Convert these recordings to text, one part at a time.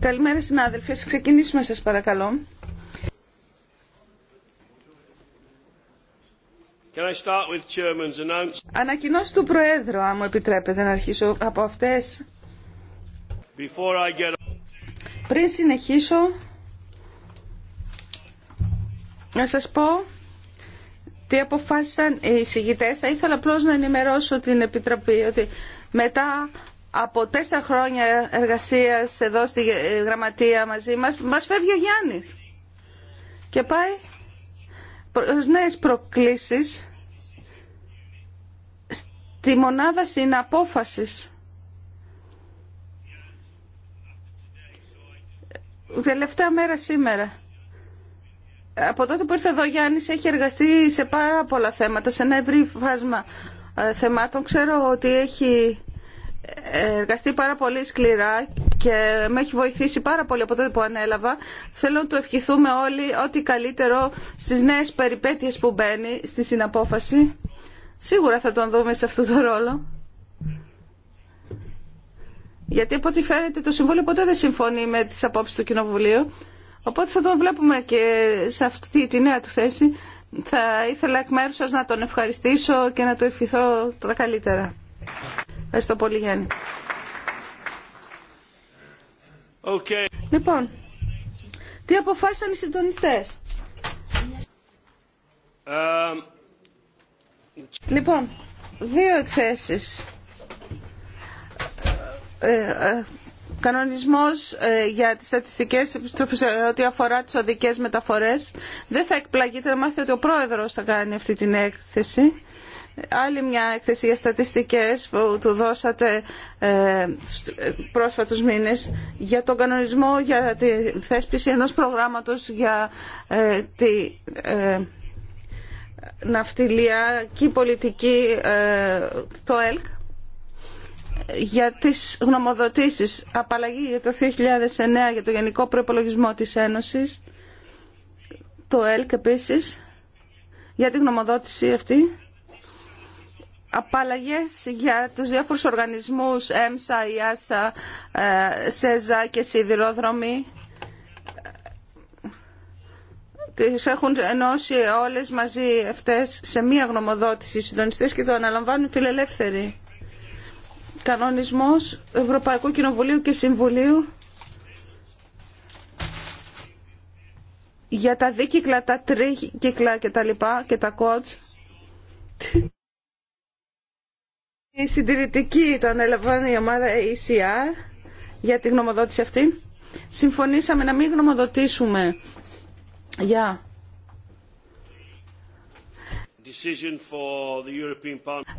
Καλημέρα συνάδελφοι, ας ξεκινήσουμε σας παρακαλώ. Can I start Ανακοινώσει του Προέδρου, αν μου επιτρέπετε να αρχίσω από αυτές. get... Πριν συνεχίσω, να σας πω τι αποφάσισαν οι συγγητές. Θα ήθελα απλώς να ενημερώσω την Επιτροπή ότι μετά από τέσσερα χρόνια εργασίας εδώ στη γραμματεία μαζί μας, μας φεύγει ο Γιάννης και πάει προς νέες προκλήσεις στη μονάδα συναπόφασης. Τελευταία μέρα σήμερα. Από τότε που ήρθε εδώ ο Γιάννης έχει εργαστεί σε πάρα πολλά θέματα, σε ένα ευρύ φάσμα ε, θεμάτων. Ξέρω ότι έχει εργαστεί πάρα πολύ σκληρά και με έχει βοηθήσει πάρα πολύ από τότε που ανέλαβα. Θέλω να του ευχηθούμε όλοι ό,τι καλύτερο στις νέες περιπέτειες που μπαίνει στη συναπόφαση. Σίγουρα θα τον δούμε σε αυτό τον ρόλο. Γιατί από ό,τι φαίνεται το Συμβούλιο ποτέ δεν συμφωνεί με τις απόψεις του Κοινοβουλίου. Οπότε θα τον βλέπουμε και σε αυτή τη νέα του θέση. Θα ήθελα εκ μέρους σας να τον ευχαριστήσω και να του ευχηθώ τα καλύτερα. Ευχαριστώ πολύ, Γιάννη. Okay. Λοιπόν, τι αποφάσισαν οι συντονιστές. Um, λοιπόν, δύο εκθέσεις. Ε, ε κανονισμός ε, για τις στατιστικές επιστροφές ε, ό,τι αφορά τις οδικές μεταφορές. Δεν θα εκπλαγείτε να μάθετε ότι ο πρόεδρος θα κάνει αυτή την έκθεση. Άλλη μια έκθεση για στατιστικές που του δώσατε ε, ε, πρόσφατους μήνες για τον κανονισμό για τη θέσπιση ενός προγράμματος για ε, τη ναυτιλιακή πολιτική το ΕΛΚ για τις γνωμοδοτήσεις απαλλαγή για το 2009 για το Γενικό Προϋπολογισμό της Ένωσης το ΕΛΚ επίσης για τη γνωμοδότηση αυτή απαλλαγέ για τους διάφορου οργανισμού ΕΜΣΑ, ΙΑΣΑ, ε, ΣΕΖΑ και Σιδηρόδρομοι Τι έχουν ενώσει όλες μαζί αυτέ σε μία γνωμοδότηση οι συντονιστέ και το αναλαμβάνουν φιλελεύθεροι. Κανονισμός Ευρωπαϊκού Κοινοβουλίου και Συμβουλίου για τα δίκυκλα, τα τρίκυκλα και τα λοιπά και τα κότς η συντηρητική το ανέλαβαν η ομάδα ECR για τη γνωμοδότηση αυτή. Συμφωνήσαμε να μην γνωμοδοτήσουμε για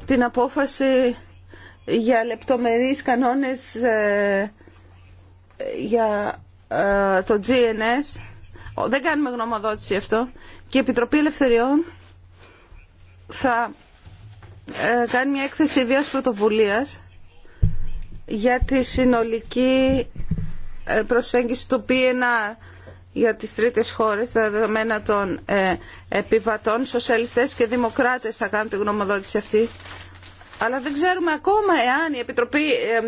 την απόφαση για λεπτομερείς κανόνες ε, για ε, το GNS. Δεν κάνουμε γνωμοδότηση αυτό. Και η Επιτροπή Ελευθεριών θα ε, κάνει μια έκθεση ιδίας πρωτοβουλίας για τη συνολική ε, προσέγγιση του ΠΙΕΝΑ για τις τρίτες χώρες, τα δεδομένα των ε, επιβατών, σοσιαλιστές και δημοκράτες θα κάνουν τη γνωμοδότηση αυτή. Αλλά δεν ξέρουμε ακόμα εάν η Επιτροπή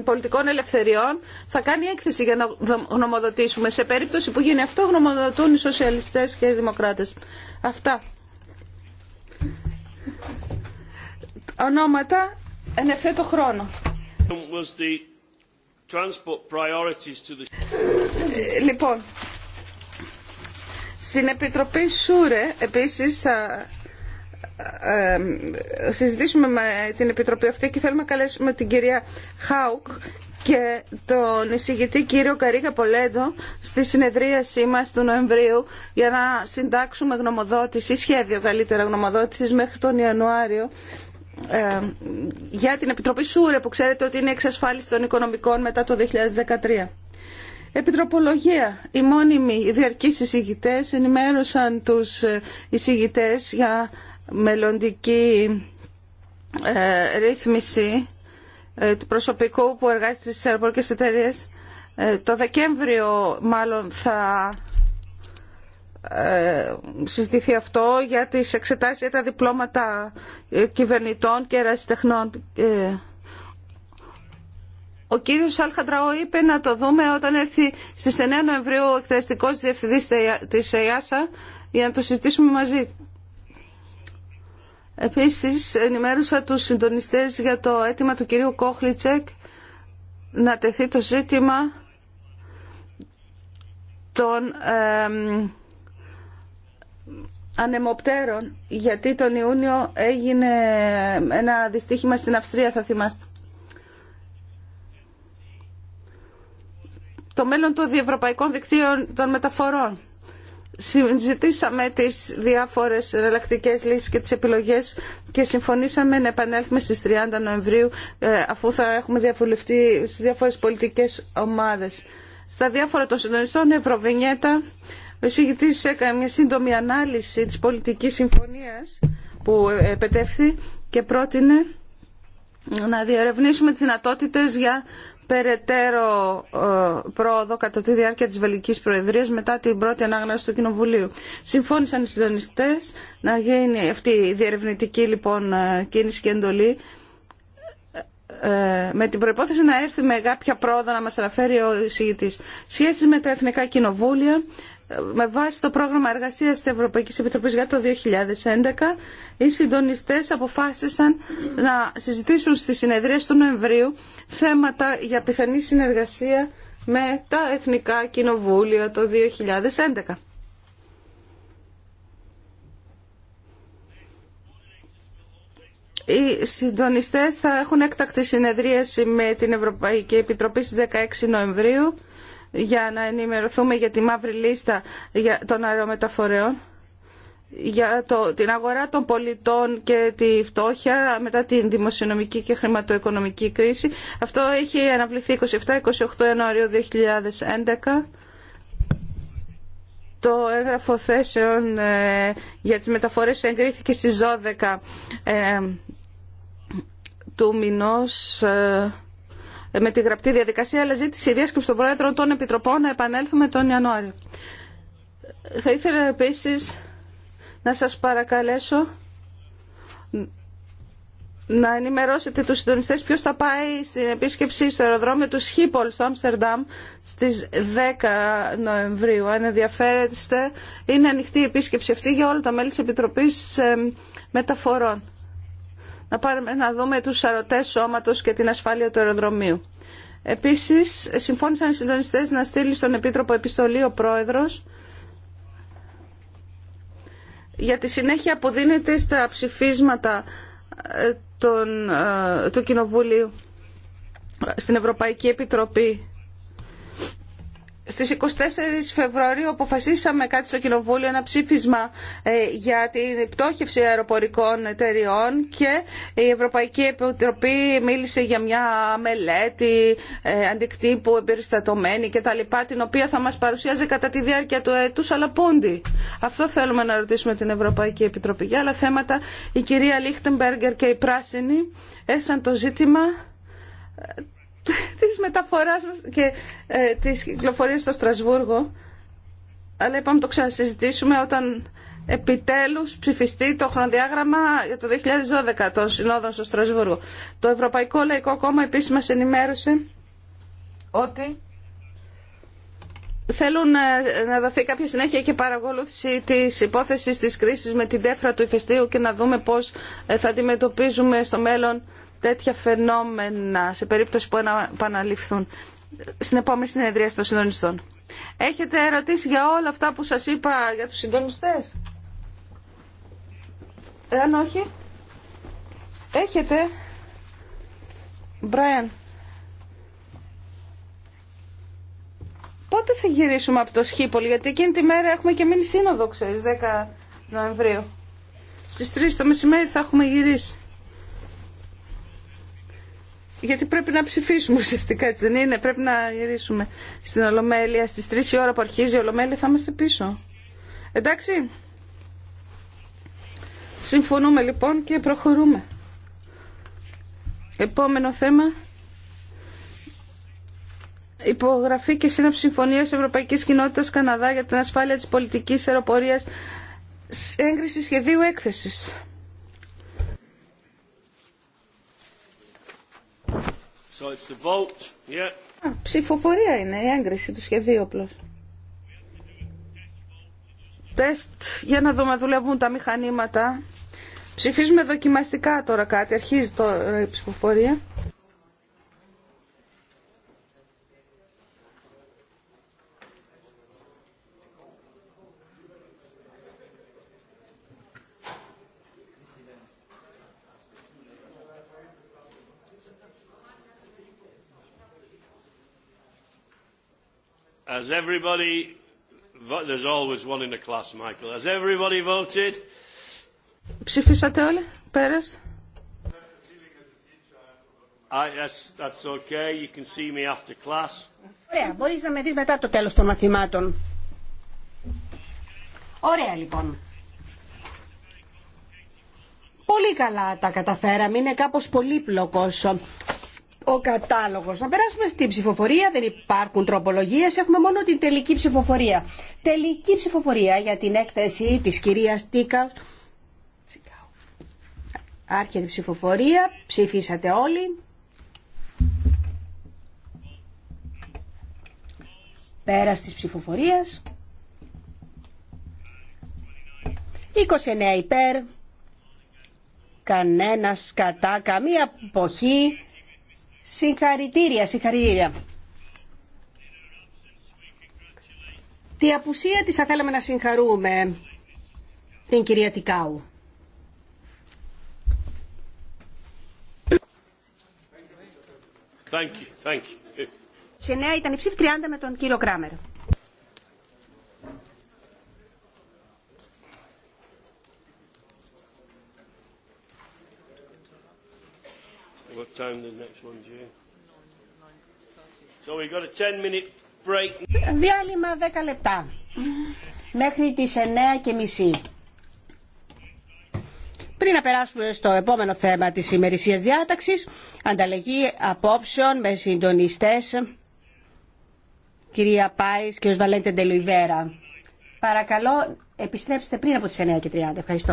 Πολιτικών Ελευθεριών θα κάνει έκθεση για να γνωμοδοτήσουμε. Σε περίπτωση που γίνει αυτό γνωμοδοτούν οι σοσιαλιστές και οι δημοκράτες. Αυτά ονόματα εν ευθέτω χρόνο. Λοιπόν, στην Επιτροπή ΣΟΥΡΕ επίσης θα ε, ε, συζητήσουμε με την Επιτροπή αυτή και θέλουμε να καλέσουμε την κυρία Χάουκ και τον εισηγητή κύριο Καρίγα Πολέντο στη συνεδρίασή μας του Νοεμβρίου για να συντάξουμε γνωμοδότηση, σχέδιο καλύτερα γνωμοδότησης μέχρι τον Ιανουάριο ε, για την Επιτροπή ΣΟΥΡΕ που ξέρετε ότι είναι εξασφάλιση των οικονομικών μετά το 2013. Επιτροπολογία. Οι μόνιμοι διαρκείς εισηγητές ενημέρωσαν τους εισηγητές για μελλοντική ε, ρύθμιση ε, του προσωπικού που εργάζεται στις αεροπορικές εταιρείες. Το Δεκέμβριο μάλλον θα ε, συζητηθεί αυτό για τις εξετάσεις για τα διπλώματα ε, κυβερνητών και ερασιτεχνών. Ε, ο κύριος Αλχαντραώ είπε να το δούμε όταν έρθει στις 9 Νοεμβρίου ο εκτελεστικός διευθυντής της ΕΙΑΣΑ για να το συζητήσουμε μαζί. Επίσης, ενημέρωσα τους συντονιστές για το αίτημα του κυρίου Κόχλιτσεκ να τεθεί το ζήτημα των ανεμοπτέρων, γιατί τον Ιούνιο έγινε ένα δυστύχημα στην Αυστρία, θα θυμάστε. Το μέλλον των διευρωπαϊκών δικτύων των μεταφορών. Συζητήσαμε τις διάφορες εναλλακτικέ λύσεις και τις επιλογές και συμφωνήσαμε να επανέλθουμε στις 30 Νοεμβρίου ε, αφού θα έχουμε διαβουλευτεί στις διάφορες πολιτικές ομάδες. Στα διάφορα των συντονιστών Ευρωβινιέτα ο εισηγητής έκανε μια σύντομη ανάλυση της πολιτικής συμφωνίας που ε, επετεύθη και πρότεινε να διερευνήσουμε τις δυνατότητε για περαιτέρω ε, πρόοδο κατά τη διάρκεια της Βελικής Προεδρίας μετά την πρώτη ανάγνωση του Κοινοβουλίου. Συμφώνησαν οι συντονιστές να γίνει αυτή η διερευνητική λοιπόν ε, κίνηση και εντολή με την προϋπόθεση να έρθει με κάποια πρόοδο να μας αναφέρει ο εισηγητής. Σχέσεις με τα Εθνικά Κοινοβούλια, με βάση το πρόγραμμα εργασίας της Ευρωπαϊκής Επιτροπής για το 2011, οι συντονιστές αποφάσισαν να συζητήσουν στις συνεδρίες του Νοεμβρίου θέματα για πιθανή συνεργασία με τα Εθνικά Κοινοβούλια το 2011. Οι συντονιστές θα έχουν έκτακτη συνεδρίαση με την Ευρωπαϊκή Επιτροπή στις 16 Νοεμβρίου για να ενημερωθούμε για τη μαύρη λίστα των αερομεταφορέων, για το, την αγορά των πολιτών και τη φτώχεια μετά την δημοσιονομική και χρηματοοικονομική κρίση. Αυτό έχει αναβληθεί 27-28 Ιανουαρίου 2011 το έγγραφο θέσεων ε, για τις μεταφορές εγκρίθηκε στις 12 ε, του μηνός ε, με τη γραπτή διαδικασία, αλλά ζήτησε διάσκεψη των Πρόεδρων των Επιτροπών να επανέλθουμε τον Ιανουάριο. Θα ήθελα επίσης να σας παρακαλέσω να ενημερώσετε τους συντονιστές ποιος θα πάει στην επίσκεψη στο αεροδρόμιο του Σχίπολ στο Άμστερνταμ στις 10 Νοεμβρίου. Αν ενδιαφέρεστε, είναι ανοιχτή η επίσκεψη αυτή για όλα τα μέλη της Επιτροπής Μεταφορών να πάρουμε να δούμε τους σαρωτές σώματος και την ασφάλεια του αεροδρομίου. Επίσης, συμφώνησαν οι συντονιστές να στείλει στον Επίτροπο επιστολή ο Πρόεδρος για τη συνέχεια που δίνεται στα ψηφίσματα ε, των, ε, του Κοινοβουλίου στην Ευρωπαϊκή Επιτροπή στις 24 Φεβρουαρίου αποφασίσαμε κάτι στο Κοινοβούλιο, ένα ψήφισμα ε, για την πτώχευση αεροπορικών εταιριών και η Ευρωπαϊκή Επιτροπή μίλησε για μια μελέτη ε, αντικτύπου εμπεριστατωμένη και τα λοιπά, την οποία θα μας παρουσιάζει κατά τη διάρκεια του έτους, αλλά πόντι. Αυτό θέλουμε να ρωτήσουμε την Ευρωπαϊκή Επιτροπή. Για άλλα θέματα, η κυρία Λίχτεμπεργκερ και η Πράσινη έσαν το ζήτημα της μεταφοράς μας και ε, της κυκλοφορίας στο Στρασβούργο. Αλλά είπαμε το ξανασυζητήσουμε όταν επιτέλους ψηφιστεί το χρονοδιάγραμμα για το 2012 των συνόδων στο Στρασβούργο. Το Ευρωπαϊκό Λαϊκό Κόμμα επίσης μας ενημέρωσε ότι θέλουν ε, να δοθεί κάποια συνέχεια και παρακολούθηση της υπόθεσης της κρίσης με την τέφρα του ηφαιστείου και να δούμε πώς ε, θα αντιμετωπίζουμε στο μέλλον τέτοια φαινόμενα σε περίπτωση που επαναληφθούν στην επόμενη συνεδρία των συντονιστών. Έχετε ερωτήσει για όλα αυτά που σας είπα για τους συντονιστές. Εάν όχι, έχετε. Μπράιαν, πότε θα γυρίσουμε από το Σχήπολ, γιατί εκείνη τη μέρα έχουμε και μείνει σύνοδο, ξέρεις, 10 Νοεμβρίου. Στις 3 το μεσημέρι θα έχουμε γυρίσει γιατί πρέπει να ψηφίσουμε ουσιαστικά, έτσι δεν είναι. Πρέπει να γυρίσουμε στην Ολομέλεια. Στις 3 η ώρα που αρχίζει η Ολομέλεια θα είμαστε πίσω. Εντάξει. Συμφωνούμε λοιπόν και προχωρούμε. Επόμενο θέμα. Υπογραφή και σύναψη συμφωνίας Ευρωπαϊκής Κοινότητας Καναδά για την ασφάλεια της πολιτικής αεροπορίας έγκριση σχεδίου έκθεσης. ψηφοφορία είναι η έγκριση του σχεδίου απλώ. Τεστ για να δούμε δουλεύουν τα μηχανήματα. Ψηφίζουμε δοκιμαστικά τώρα κάτι. Αρχίζει τώρα η ψηφοφορία. As everybody, there's always one in the class, Michael. Has everybody voted? Ψήφισατε όλοι, πέρας. I, that's, that's okay. You can see me after class. Ωραία, μπορείς να με δεις μετά το τέλος των μαθημάτων. Ωραία λοιπόν. Πολύ καλά τα καταφέραμε. Είναι κάπως πολύπλοκος ο κατάλογος. Να περάσουμε στην ψηφοφορία, δεν υπάρχουν τροπολογίες, έχουμε μόνο την τελική ψηφοφορία. Τελική ψηφοφορία για την έκθεση της κυρίας Τίκα. Άρχεται η ψηφοφορία, ψηφίσατε όλοι. Πέρα τη ψηφοφορίας. 29 υπέρ, κανένας κατά, καμία αποχή Συγχαρητήρια, συγχαρητήρια. Τη απουσία της θα θέλαμε να συγχαρούμε την κυρία Τικάου. Thank you, thank you. Σε νέα ήταν η ψήφη 30 με τον κύριο Κράμερ. time the next one, So we got a 10 minute break. Διάλειμμα 10 λεπτά. Μέχρι τις 9 και μισή. Πριν να περάσουμε στο επόμενο θέμα της ημερησίας διάταξης, ανταλλαγή απόψεων με συντονιστές, κυρία Πάης και ο Βαλέντε Ντελουιβέρα. Παρακαλώ, επιστρέψτε πριν από τις 9.30. Ευχαριστώ.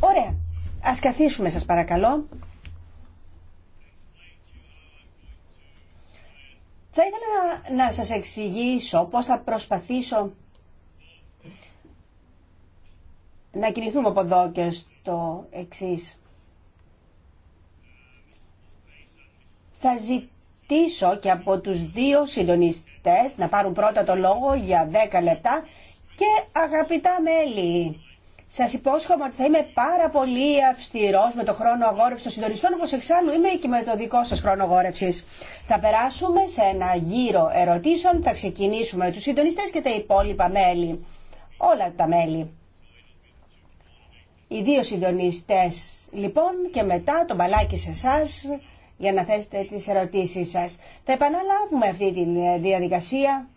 Ωραία. Ας καθίσουμε σας παρακαλώ. Θα ήθελα να, να σας εξηγήσω πώς θα προσπαθήσω να κινηθούμε από εδώ και στο εξής. Θα ζητήσω και από τους δύο συντονιστές να πάρουν πρώτα το λόγο για 10 λεπτά και αγαπητά μέλη. Σας υπόσχομαι ότι θα είμαι πάρα πολύ αυστηρός με το χρόνο αγόρευσης των συντονιστών, όπως εξάλλου είμαι και με το δικό σας χρόνο αγόρευσης. Θα περάσουμε σε ένα γύρο ερωτήσεων, θα ξεκινήσουμε με τους συντονιστές και τα υπόλοιπα μέλη. Όλα τα μέλη. Οι δύο συντονιστές λοιπόν και μετά το μπαλάκι σε εσάς για να θέσετε τις ερωτήσεις σας. Θα επαναλάβουμε αυτή τη ε, διαδικασία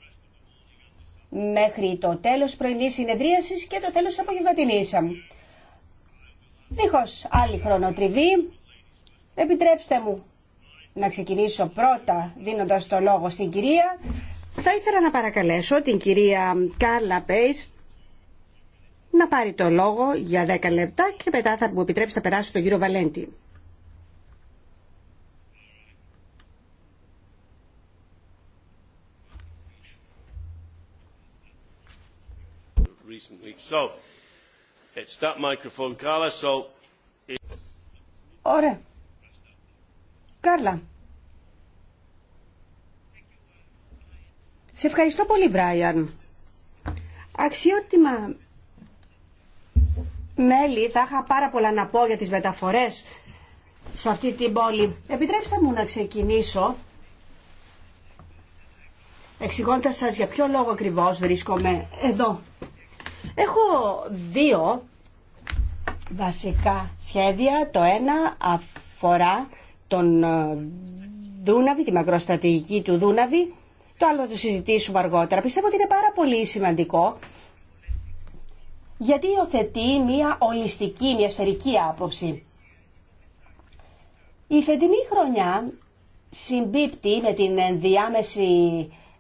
μέχρι το τέλος πρωινής συνεδρίασης και το τέλος της απογευματινής. Δίχως άλλη χρονοτριβή, επιτρέψτε μου να ξεκινήσω πρώτα δίνοντας το λόγο στην κυρία. Θα ήθελα να παρακαλέσω την κυρία Κάρλα Πέις να πάρει το λόγο για 10 λεπτά και μετά θα μου επιτρέψει να περάσω τον κύριο Βαλέντη. recent So, it's that microphone, Carla. So, Ωραία. Κάρλα. Σε ευχαριστώ πολύ, Μπράιαν. Αξιότιμα μέλη, θα είχα πάρα πολλά να πω για τις μεταφορές σε αυτή την πόλη. Επιτρέψτε μου να ξεκινήσω εξηγώντας σας για ποιο λόγο ακριβώς βρίσκομαι εδώ Έχω δύο βασικά σχέδια. Το ένα αφορά τον ε, Δούναβη, τη μακροστατηγική του Δούναβη. Το άλλο θα το συζητήσουμε αργότερα. Πιστεύω ότι είναι πάρα πολύ σημαντικό γιατί υιοθετεί μια ολιστική, μια σφαιρική άποψη. Η φετινή χρονιά συμπίπτει με την ενδιάμεση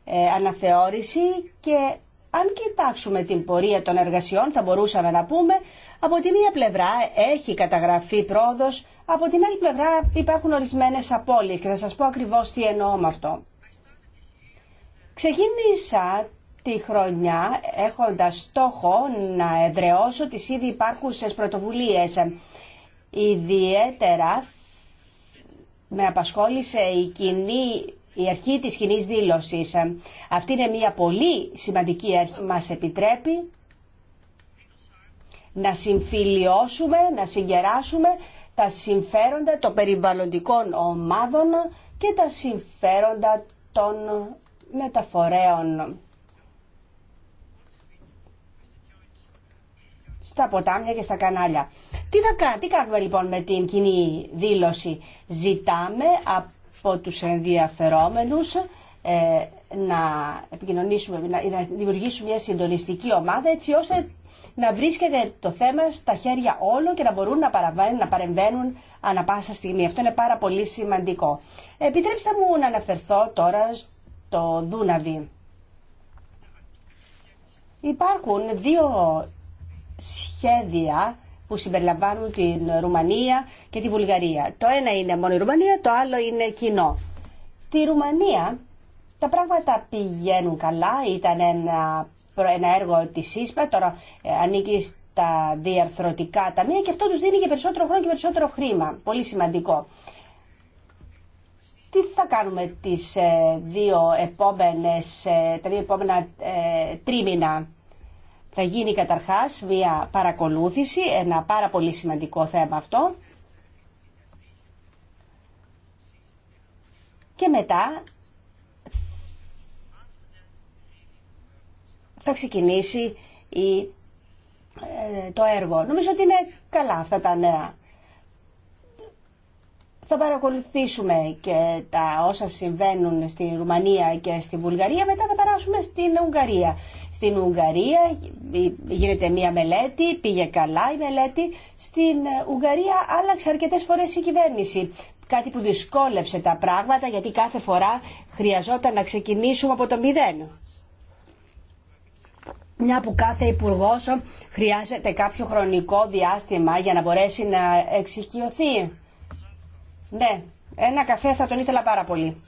ε, αναθεώρηση και αν κοιτάξουμε την πορεία των εργασιών θα μπορούσαμε να πούμε από τη μία πλευρά έχει καταγραφεί πρόοδος, από την άλλη πλευρά υπάρχουν ορισμένες απώλειες και θα σας πω ακριβώς τι εννοώ με αυτό. Ξεκίνησα τη χρονιά έχοντας στόχο να εδραιώσω τις ήδη υπάρχουσες πρωτοβουλίες. Ιδιαίτερα με απασχόλησε η κοινή η αρχή της κοινή δήλωσης. Ε, αυτή είναι μια πολύ σημαντική αρχή. Μας επιτρέπει να συμφιλιώσουμε, να συγκεράσουμε τα συμφέροντα των περιβαλλοντικών ομάδων και τα συμφέροντα των μεταφορέων. στα ποτάμια και στα κανάλια. Τι, θα, τι κάνουμε λοιπόν με την κοινή δήλωση. Ζητάμε από από τους ενδιαφερόμενους ε, να επικοινωνήσουμε, να, δημιουργήσουμε μια συντονιστική ομάδα έτσι ώστε να βρίσκεται το θέμα στα χέρια όλων και να μπορούν να, να παρεμβαίνουν ανα πάσα στιγμή. Αυτό είναι πάρα πολύ σημαντικό. Επιτρέψτε μου να αναφερθώ τώρα στο Δούναβι. Υπάρχουν δύο σχέδια που συμπεριλαμβάνουν την Ρουμανία και τη Βουλγαρία. Το ένα είναι μόνο η Ρουμανία, το άλλο είναι κοινό. Στη Ρουμανία τα πράγματα πηγαίνουν καλά, ήταν ένα, ένα έργο της ΣΥΣΠΑ, τώρα ε, ανήκει στα διαρθρωτικά ταμεία και αυτό τους δίνει και περισσότερο χρόνο και περισσότερο χρήμα. Πολύ σημαντικό. Τι θα κάνουμε τις ε, δύο επόμενες, ε, τα δύο επόμενα τρίμηνα θα γίνει καταρχάς μια παρακολούθηση, ένα πάρα πολύ σημαντικό θέμα αυτό. Και μετά θα ξεκινήσει η, ε, το έργο. Νομίζω ότι είναι καλά αυτά τα νέα θα παρακολουθήσουμε και τα όσα συμβαίνουν στη Ρουμανία και στη Βουλγαρία, μετά θα περάσουμε στην Ουγγαρία. Στην Ουγγαρία γίνεται μία μελέτη, πήγε καλά η μελέτη. Στην ε, Ουγγαρία άλλαξε αρκετές φορές η κυβέρνηση. Κάτι που δυσκόλεψε τα πράγματα γιατί κάθε φορά χρειαζόταν να ξεκινήσουμε από το μηδέν. Μια που κάθε υπουργό χρειάζεται κάποιο χρονικό διάστημα για να μπορέσει να εξοικειωθεί ναι, ένα καφέ θα τον ήθελα πάρα πολύ.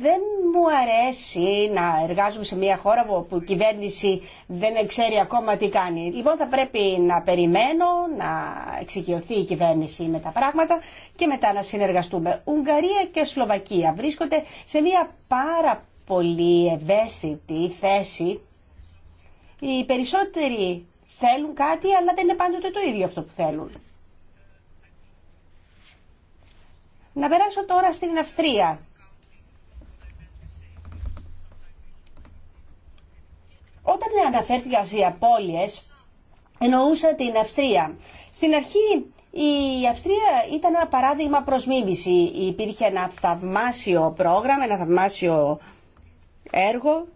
δεν μου αρέσει να εργάζομαι σε μια χώρα που η κυβέρνηση δεν ξέρει ακόμα τι κάνει. Λοιπόν θα πρέπει να περιμένω να εξοικειωθεί η κυβέρνηση με τα πράγματα και μετά να συνεργαστούμε. Ουγγαρία και Σλοβακία βρίσκονται σε μια πάρα πολύ ευαίσθητη θέση. Οι περισσότεροι θέλουν κάτι, αλλά δεν είναι πάντοτε το ίδιο αυτό που θέλουν. Να περάσω τώρα στην Αυστρία. Όταν αναφέρθηκα σε απώλειες, εννοούσα την Αυστρία. Στην αρχή η Αυστρία ήταν ένα παράδειγμα προς μίμηση. Υπήρχε ένα θαυμάσιο πρόγραμμα, ένα θαυμάσιο έργο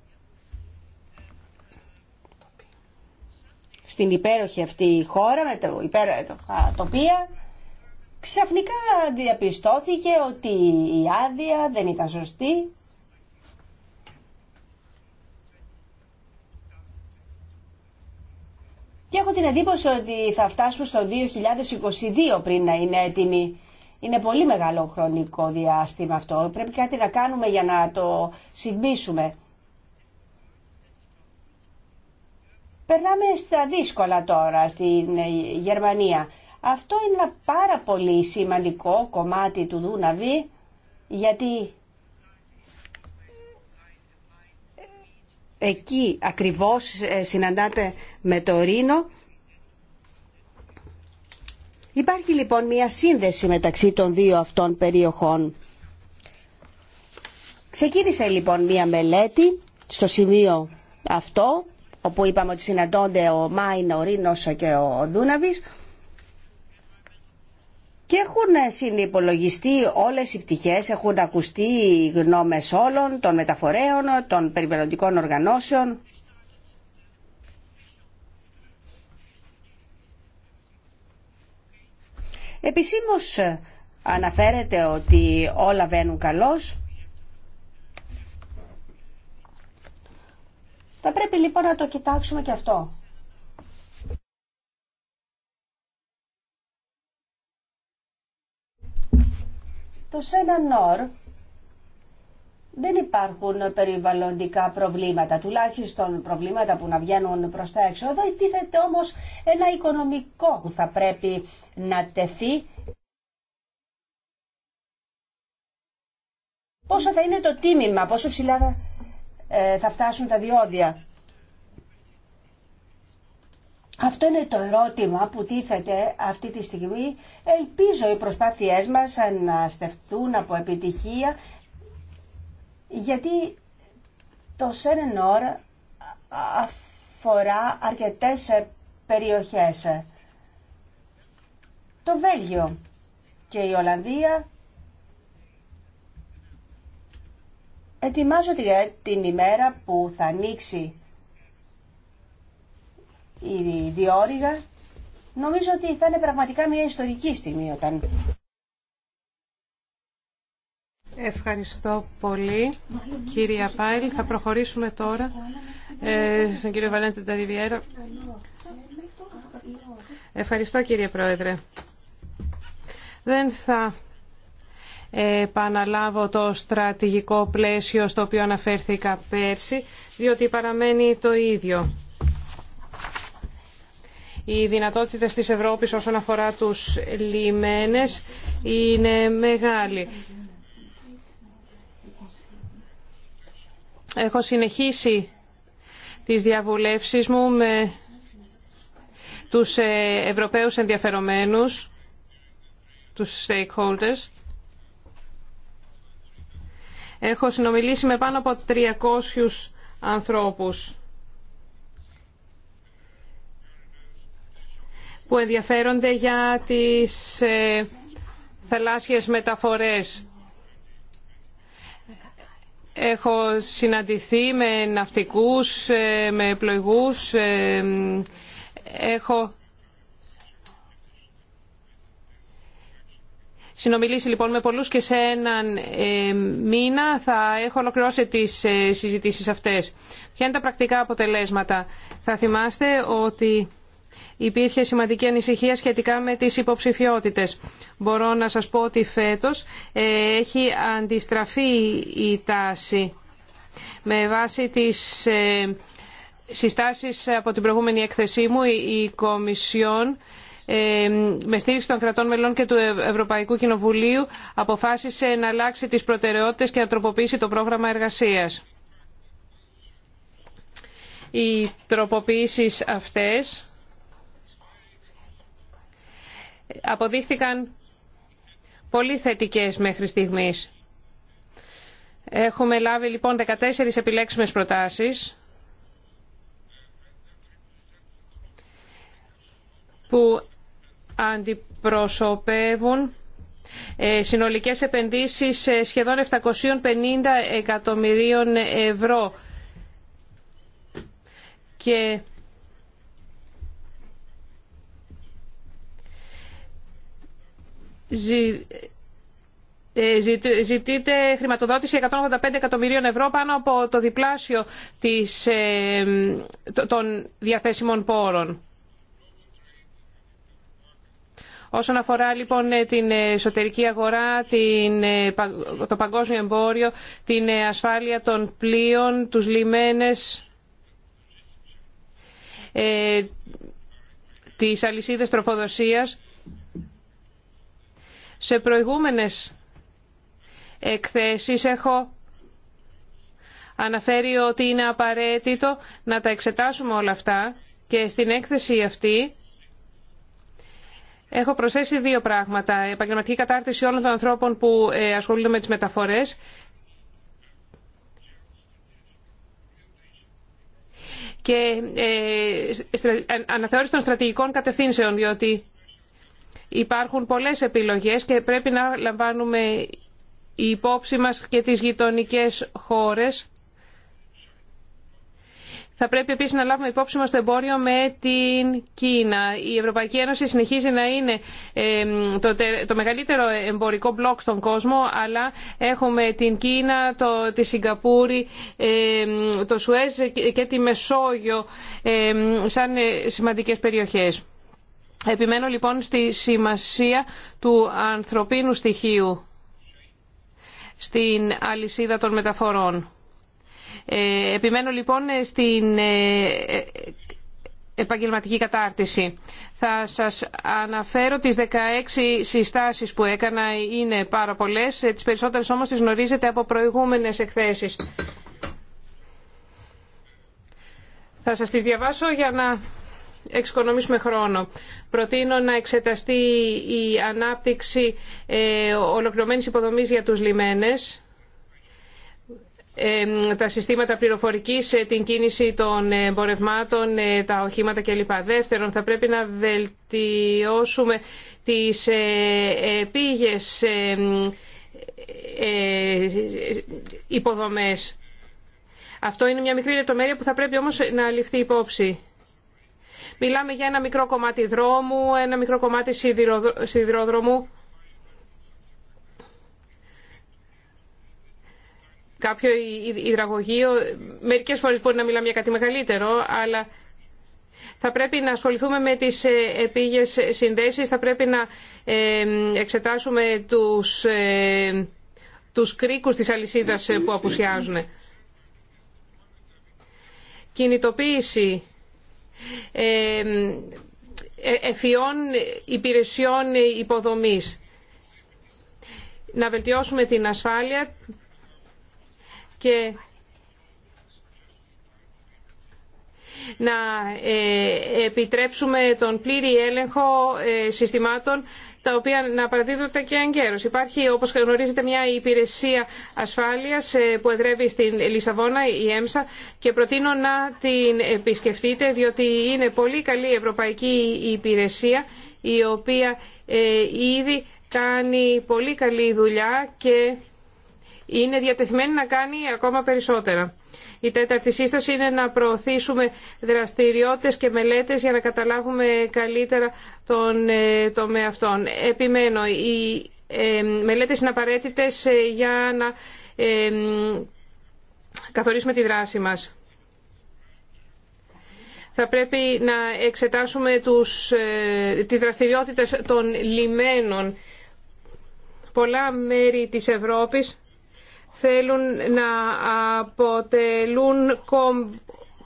στην υπέροχη αυτή χώρα με το υπέροχα τοπία ξαφνικά διαπιστώθηκε ότι η άδεια δεν ήταν σωστή και έχω την εντύπωση ότι θα φτάσουμε στο 2022 πριν να είναι έτοιμη είναι πολύ μεγάλο χρονικό διάστημα αυτό. Πρέπει κάτι να κάνουμε για να το συμπίσουμε. Περνάμε στα δύσκολα τώρα στην ε, Γερμανία. Αυτό είναι ένα πάρα πολύ σημαντικό κομμάτι του Δούναβη γιατί εκεί ακριβώς ε, συναντάτε με το Ρήνο Υπάρχει λοιπόν μια σύνδεση μεταξύ των δύο αυτών περιοχών. Ξεκίνησε λοιπόν μια μελέτη στο σημείο αυτό, όπου είπαμε ότι συναντώνται ο Μάιν, ο Ρήνος και ο Δούναβης, και έχουν συνυπολογιστεί όλες οι πτυχές, έχουν ακουστεί οι γνώμες όλων, των μεταφορέων, των περιβαλλοντικών οργανώσεων. Επισήμως αναφέρεται ότι όλα βαίνουν καλώς. Θα πρέπει λοιπόν να το κοιτάξουμε και αυτό. Το Σένα Νόρ δεν υπάρχουν περιβαλλοντικά προβλήματα, τουλάχιστον προβλήματα που να βγαίνουν προς τα έξω. Εδώ όμως ένα οικονομικό που θα πρέπει να τεθεί. Πόσο θα είναι το τίμημα, πόσο ψηλά ε, θα φτάσουν τα διόδια. Αυτό είναι το ερώτημα που τίθεται αυτή τη στιγμή. Ελπίζω οι προσπάθειές μας να στεφτούν από επιτυχία γιατί το Σένενορ αφορά αρκετές περιοχές. Το Βέλγιο και η Ολλανδία ετοιμάζονται την ημέρα που θα ανοίξει η διόρυγα. Νομίζω ότι θα είναι πραγματικά μια ιστορική στιγμή όταν Ευχαριστώ πολύ, κύριε Πάιλ. Θα προχωρήσουμε τώρα ε, στον κύριο Βαλέντε Ταριβιέρο. Ευχαριστώ, κύριε Πρόεδρε. Δεν θα ε, επαναλάβω το στρατηγικό πλαίσιο στο οποίο αναφέρθηκα πέρσι, διότι παραμένει το ίδιο. Οι δυνατότητες της Ευρώπης όσον αφορά τους λιμένες είναι μεγάλοι. έχω συνεχίσει τις διαβουλεύσεις μου με τους ε, Ευρωπαίους ενδιαφερομένους, τους stakeholders. Έχω συνομιλήσει με πάνω από 300 ανθρώπους που ενδιαφέρονται για τις ε, θαλάσσιες μεταφορές. Έχω συναντηθεί με ναυτικούς, ε, με πλοηγούς, ε, έχω συνομιλήσει λοιπόν με πολλούς και σε έναν ε, μήνα θα έχω ολοκληρώσει τις συζητήσεις αυτές. Ποια είναι τα πρακτικά αποτελέσματα. Θα θυμάστε ότι υπήρχε σημαντική ανησυχία σχετικά με τις υποψηφιότητες. Μπορώ να σας πω ότι φέτος ε, έχει αντιστραφεί η τάση με βάση τις ε, συστάσεις από την προηγούμενη έκθεσή μου η Κομισιόν ε, με στήριξη των κρατών μελών και του Ευρωπαϊκού Κοινοβουλίου αποφάσισε να αλλάξει τις προτεραιότητες και να τροποποιήσει το πρόγραμμα εργασίας. Οι τροποποιήσεις αυτές αποδείχθηκαν πολύ θετικές μέχρι στιγμής. Έχουμε λάβει λοιπόν 14 επιλέξιμες προτάσεις που αντιπροσωπεύουν ε, συνολικές επενδύσεις σχεδόν 750 εκατομμυρίων ευρώ και Ε, ζητείτε χρηματοδότηση 185 εκατομμυρίων ευρώ πάνω από το διπλάσιο της, ε, των διαθέσιμων πόρων. Όσον αφορά λοιπόν ε, την εσωτερική αγορά, την, το παγκόσμιο εμπόριο, την ασφάλεια των πλοίων, τους λιμένες, ε, τις αλυσίδες τροφοδοσίας, σε προηγούμενες εκθέσεις έχω αναφέρει ότι είναι απαραίτητο να τα εξετάσουμε όλα αυτά και στην έκθεση αυτή έχω προσθέσει δύο πράγματα. Επαγγελματική κατάρτιση όλων των ανθρώπων που ε, ασχολούνται με τις μεταφορές και ε, αναθεώρηση των στρατηγικών κατευθύνσεων, διότι Υπάρχουν πολλές επιλογές και πρέπει να λαμβάνουμε υπόψη μας και τις γειτονικές χώρες. Θα πρέπει επίσης να λάβουμε υπόψη μας το εμπόριο με την Κίνα. Η Ευρωπαϊκή Ένωση συνεχίζει να είναι το μεγαλύτερο εμπορικό μπλοκ στον κόσμο, αλλά έχουμε την Κίνα, το, τη Σιγκαπούρη, το Σουέζ και τη Μεσόγειο σαν ε, σημαντικές περιοχές. Επιμένω λοιπόν στη σημασία του ανθρωπίνου στοιχείου στην αλυσίδα των μεταφορών. Ε, επιμένω λοιπόν στην ε, ε, επαγγελματική κατάρτιση. Θα σας αναφέρω τις 16 συστάσεις που έκανα, είναι πάρα πολλές, τις περισσότερες όμως τις γνωρίζετε από προηγούμενες εκθέσεις. Θα σας τις διαβάσω για να εξοικονομήσουμε χρόνο. Προτείνω να εξεταστεί η ανάπτυξη ε, ολοκληρωμένης υποδομής για τους λιμένες ε, τα συστήματα πληροφορικής, ε, την κίνηση των εμπορευμάτων, τα οχήματα κλπ. Δεύτερον, θα πρέπει να βελτιώσουμε τις πήγες υποδομές. Αυτό είναι μια μικρή λεπτομέρεια που θα πρέπει όμως να ληφθεί υπόψη. Μιλάμε για ένα μικρό κομμάτι δρόμου, ένα μικρό κομμάτι σιδηρόδρομου. Κάποιο υδραγωγείο, μερικές φορές μπορεί να μιλάμε για κάτι μεγαλύτερο, αλλά θα πρέπει να ασχοληθούμε με τις ε, επίγειες συνδέσεις, θα πρέπει να ε, εξετάσουμε τους, ε, τους κρίκους της αλυσίδας που απουσιάζουν. Κινητοποίηση ε, εφιών υπηρεσιών υποδομής. Να βελτιώσουμε την ασφάλεια και να ε, επιτρέψουμε τον πλήρη έλεγχο ε, συστημάτων τα οποία να παραδίδονται και εγκαίρως. Υπάρχει, όπως γνωρίζετε, μια υπηρεσία ασφάλειας ε, που εδρεύει στην Λισαβόνα, η ΕΜΣΑ, και προτείνω να την επισκεφτείτε, διότι είναι πολύ καλή ευρωπαϊκή υπηρεσία, η οποία ε, ήδη κάνει πολύ καλή δουλειά και είναι διατεθειμένη να κάνει ακόμα περισσότερα. Η τέταρτη σύσταση είναι να προωθήσουμε δραστηριότητες και μελέτες για να καταλάβουμε καλύτερα τον ε, τομέα αυτών. Επιμένω, οι ε, μελέτες είναι απαραίτητες ε, για να καθορίσουμε τη δράση μας. Θα πρέπει να εξετάσουμε τους, τις δραστηριότητες των λιμένων. Πολλά μέρη της Ευρώπης θέλουν να αποτελούν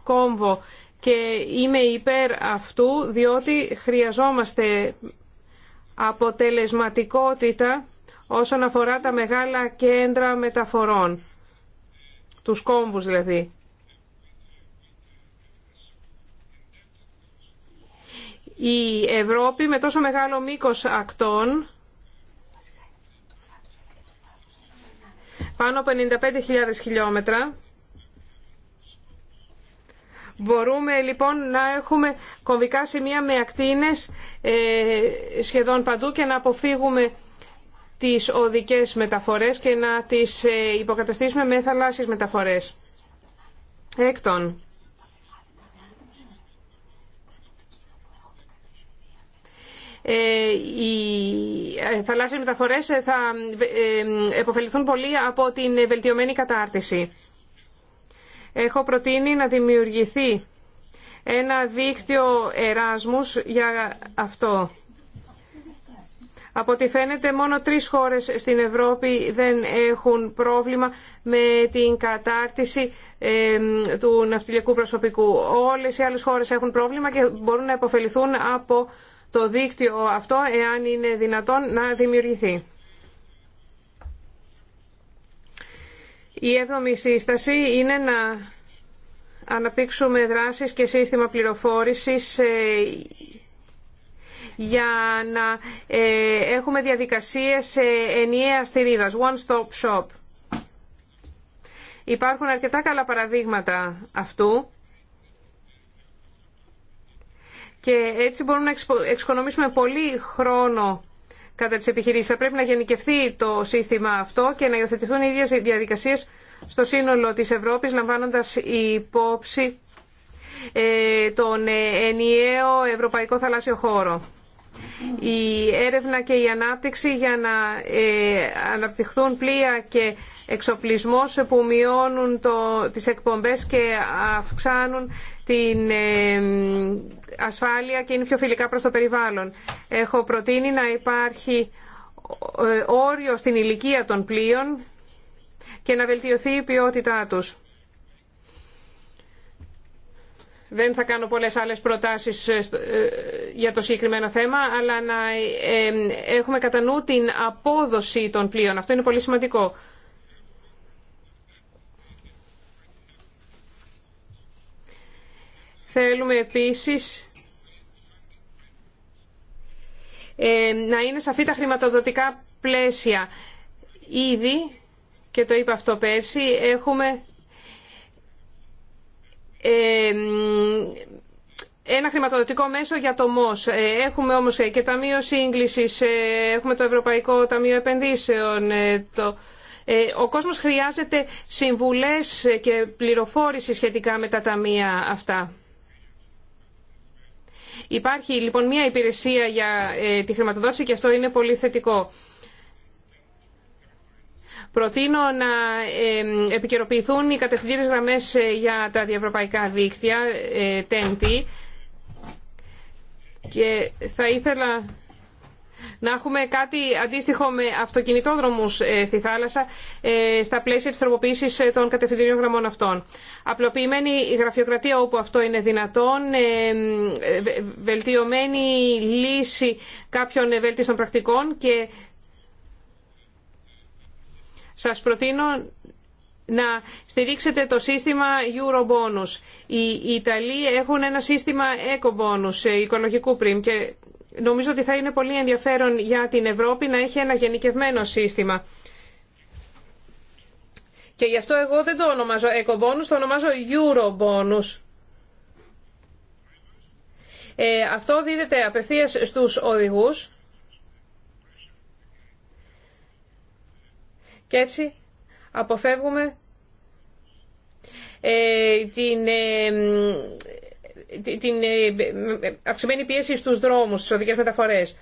κόμβο και είμαι υπέρ αυτού διότι χρειαζόμαστε αποτελεσματικότητα όσον αφορά τα μεγάλα κέντρα μεταφορών, τους κόμβους δηλαδή. Η Ευρώπη με τόσο μεγάλο μήκος ακτών πάνω από 95.000 χιλιόμετρα. Μπορούμε λοιπόν να έχουμε κομβικά σημεία με ακτίνες ε, σχεδόν παντού και να αποφύγουμε τις οδικές μεταφορές και να τις ε, υποκαταστήσουμε με θαλάσσιες μεταφορές. Έκτον, Ε, οι ε, θαλάσσιες μεταφορές ε, θα επωφεληθούν πολύ από την βελτιωμένη κατάρτιση. Έχω προτείνει να δημιουργηθεί ένα δίκτυο Εράσμους για αυτό. Από ό,τι φαίνεται μόνο τρεις χώρες στην Ευρώπη δεν έχουν πρόβλημα με την κατάρτιση του ναυτιλιακού προσωπικού. Όλες οι άλλες χώρες έχουν πρόβλημα και μπορούν να επωφεληθούν από το δίκτυο αυτό, εάν είναι δυνατόν να δημιουργηθεί. Η έβδομη σύσταση είναι να αναπτύξουμε δράσεις και σύστημα πληροφόρησης ε, για να ε, έχουμε διαδικασίες ε, ενιαίας θηρίδας, one-stop shop. Υπάρχουν αρκετά καλά παραδείγματα αυτού και έτσι μπορούμε να εξοικονομήσουμε πολύ χρόνο κατά τις επιχειρήσεις. Θα πρέπει να γενικευθεί το σύστημα αυτό και να υιοθετηθούν οι ίδιες διαδικασίες στο σύνολο της Ευρώπης, λαμβάνοντας υπόψη ε, τον ε, ενιαίο ευρωπαϊκό θαλάσσιο χώρο. Η έρευνα και η ανάπτυξη για να ε, αναπτυχθούν πλοία και εξοπλισμός που μειώνουν το, τις εκπομπές και αυξάνουν την ε, ασφάλεια και είναι πιο φιλικά προς το περιβάλλον. Έχω προτείνει να υπάρχει ε, όριο στην ηλικία των πλοίων και να βελτιωθεί η ποιότητά τους. Δεν θα κάνω πολλές άλλες προτάσεις ε, για το συγκεκριμένο θέμα, αλλά να έχουμε κατά νου την απόδοση των πλοίων. Αυτό είναι πολύ σημαντικό. Θέλουμε επίσης ε, να είναι σαφή τα χρηματοδοτικά πλαίσια. Ήδη, και το είπα αυτό πέρσι, έχουμε ε, ένα χρηματοδοτικό μέσο για το ΜΟΣ. Ε, έχουμε όμως και Ταμείο Σύγκλησης, έχουμε το Ευρωπαϊκό Ταμείο Επενδύσεων. Το... Ο κόσμος χρειάζεται συμβουλές και πληροφόρηση σχετικά με τα ταμεία αυτά. Υπάρχει λοιπόν μια υπηρεσία για ε, τη χρηματοδότηση και αυτό είναι πολύ θετικό. Προτείνω να ε, επικαιροποιηθούν οι κατευθυντήρες γραμμές ε, για τα διευρωπαϊκά δίκτυα τέντη και θα ήθελα να έχουμε κάτι αντίστοιχο με αυτοκινητόδρομους ε, στη θάλασσα ε, στα πλαίσια της τροποποίησης ε, των κατευθυντηρίων γραμμών αυτών. Απλοποιημένη γραφειοκρατία όπου αυτό είναι δυνατόν, βελτιωμένη λύση κάποιων ευέλτιστων πρακτικών και σας προτείνω να στηρίξετε το σύστημα Eurobonus. Οι Ιταλοί έχουν ένα σύστημα Ecobonus, οικολογικού πριμ και Νομίζω ότι θα είναι πολύ ενδιαφέρον για την Ευρώπη να έχει ένα γενικευμένο σύστημα. Και γι' αυτό εγώ δεν το ονομάζω eco-bonus, το ονομάζω euro-bonus. Ε, αυτό δίδεται απευθείας στους οδηγούς. Και έτσι αποφεύγουμε ε, την... Ε, την ε, αυξημένη πίεση στους δρόμους, στις οδικές μεταφορές.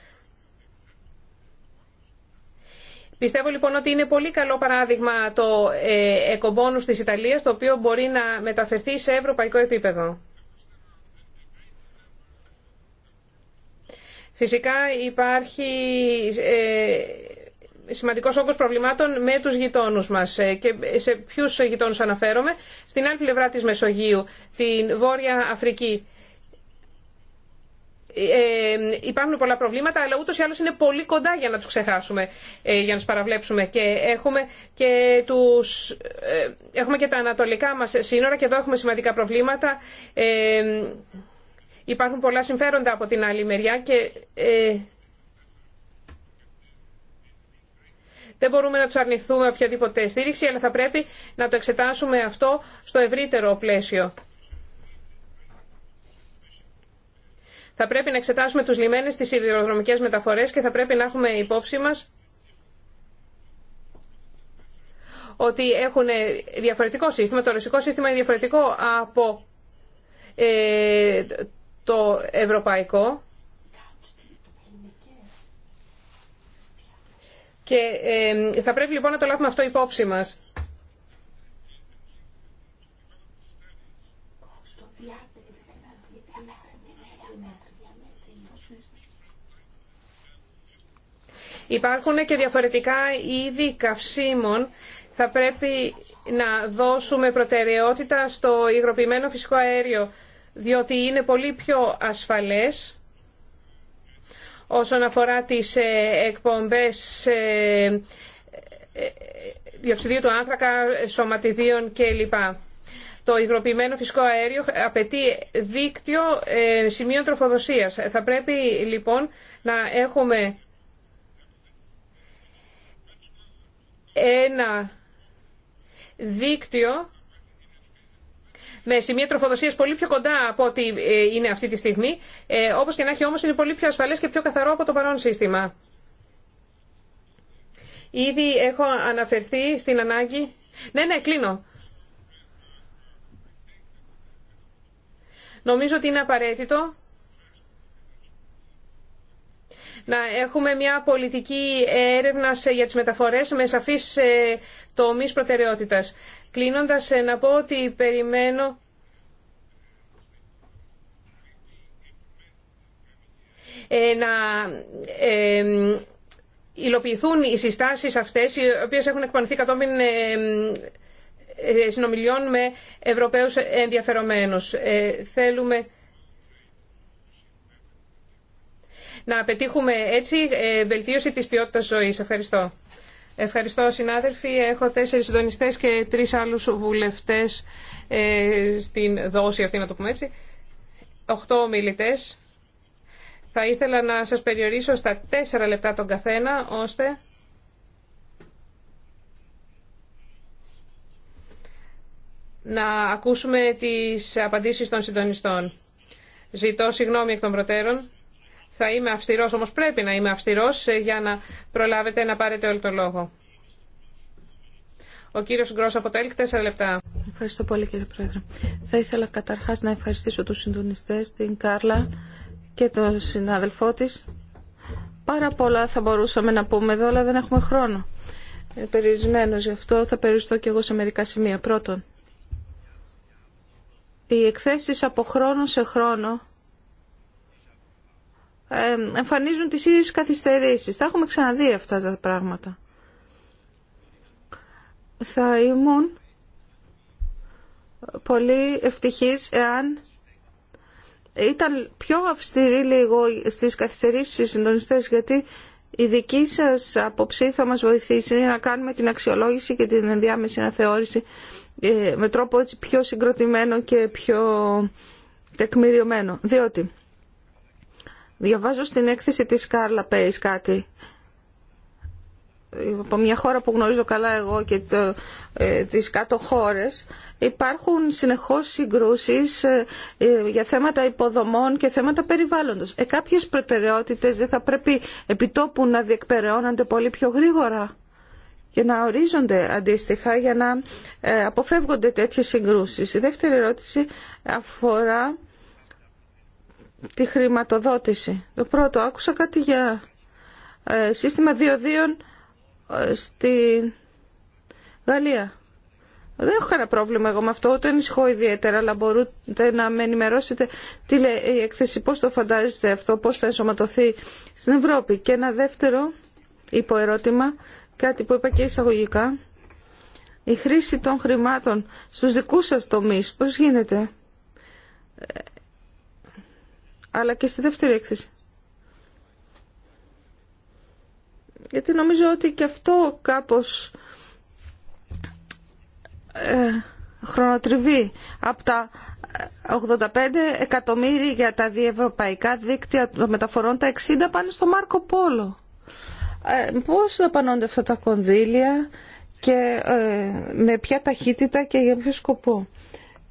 Πιστεύω λοιπόν ότι είναι πολύ καλό παράδειγμα το ε, εκομπόνους της Ιταλίας, το οποίο μπορεί να μεταφερθεί σε ευρωπαϊκό επίπεδο. Φυσικά υπάρχει ε, σημαντικός όγκος προβλημάτων με τους γειτόνους μας. Ε, και σε ποιους γειτόνους αναφέρομαι. Στην άλλη πλευρά της Μεσογείου, την Βόρεια Αφρική. Ε, υπάρχουν πολλά προβλήματα, αλλά ούτως ή άλλως είναι πολύ κοντά για να τους ξεχάσουμε, ε, για να τους παραβλέψουμε. Και έχουμε και, τους, έχουμε και τα ανατολικά μας σύνορα και εδώ έχουμε σημαντικά προβλήματα. υπάρχουν πολλά συμφέροντα από την άλλη μεριά και Δεν μπορούμε να του αρνηθούμε οποιαδήποτε στήριξη, αλλά θα πρέπει να το εξετάσουμε αυτό στο ευρύτερο πλαίσιο. Θα πρέπει να εξετάσουμε τους λιμένες, τις σιδηροδρομικές μεταφορές και θα πρέπει να έχουμε υπόψη μας ότι έχουν διαφορετικό σύστημα. Το ρωσικό σύστημα είναι διαφορετικό από ε, το ευρωπαϊκό. Και θα πρέπει λοιπόν να το λάβουμε αυτό υπόψη μας. Υπάρχουν και διαφορετικά είδη καυσίμων. Θα πρέπει να δώσουμε προτεραιότητα στο υγροποιημένο φυσικό αέριο, διότι είναι πολύ πιο ασφαλές όσον αφορά τις ε, εκπομπές ε, ε, διοξιδίου του άνθρακα, σωματιδίων κλπ. Το υγροποιημένο φυσικό αέριο απαιτεί δίκτυο σημείων τροφοδοσίας. Θα πρέπει λοιπόν να έχουμε ένα δίκτυο με σημεία τροφοδοσίας πολύ πιο κοντά από ό,τι ε, είναι αυτή τη στιγμή. Ε, όπως και να έχει όμως είναι πολύ πιο ασφαλές και πιο καθαρό από το παρόν σύστημα. Ήδη έχω αναφερθεί στην ανάγκη... Ναι, ναι, κλείνω. Νομίζω ότι είναι απαραίτητο να έχουμε μια πολιτική έρευνα για τις μεταφορές με σαφείς ε, τομείς προτεραιότητας. Κλείνοντας, ε, να πω ότι περιμένω ε, να υλοποιηθούν οι συστάσεις αυτές, οι οποίες έχουν εκπανηθεί κατόπιν συνομιλιών με Ευρωπαίους ενδιαφερομένους. Θέλουμε να πετύχουμε έτσι ε, βελτίωση της ποιότητας ζωής. Ευχαριστώ. Ευχαριστώ συνάδελφοι. Έχω τέσσερις συντονιστές και τρεις άλλους βουλευτές ε, στην δόση αυτή, να το πούμε έτσι. Οχτώ ομιλητές. Θα ήθελα να σας περιορίσω στα τέσσερα λεπτά τον καθένα, ώστε... να ακούσουμε τις απαντήσεις των συντονιστών. Ζητώ συγγνώμη εκ των προτέρων θα είμαι αυστηρός, όμως πρέπει να είμαι αυστηρός ε, για να προλάβετε να πάρετε όλο το λόγο. Ο κύριος Γκρός από τέσσερα λεπτά. Ευχαριστώ πολύ κύριε Πρόεδρε. Θα ήθελα καταρχάς να ευχαριστήσω τους συντονιστές, την Κάρλα και τον συνάδελφό της. Πάρα πολλά θα μπορούσαμε να πούμε εδώ, αλλά δεν έχουμε χρόνο. Ε, γι' αυτό θα περιοριστώ και εγώ σε μερικά σημεία. Πρώτον, οι εκθέσεις από χρόνο σε χρόνο εμφανίζουν τις ίδιες καθυστερήσεις. Τα έχουμε ξαναδεί αυτά τα πράγματα. Θα ήμουν πολύ ευτυχής εάν ήταν πιο αυστηρή λίγο στις καθυστερήσεις στις συντονιστές γιατί η δική σας αποψή θα μας βοηθήσει να κάνουμε την αξιολόγηση και την ενδιάμεση αναθεώρηση ε, με τρόπο έτσι πιο συγκροτημένο και πιο τεκμηριωμένο. Διότι Διαβάζω στην έκθεση της Κάρλα Πέις κάτι από μια χώρα που γνωρίζω καλά εγώ και το, ε, τις κάτω χώρες υπάρχουν συνεχώς συγκρούσεις ε, ε, για θέματα υποδομών και θέματα περιβάλλοντος. Ε, κάποιες προτεραιότητες δεν θα πρέπει επιτόπου να διεκπεραιώνονται πολύ πιο γρήγορα και να ορίζονται αντίστοιχα για να αποφεύγονται τέτοιες συγκρούσεις. Η δεύτερη ερώτηση αφορά τη χρηματοδότηση. Το πρώτο, άκουσα κάτι για ε, σύστημα διοδίων ε, στη Γαλλία. Δεν έχω κανένα πρόβλημα εγώ με αυτό, ούτε ενισχώ ιδιαίτερα, αλλά μπορείτε να με ενημερώσετε τι λέει η έκθεση, πώς το φαντάζεστε αυτό, πώς θα ενσωματωθεί στην Ευρώπη. Και ένα δεύτερο υποερώτημα, κάτι που είπα και εισαγωγικά, η χρήση των χρημάτων στους δικούς σας τομείς, πώς γίνεται αλλά και στη δεύτερη έκθεση. Γιατί νομίζω ότι και αυτό κάπως ε, χρονοτριβεί από τα 85 εκατομμύρια για τα διευρωπαϊκά δίκτυα των μεταφορών, τα 60 πάνε στο Μάρκο Πόλο. Ε, πώς δαπανώνται αυτά τα κονδύλια και ε, με ποια ταχύτητα και για ποιο σκοπό.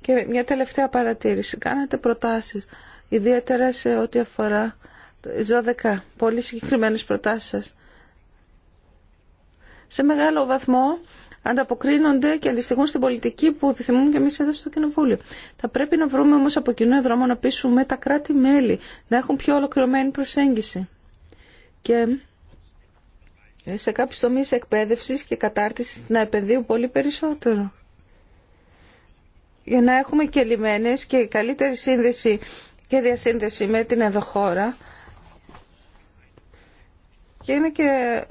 Και μια τελευταία παρατήρηση. Κάνατε προτάσεις ιδιαίτερα σε ό,τι αφορά 12 πολύ συγκεκριμένες προτάσεις σας. Σε μεγάλο βαθμό ανταποκρίνονται και αντιστοιχούν στην πολιτική που επιθυμούμε και εμείς εδώ στο Κοινοβούλιο. Θα πρέπει να βρούμε όμως από κοινό δρόμο να πείσουμε τα κράτη-μέλη να έχουν πιο ολοκληρωμένη προσέγγιση. Και σε κάποιους τομείς εκπαίδευσης και κατάρτισης να επενδύουν πολύ περισσότερο για να έχουμε και λιμένες και καλύτερη σύνδεση και διασύνδεση με την χώρα. και είναι και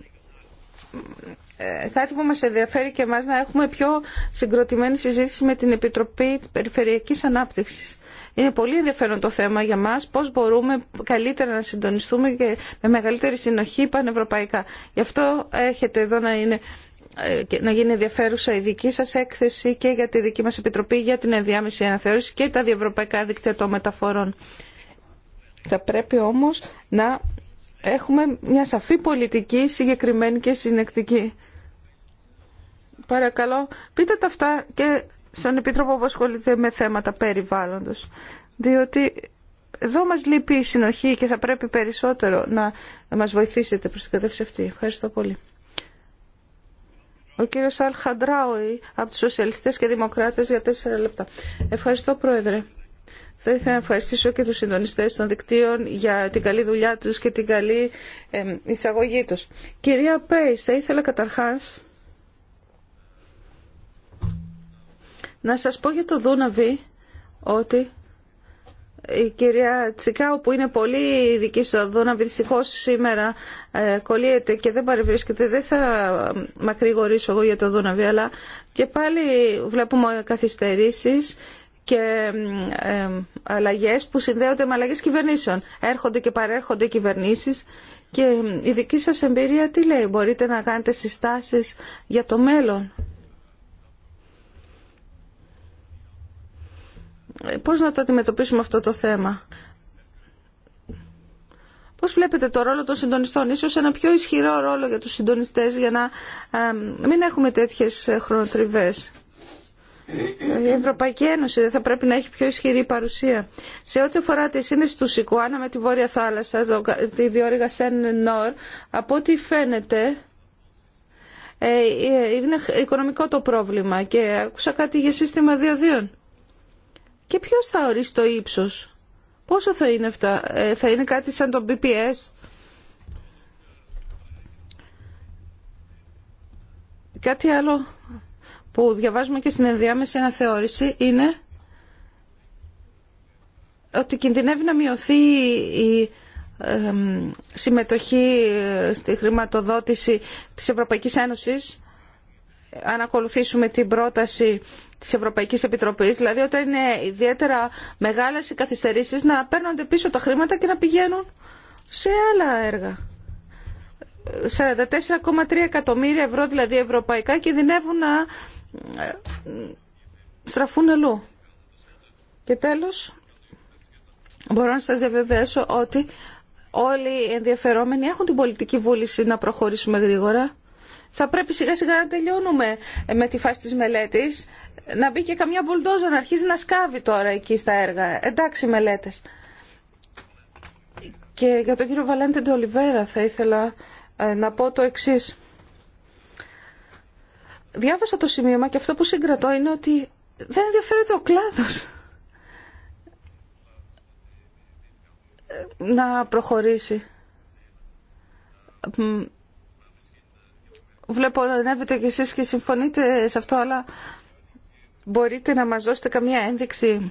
ε, κάτι που μας ενδιαφέρει και εμάς να έχουμε πιο συγκροτημένη συζήτηση με την Επιτροπή Περιφερειακής Ανάπτυξης. Είναι πολύ ενδιαφέρον το θέμα για μας, πώς μπορούμε καλύτερα να συντονιστούμε και με μεγαλύτερη συνοχή πανευρωπαϊκά. Γι' αυτό έρχεται εδώ να είναι ε, να γίνει ενδιαφέρουσα η δική σας έκθεση και για τη δική μας Επιτροπή για την ενδιάμεση αναθεώρηση και τα διευρωπαϊκά δίκτυα των μεταφορών. Θα πρέπει όμως να έχουμε μια σαφή πολιτική, συγκεκριμένη και συνεκτική. Παρακαλώ, πείτε τα αυτά και στον Επίτροπο που ασχολείται με θέματα περιβάλλοντος. Διότι εδώ μας λείπει η συνοχή και θα πρέπει περισσότερο να μας βοηθήσετε προς την κατεύθυνση αυτή. Ευχαριστώ πολύ. Ο κύριος Αλχαντράουι από τους Σοσιαλιστέ και Δημοκράτες για τέσσερα λεπτά. Ευχαριστώ Πρόεδρε. Θα ήθελα να ευχαριστήσω και τους συντονιστές των δικτύων για την καλή δουλειά τους και την καλή εισαγωγή τους. Κυρία Πέις, θα ήθελα καταρχάς να σας πω για το Δούναβι ότι η κυρία Τσικάου που είναι πολύ ειδική στο Δούνα, δυστυχώ σήμερα ε, και δεν παρευρίσκεται. Δεν θα μακρηγορήσω εγώ για το Δούναβι, αλλά και πάλι βλέπουμε καθυστερήσεις και ε, που συνδέονται με αλλαγές κυβερνήσεων. Έρχονται και παρέρχονται κυβερνήσεις και η δική σας εμπειρία τι λέει, μπορείτε να κάνετε συστάσεις για το μέλλον. Πώς να το αντιμετωπίσουμε αυτό το θέμα. Πώς βλέπετε το ρόλο των συντονιστών, ίσως ένα πιο ισχυρό ρόλο για τους συντονιστές για να ε, μην έχουμε τέτοιες χρονοτριβές. Η Ευρωπαϊκή Ένωση δεν θα πρέπει να έχει πιο ισχυρή παρουσία. Σε ό,τι αφορά τη σύνδεση του Σικουάνα με τη Βόρεια Θάλασσα, τη διόρυγα Σεν Νόρ, από ό,τι φαίνεται ε, ε, είναι οικονομικό το πρόβλημα και άκουσα κάτι για σύστημα διοδίων. Και ποιο θα ορίσει το ύψος. Πόσο θα είναι αυτά. Ε, θα είναι κάτι σαν το BPS. Κάτι άλλο που διαβάζουμε και στην ενδιάμεση αναθεώρηση είναι ότι κινδυνεύει να μειωθεί η συμμετοχή ε, στη χρηματοδότηση της Ευρωπαϊκής Ένωσης αν ακολουθήσουμε την πρόταση της Ευρωπαϊκής Επιτροπής, δηλαδή όταν είναι ιδιαίτερα μεγάλες οι καθυστερήσεις, να παίρνονται πίσω τα χρήματα και να πηγαίνουν σε άλλα έργα. 44,3 εκατομμύρια ευρώ δηλαδή ευρωπαϊκά κινδυνεύουν να ε, στραφούν αλλού. Και τέλος, μπορώ να σας διαβεβαιώσω ότι όλοι οι ενδιαφερόμενοι έχουν την πολιτική βούληση να προχωρήσουμε γρήγορα θα πρέπει σιγά σιγά να τελειώνουμε ε, με τη φάση της μελέτης, να μπει και καμιά μπουλντόζα να αρχίζει να σκάβει τώρα εκεί στα έργα. Εντάξει μελέτες. Και για τον κύριο Βαλέντε Ντολιβέρα θα ήθελα ε, να πω το εξής. Διάβασα το σημείωμα και αυτό που συγκρατώ είναι ότι δεν ενδιαφέρεται ο κλάδος ε, να προχωρήσει βλέπω ανέβετε κι εσείς και συμφωνείτε σε αυτό, αλλά μπορείτε να μας δώσετε καμία ένδειξη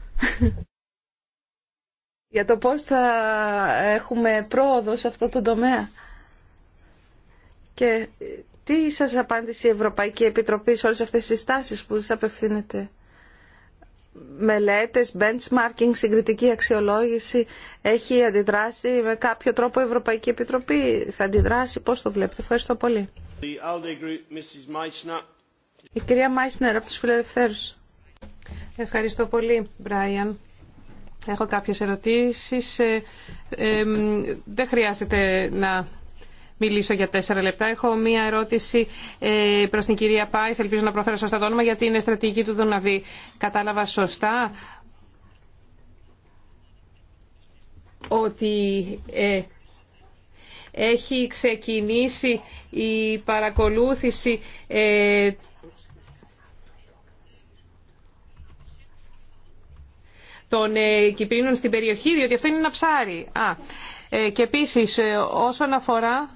για το πώς θα έχουμε πρόοδο σε αυτό το τομέα. Και τι σας απάντησε η Ευρωπαϊκή Επιτροπή σε όλες αυτές τις στάσεις που σας απευθύνεται μελέτες, benchmarking, συγκριτική αξιολόγηση έχει αντιδράσει με κάποιο τρόπο η Ευρωπαϊκή Επιτροπή. Θα αντιδράσει, πώς το βλέπετε. Ευχαριστώ πολύ. Η κυρία Μάισνερ από τους Φιλελευθέρους. Ευχαριστώ πολύ, Μπράιαν. Έχω κάποιες ερωτήσεις. Ε, δεν χρειάζεται να μιλήσω για τέσσερα λεπτά. Έχω μία ερώτηση ε, προ την κυρία Πάη. ελπίζω να προφέρω σωστά το όνομα, γιατί είναι στρατηγική του Δουναβή. Κατάλαβα σωστά ότι ε, έχει ξεκινήσει η παρακολούθηση ε, των Κυπρίνων στην περιοχή, διότι αυτό είναι ένα ψάρι. Α, και επίσης όσον αφορά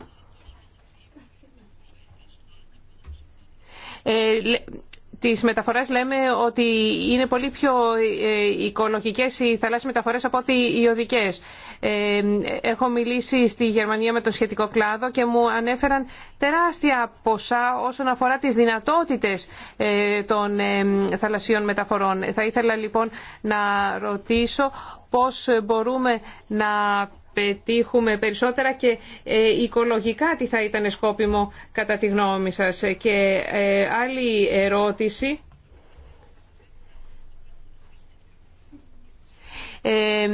Ε, Τη μεταφορά λέμε ότι είναι πολύ πιο ε, οικολογικέ οι θαλάσσιες μεταφορέ από ότι οι οδικέ. Ε, έχω μιλήσει στη Γερμανία με το σχετικό κλάδο και μου ανέφεραν τεράστια ποσά όσον αφορά τι δυνατότητε των θαλασσίων μεταφορών. Θα ήθελα λοιπόν να ρωτήσω πώς μπορούμε να πετύχουμε περισσότερα και ε, οικολογικά τι θα ήταν σκόπιμο κατά τη γνώμη σας. Και ε, άλλη ερώτηση. Ε,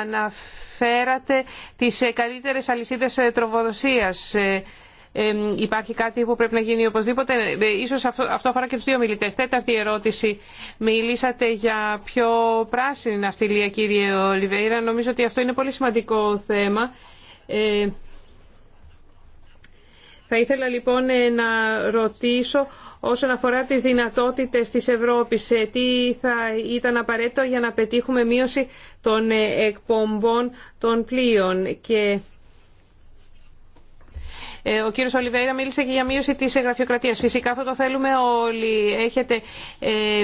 αναφέρατε τις καλύτερες αλυσίδες τροβοδοσίας υπάρχει κάτι που πρέπει να γίνει οπωσδήποτε. Ε, ίσως αυτό αφορά και τους δύο μιλητές. Τέταρτη ερώτηση. Μιλήσατε για πιο πράσινη ναυτιλία, κύριε Ολιβέηρα. Νομίζω ότι αυτό είναι πολύ σημαντικό θέμα. Ε, θα ήθελα λοιπόν ε, να ρωτήσω όσον αφορά τις δυνατότητες της Ευρώπης, τι θα ήταν απαραίτητο για να πετύχουμε μείωση των εκπομπών των πλοίων. Και ε, ο κύριο Ολιβέηρα μίλησε και για μείωση τη γραφειοκρατία. Φυσικά αυτό το θέλουμε όλοι. Έχετε ε,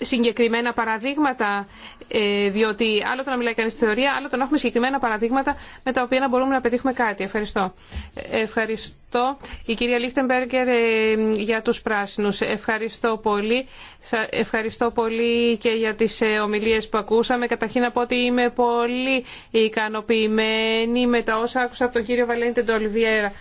συγκεκριμένα παραδείγματα, ε, διότι άλλο το να μιλάει κανείς θεωρία, άλλο το να έχουμε συγκεκριμένα παραδείγματα με τα οποία να μπορούμε να πετύχουμε κάτι. Ευχαριστώ. Ευχαριστώ η κυρία Λίχτεμπεργκερ ε, για τους πράσινους. Ευχαριστώ πολύ. Ευχαριστώ πολύ και για τις ε, ομιλίες που ακούσαμε. Καταρχήν να πω ότι είμαι πολύ ικανοποιημένη με τα όσα άκουσα από τον κύριο Βαλέντε Ντολβιέρα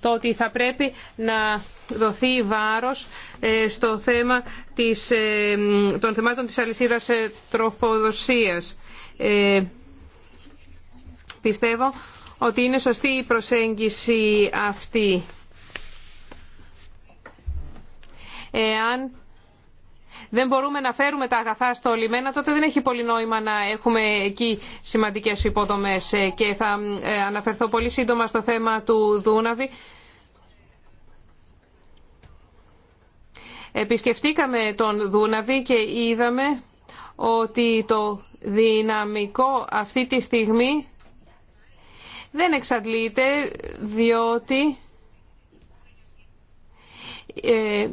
το ότι θα πρέπει να δοθεί βάρος ε, στο θέμα της, ε, των θεμάτων της αλυσίδας ε, τροφοδοσίας. Πιστεύω ότι είναι σωστή η προσέγγιση αυτή. Εάν δεν μπορούμε να φέρουμε τα αγαθά στο λιμένα, τότε δεν έχει πολύ νόημα να έχουμε εκεί σημαντικές υποδομές. Ε, και θα ε, αναφερθώ πολύ σύντομα στο θέμα του Δούναβη. Επισκεφτήκαμε τον Δούναβη και είδαμε ότι το δυναμικό αυτή τη στιγμή δεν εξαντλείται διότι ε,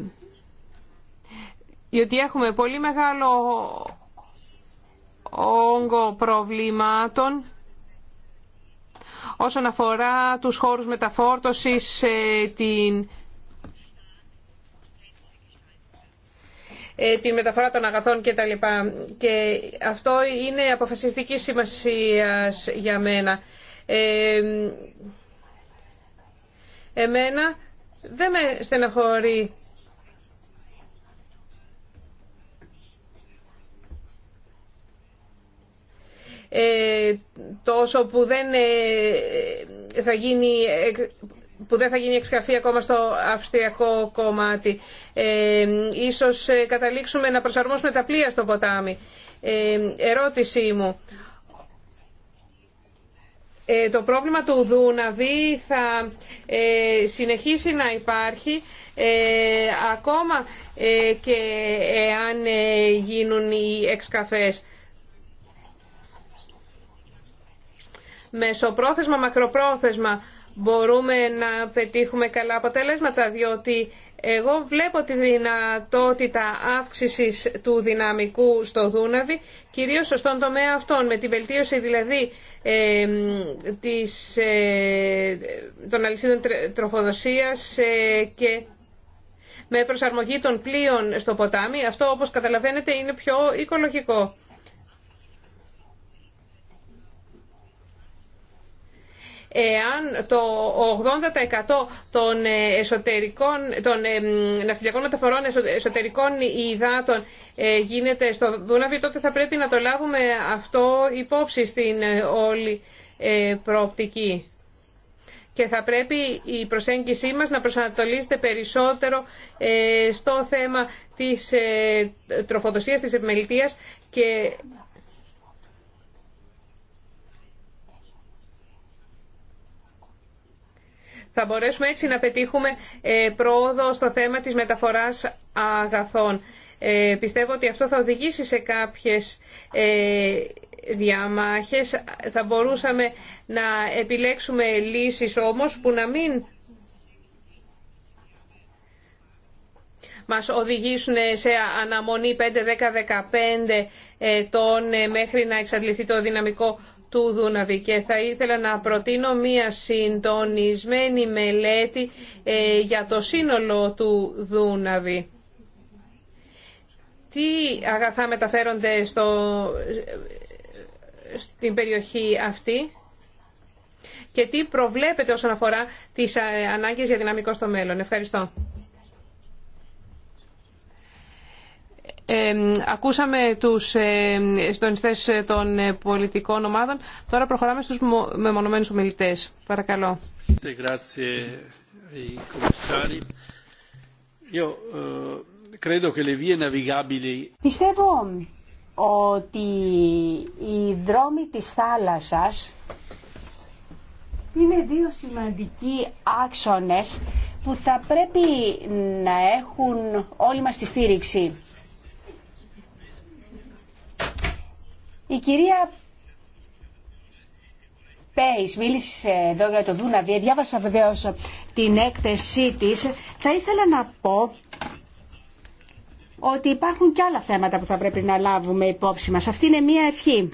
διότι έχουμε πολύ μεγάλο όγκο προβλημάτων όσον αφορά τους χώρους μεταφόρτωσης, ε, την ε, την μεταφορά των αγαθών και τα λοιπά. Και αυτό είναι αποφασιστική σημασία για μένα. Ε, εμένα δεν με στεναχωρεί Ε, τόσο που δεν, ε, θα γίνει, που δεν θα γίνει εξκαφή ακόμα στο αυστριακό κομμάτι. Ε, ίσως ε, καταλήξουμε να προσαρμόσουμε τα πλοία στο ποτάμι. Ε, ερώτησή μου. το πρόβλημα του Δούναβη θα ε, συνεχίσει να υπάρχει ακόμα και εάν γίνουν οι εξκαφές. μεσοπρόθεσμα, μακροπρόθεσμα μπορούμε να πετύχουμε καλά αποτελέσματα, διότι εγώ βλέπω τη δυνατότητα αύξησης του δυναμικού στο Δούναβι, κυρίως στον τομέα αυτών, με την βελτίωση δηλαδή της, ε, των αλυσίδων τροφοδοσίας ε, και με προσαρμογή των πλοίων στο ποτάμι. Αυτό, όπως καταλαβαίνετε, είναι πιο οικολογικό. εάν το 80% των, εσωτερικών, των ναυτιλιακών μεταφορών εσωτερικών υδάτων ε, γίνεται στο Δούναβι, τότε θα πρέπει να το λάβουμε αυτό υπόψη στην ε, όλη ε, προοπτική. Και θα πρέπει η προσέγγιση μας να προσανατολίζεται περισσότερο στο θέμα της τροφοδοσίας, της επιμελητίας και Θα μπορέσουμε έτσι να πετύχουμε ε, πρόοδο στο θέμα της μεταφοράς αγαθών. Ε, πιστεύω ότι αυτό θα οδηγήσει σε κάποιες ε, διαμάχες. Θα μπορούσαμε να επιλέξουμε λύσεις όμως που να μην μας οδηγήσουν σε αναμονή 5, 10, 15 ετών μέχρι να εξαντληθεί το δυναμικό του Δούναβη και θα ήθελα να προτείνω μία συντονισμένη μελέτη ε, για το σύνολο του Δούναβη. Τι αγαθά μεταφέρονται στο, ε, στην περιοχή αυτή και τι προβλέπετε όσον αφορά τις ε, ανάγκες για δυναμικό στο μέλλον. Ευχαριστώ. ακούσαμε τους ε, των πολιτικών ομάδων. Τώρα προχωράμε στους μεμονωμένους ομιλητές. Παρακαλώ. Πιστεύω ότι οι δρόμοι της θάλασσας είναι δύο σημαντικοί άξονες που θα πρέπει να έχουν όλη μας τη στήριξη. Η κυρία Πέις μίλησε εδώ για το Δούναβι, διάβασα βεβαίως την έκθεσή της. Θα ήθελα να πω ότι υπάρχουν και άλλα θέματα που θα πρέπει να λάβουμε υπόψη μας. Αυτή είναι μία ευχή.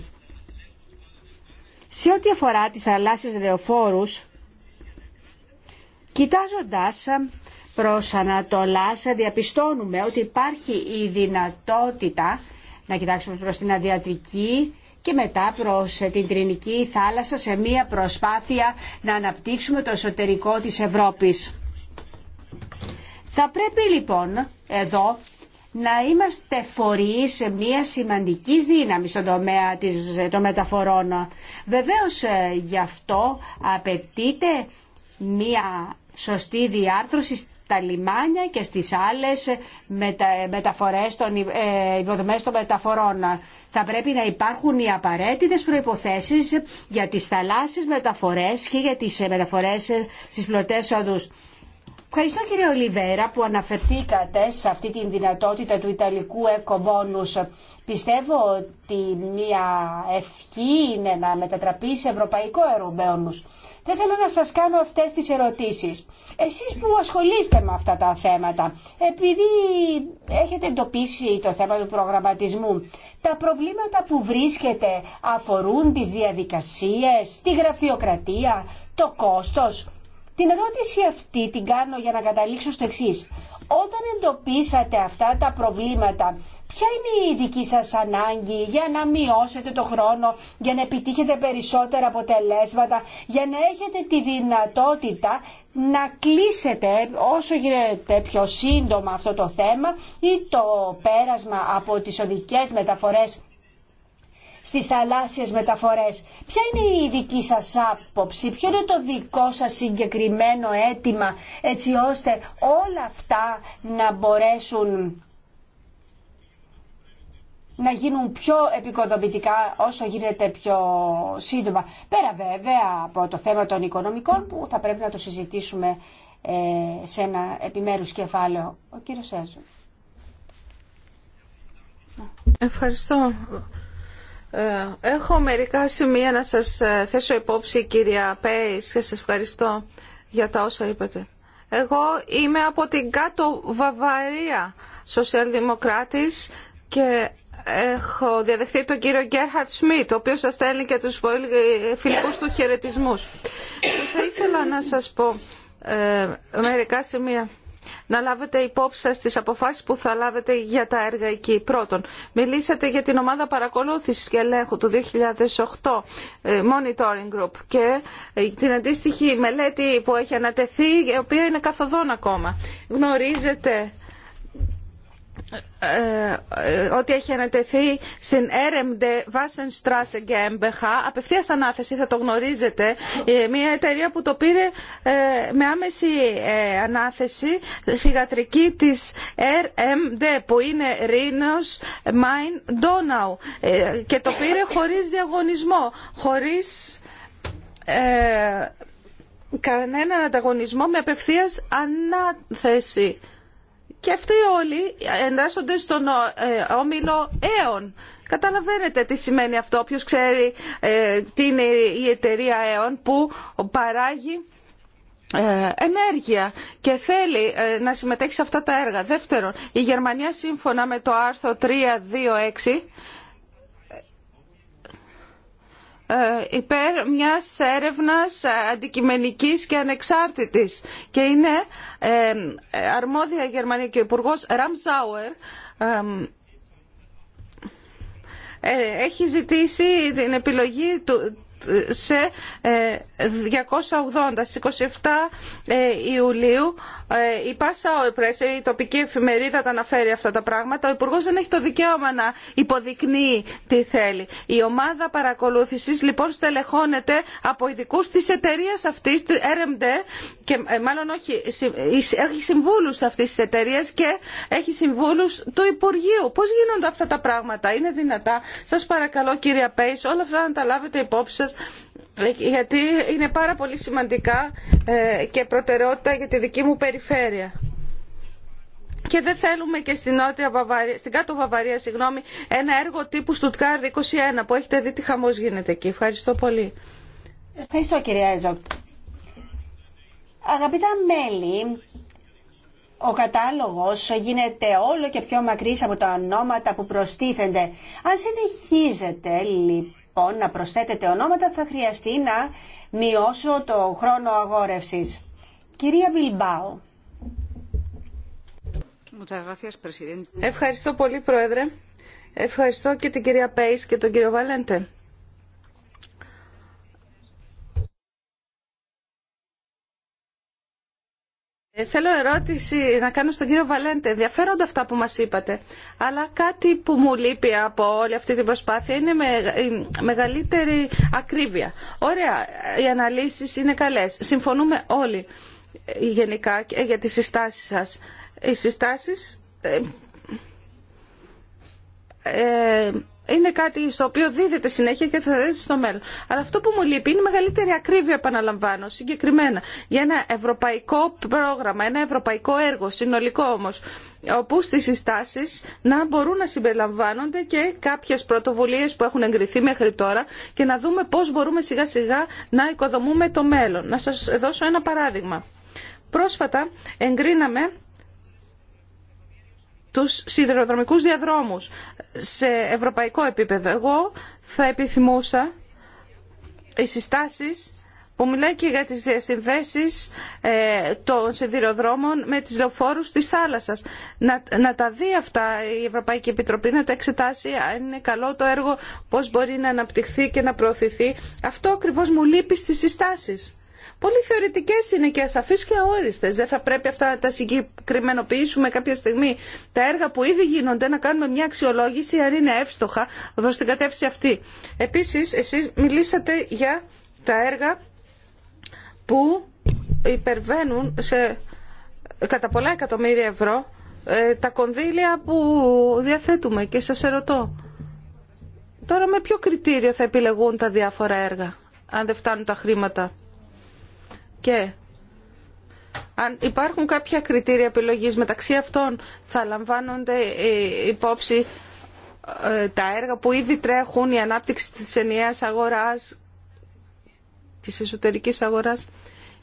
Σε ό,τι αφορά τις θαλάσσιες λεωφόρους, κοιτάζοντας προς Ανατολάς, διαπιστώνουμε ότι υπάρχει η δυνατότητα να κοιτάξουμε προς την Αδιατρική και μετά προς ε, την Τρινική θάλασσα σε μία προσπάθεια να αναπτύξουμε το εσωτερικό της Ευρώπης. Θα πρέπει λοιπόν εδώ να είμαστε φορείς μια σημαντική δύναμη στον τομέα της, ε, των μεταφορών. Βεβαίως ε, γι' αυτό απαιτείται μια σωστή διάρθρωση στα λιμάνια και στις άλλες μετα, μεταφορές των, ε, υποδομές των μεταφορών. Θα πρέπει να υπάρχουν οι απαραίτητες προϋποθέσεις για τις θαλάσσιες μεταφορές και για τις μεταφορές στις πλωτές οδούς. Ευχαριστώ κύριε Ολιβέρα που αναφερθήκατε σε αυτή την δυνατότητα του Ιταλικού εκοβόνους Πιστεύω ότι μια ευχή είναι να μετατραπεί σε ευρωπαϊκό αερομέονους. Δεν θέλω να σας κάνω αυτές τις ερωτήσεις. Εσείς που ασχολείστε με αυτά τα θέματα, επειδή έχετε εντοπίσει το θέμα του προγραμματισμού, τα προβλήματα που βρίσκεται αφορούν τις διαδικασίες, τη γραφειοκρατία, το κόστος. Την ερώτηση αυτή την κάνω για να καταλήξω στο εξή. Όταν εντοπίσατε αυτά τα προβλήματα, ποια είναι η δική σας ανάγκη για να μειώσετε το χρόνο, για να επιτύχετε περισσότερα αποτελέσματα, για να έχετε τη δυνατότητα να κλείσετε όσο γίνεται πιο σύντομα αυτό το θέμα ή το πέρασμα από τις οδικές μεταφορές στις θαλάσσιες μεταφορές. Ποια είναι η δική σας άποψη, ποιο είναι το δικό σας συγκεκριμένο αίτημα έτσι ώστε όλα αυτά να μπορέσουν να γίνουν πιο επικοδομητικά όσο γίνεται πιο σύντομα. Πέρα βέβαια από το θέμα των οικονομικών που θα πρέπει να το συζητήσουμε ε, σε ένα επιμέρους κεφάλαιο. Ο κύριος Σέζου. Ευχαριστώ. Ε, έχω μερικά σημεία να σας ε, θέσω υπόψη, κυρία Πέης, και σας ευχαριστώ για τα όσα είπατε. Εγώ είμαι από την κάτω Βαβαρία, σοσιαλδημοκράτης και έχω διαδεχθεί τον κύριο Γκέρχαρτ Σμιτ, ο οποίος σας στέλνει και τους ε, φιλικούς του χαιρετισμού. Θα ήθελα να σας πω μερικά σημεία να λάβετε υπόψη σας τις αποφάσεις που θα λάβετε για τα έργα εκεί. Πρώτον, μιλήσατε για την ομάδα παρακολούθησης και ελέγχου του 2008, ε, Monitoring Group, και ε, την αντίστοιχη μελέτη που έχει ανατεθεί, η οποία είναι καθοδόν ακόμα. Γνωρίζετε ε, ε, ότι έχει ανατεθεί στην RMD Wassenstrasse GmbH απευθεία ανάθεση, θα το γνωρίζετε ε, μια εταιρεία που το πήρε με άμεση ανάθεση θηγατρική της RMD που είναι Rhinos Main Donau και το πήρε χωρίς διαγωνισμό χωρίς κανέναν ανταγωνισμό με απευθείας ανάθεση και αυτοί όλοι εντάσσονται στον ε, όμιλο αίων. Καταλαβαίνετε τι σημαίνει αυτό. Όποιος ξέρει ε, τι είναι η εταιρεία αίων που παράγει ε, ενέργεια και θέλει να συμμετέχει σε αυτά τα έργα. Δεύτερον, η Γερμανία σύμφωνα με το άρθρο 326 ε, υπέρ μιας έρευνας αντικειμενικής και ανεξάρτητης και είναι ε, αρμόδια Γερμανία και ο Υπουργός Ραμζάουερ ε, έχει ζητήσει την επιλογή του σε 280 27 Ιουλίου ε, η Πάσα ΕΠΡΕΣΕ, η τοπική εφημερίδα τα αναφέρει αυτά τα πράγματα. Ο Υπουργό δεν έχει το δικαίωμα να υποδεικνύει τι θέλει. Η ομάδα παρακολούθηση λοιπόν στελεχώνεται από ειδικού τη εταιρεία αυτή, τη RMD, και ε, μάλλον όχι, έχει συμβούλου αυτή τη εταιρεία και έχει συμβούλου του Υπουργείου. Πώ γίνονται αυτά τα πράγματα, είναι δυνατά. Σα παρακαλώ κυρία Πέη, όλα αυτά να τα λάβετε υπόψη σα γιατί είναι πάρα πολύ σημαντικά ε, και προτεραιότητα για τη δική μου περιφέρεια. Και δεν θέλουμε και στην, νότια Βαβαρία, στην κάτω Βαβαρία συγγνώμη, ένα έργο τύπου Στουτκάρδη 21 που έχετε δει τι χαμός γίνεται εκεί. Ευχαριστώ πολύ. Ευχαριστώ κυρία Εζόκ. Αγαπητά μέλη, ο κατάλογος γίνεται όλο και πιο μακρύς από τα ονόματα που προστίθενται. Αν συνεχίζετε λοιπόν Λοιπόν, να προσθέτετε ονόματα θα χρειαστεί να μειώσω το χρόνο αγόρευσης. Κυρία Βιλμπάου. Ευχαριστώ πολύ Πρόεδρε. Ευχαριστώ και την κυρία Πέις και τον κύριο Βαλέντε Ε, θέλω ερώτηση να κάνω στον κύριο Βαλέντε. Ενδιαφέρονται αυτά που μας είπατε. Αλλά κάτι που μου λείπει από όλη αυτή την προσπάθεια είναι η μεγαλύτερη ακρίβεια. Ωραία, οι αναλύσεις είναι καλές. Συμφωνούμε όλοι ε, γενικά ε, για τις συστάσεις σας. Οι συστάσεις... ε, είναι κάτι στο οποίο δίδεται συνέχεια και θα δείτε στο μέλλον. Αλλά αυτό που μου λείπει είναι μεγαλύτερη ακρίβεια, επαναλαμβάνω, συγκεκριμένα. Για ένα ευρωπαϊκό πρόγραμμα, ένα ευρωπαϊκό έργο, συνολικό όμω, όπου στι συστάσει να μπορούν να συμπεριλαμβάνονται και κάποιε πρωτοβουλίε που έχουν εγκριθεί μέχρι τώρα και να δούμε πώ μπορούμε σιγά σιγά να οικοδομούμε το μέλλον. Να σα δώσω ένα παράδειγμα. Πρόσφατα εγκρίναμε τους σιδηροδρομικούς διαδρόμους σε ευρωπαϊκό επίπεδο. Εγώ θα επιθυμούσα οι συστάσεις που μιλάει και για τις διασυνδέσεις ε, των σιδηροδρόμων με τις λεωφόρους της θάλασσας. Να, να τα δει αυτά η Ευρωπαϊκή Επιτροπή, να τα εξετάσει αν είναι καλό το έργο, πώς μπορεί να αναπτυχθεί και να προωθηθεί. Αυτό ακριβώς μου λείπει στις συστάσεις πολύ θεωρητικές είναι και ασαφείς και αόριστες. Δεν θα πρέπει αυτά να τα συγκεκριμενοποιήσουμε κάποια στιγμή. Τα έργα που ήδη γίνονται να κάνουμε μια αξιολόγηση αν είναι εύστοχα προς την κατεύθυνση αυτή. Επίσης, εσείς μιλήσατε για τα έργα που υπερβαίνουν σε κατά πολλά εκατομμύρια ευρώ ε, τα κονδύλια που διαθέτουμε και σας ερωτώ τώρα με ποιο κριτήριο θα επιλεγούν τα διάφορα έργα αν δεν φτάνουν τα χρήματα και αν υπάρχουν κάποια κριτήρια επιλογής μεταξύ αυτών θα λαμβάνονται ε, υπόψη ε, τα έργα που ήδη τρέχουν, η ανάπτυξη της ενιαίας αγοράς, της εσωτερικής αγοράς.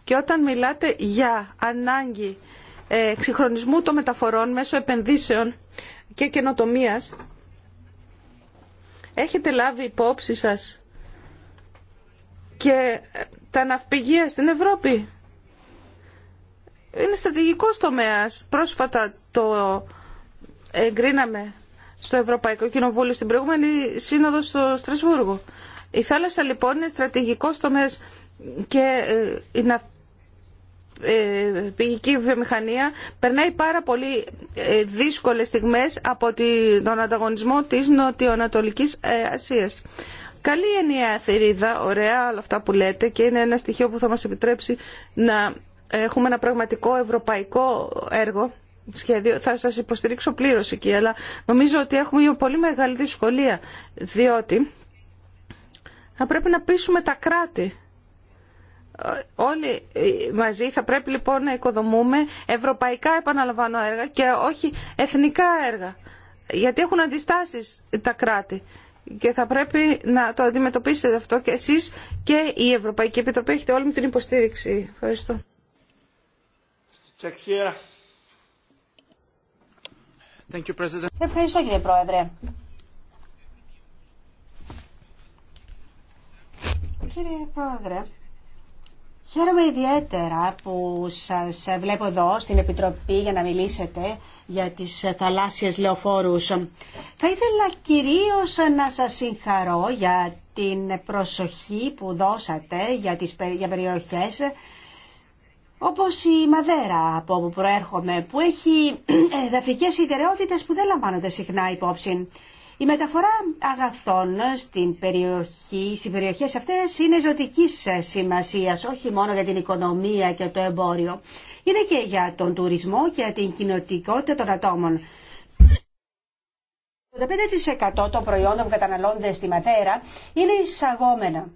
Και όταν μιλάτε για ανάγκη ε, εξυγχρονισμού των μεταφορών μέσω επενδύσεων και καινοτομίας, έχετε λάβει υπόψη σας και τα ναυπηγεία στην Ευρώπη. Είναι στρατηγικός τομέας. Πρόσφατα το εγκρίναμε στο Ευρωπαϊκό Κοινοβούλιο στην προηγούμενη σύνοδο στο Στρασβούργο. Η θάλασσα λοιπόν είναι στρατηγικός τομέας και ε, η ναυπηγική ε, βιομηχανία περνάει πάρα πολύ ε, δύσκολες στιγμές από τον ανταγωνισμό της Νοτιοανατολικής Ασίας. Καλή ενιαία θηρίδα, ωραία όλα αυτά που λέτε και είναι ένα στοιχείο που θα μας επιτρέψει να έχουμε ένα πραγματικό ευρωπαϊκό έργο σχέδιο. Θα σας υποστηρίξω πλήρως εκεί, αλλά νομίζω ότι έχουμε πολύ μεγάλη δυσκολία, διότι θα πρέπει να πείσουμε τα κράτη. Όλοι μαζί θα πρέπει λοιπόν να οικοδομούμε ευρωπαϊκά επαναλαμβάνω έργα και όχι εθνικά έργα. Γιατί έχουν αντιστάσεις τα κράτη και θα πρέπει να το αντιμετωπίσετε αυτό και εσείς και η Ευρωπαϊκή Επιτροπή έχετε όλη μου την υποστήριξη. Ευχαριστώ. Ευχαριστώ κύριε Πρόεδρε. Κύριε Πρόεδρε, Χαίρομαι ιδιαίτερα που σας βλέπω εδώ στην Επιτροπή για να μιλήσετε για τις θαλάσσιες λεωφόρους. Θα ήθελα κυρίως να σας συγχαρώ για την προσοχή που δώσατε για, τις, για περιοχές όπως η Μαδέρα από όπου προέρχομαι που έχει εδαφικές ιδιαιτερότητες που δεν λαμβάνονται συχνά υπόψη. Η μεταφορά αγαθών στην περιοχή, στις περιοχές αυτές είναι ζωτικής σημασίας, όχι μόνο για την οικονομία και το εμπόριο. Είναι και για τον τουρισμό και για την κοινωτικότητα των ατόμων. Το 5% των προϊόντων που καταναλώνται στη Ματέρα είναι εισαγόμενα.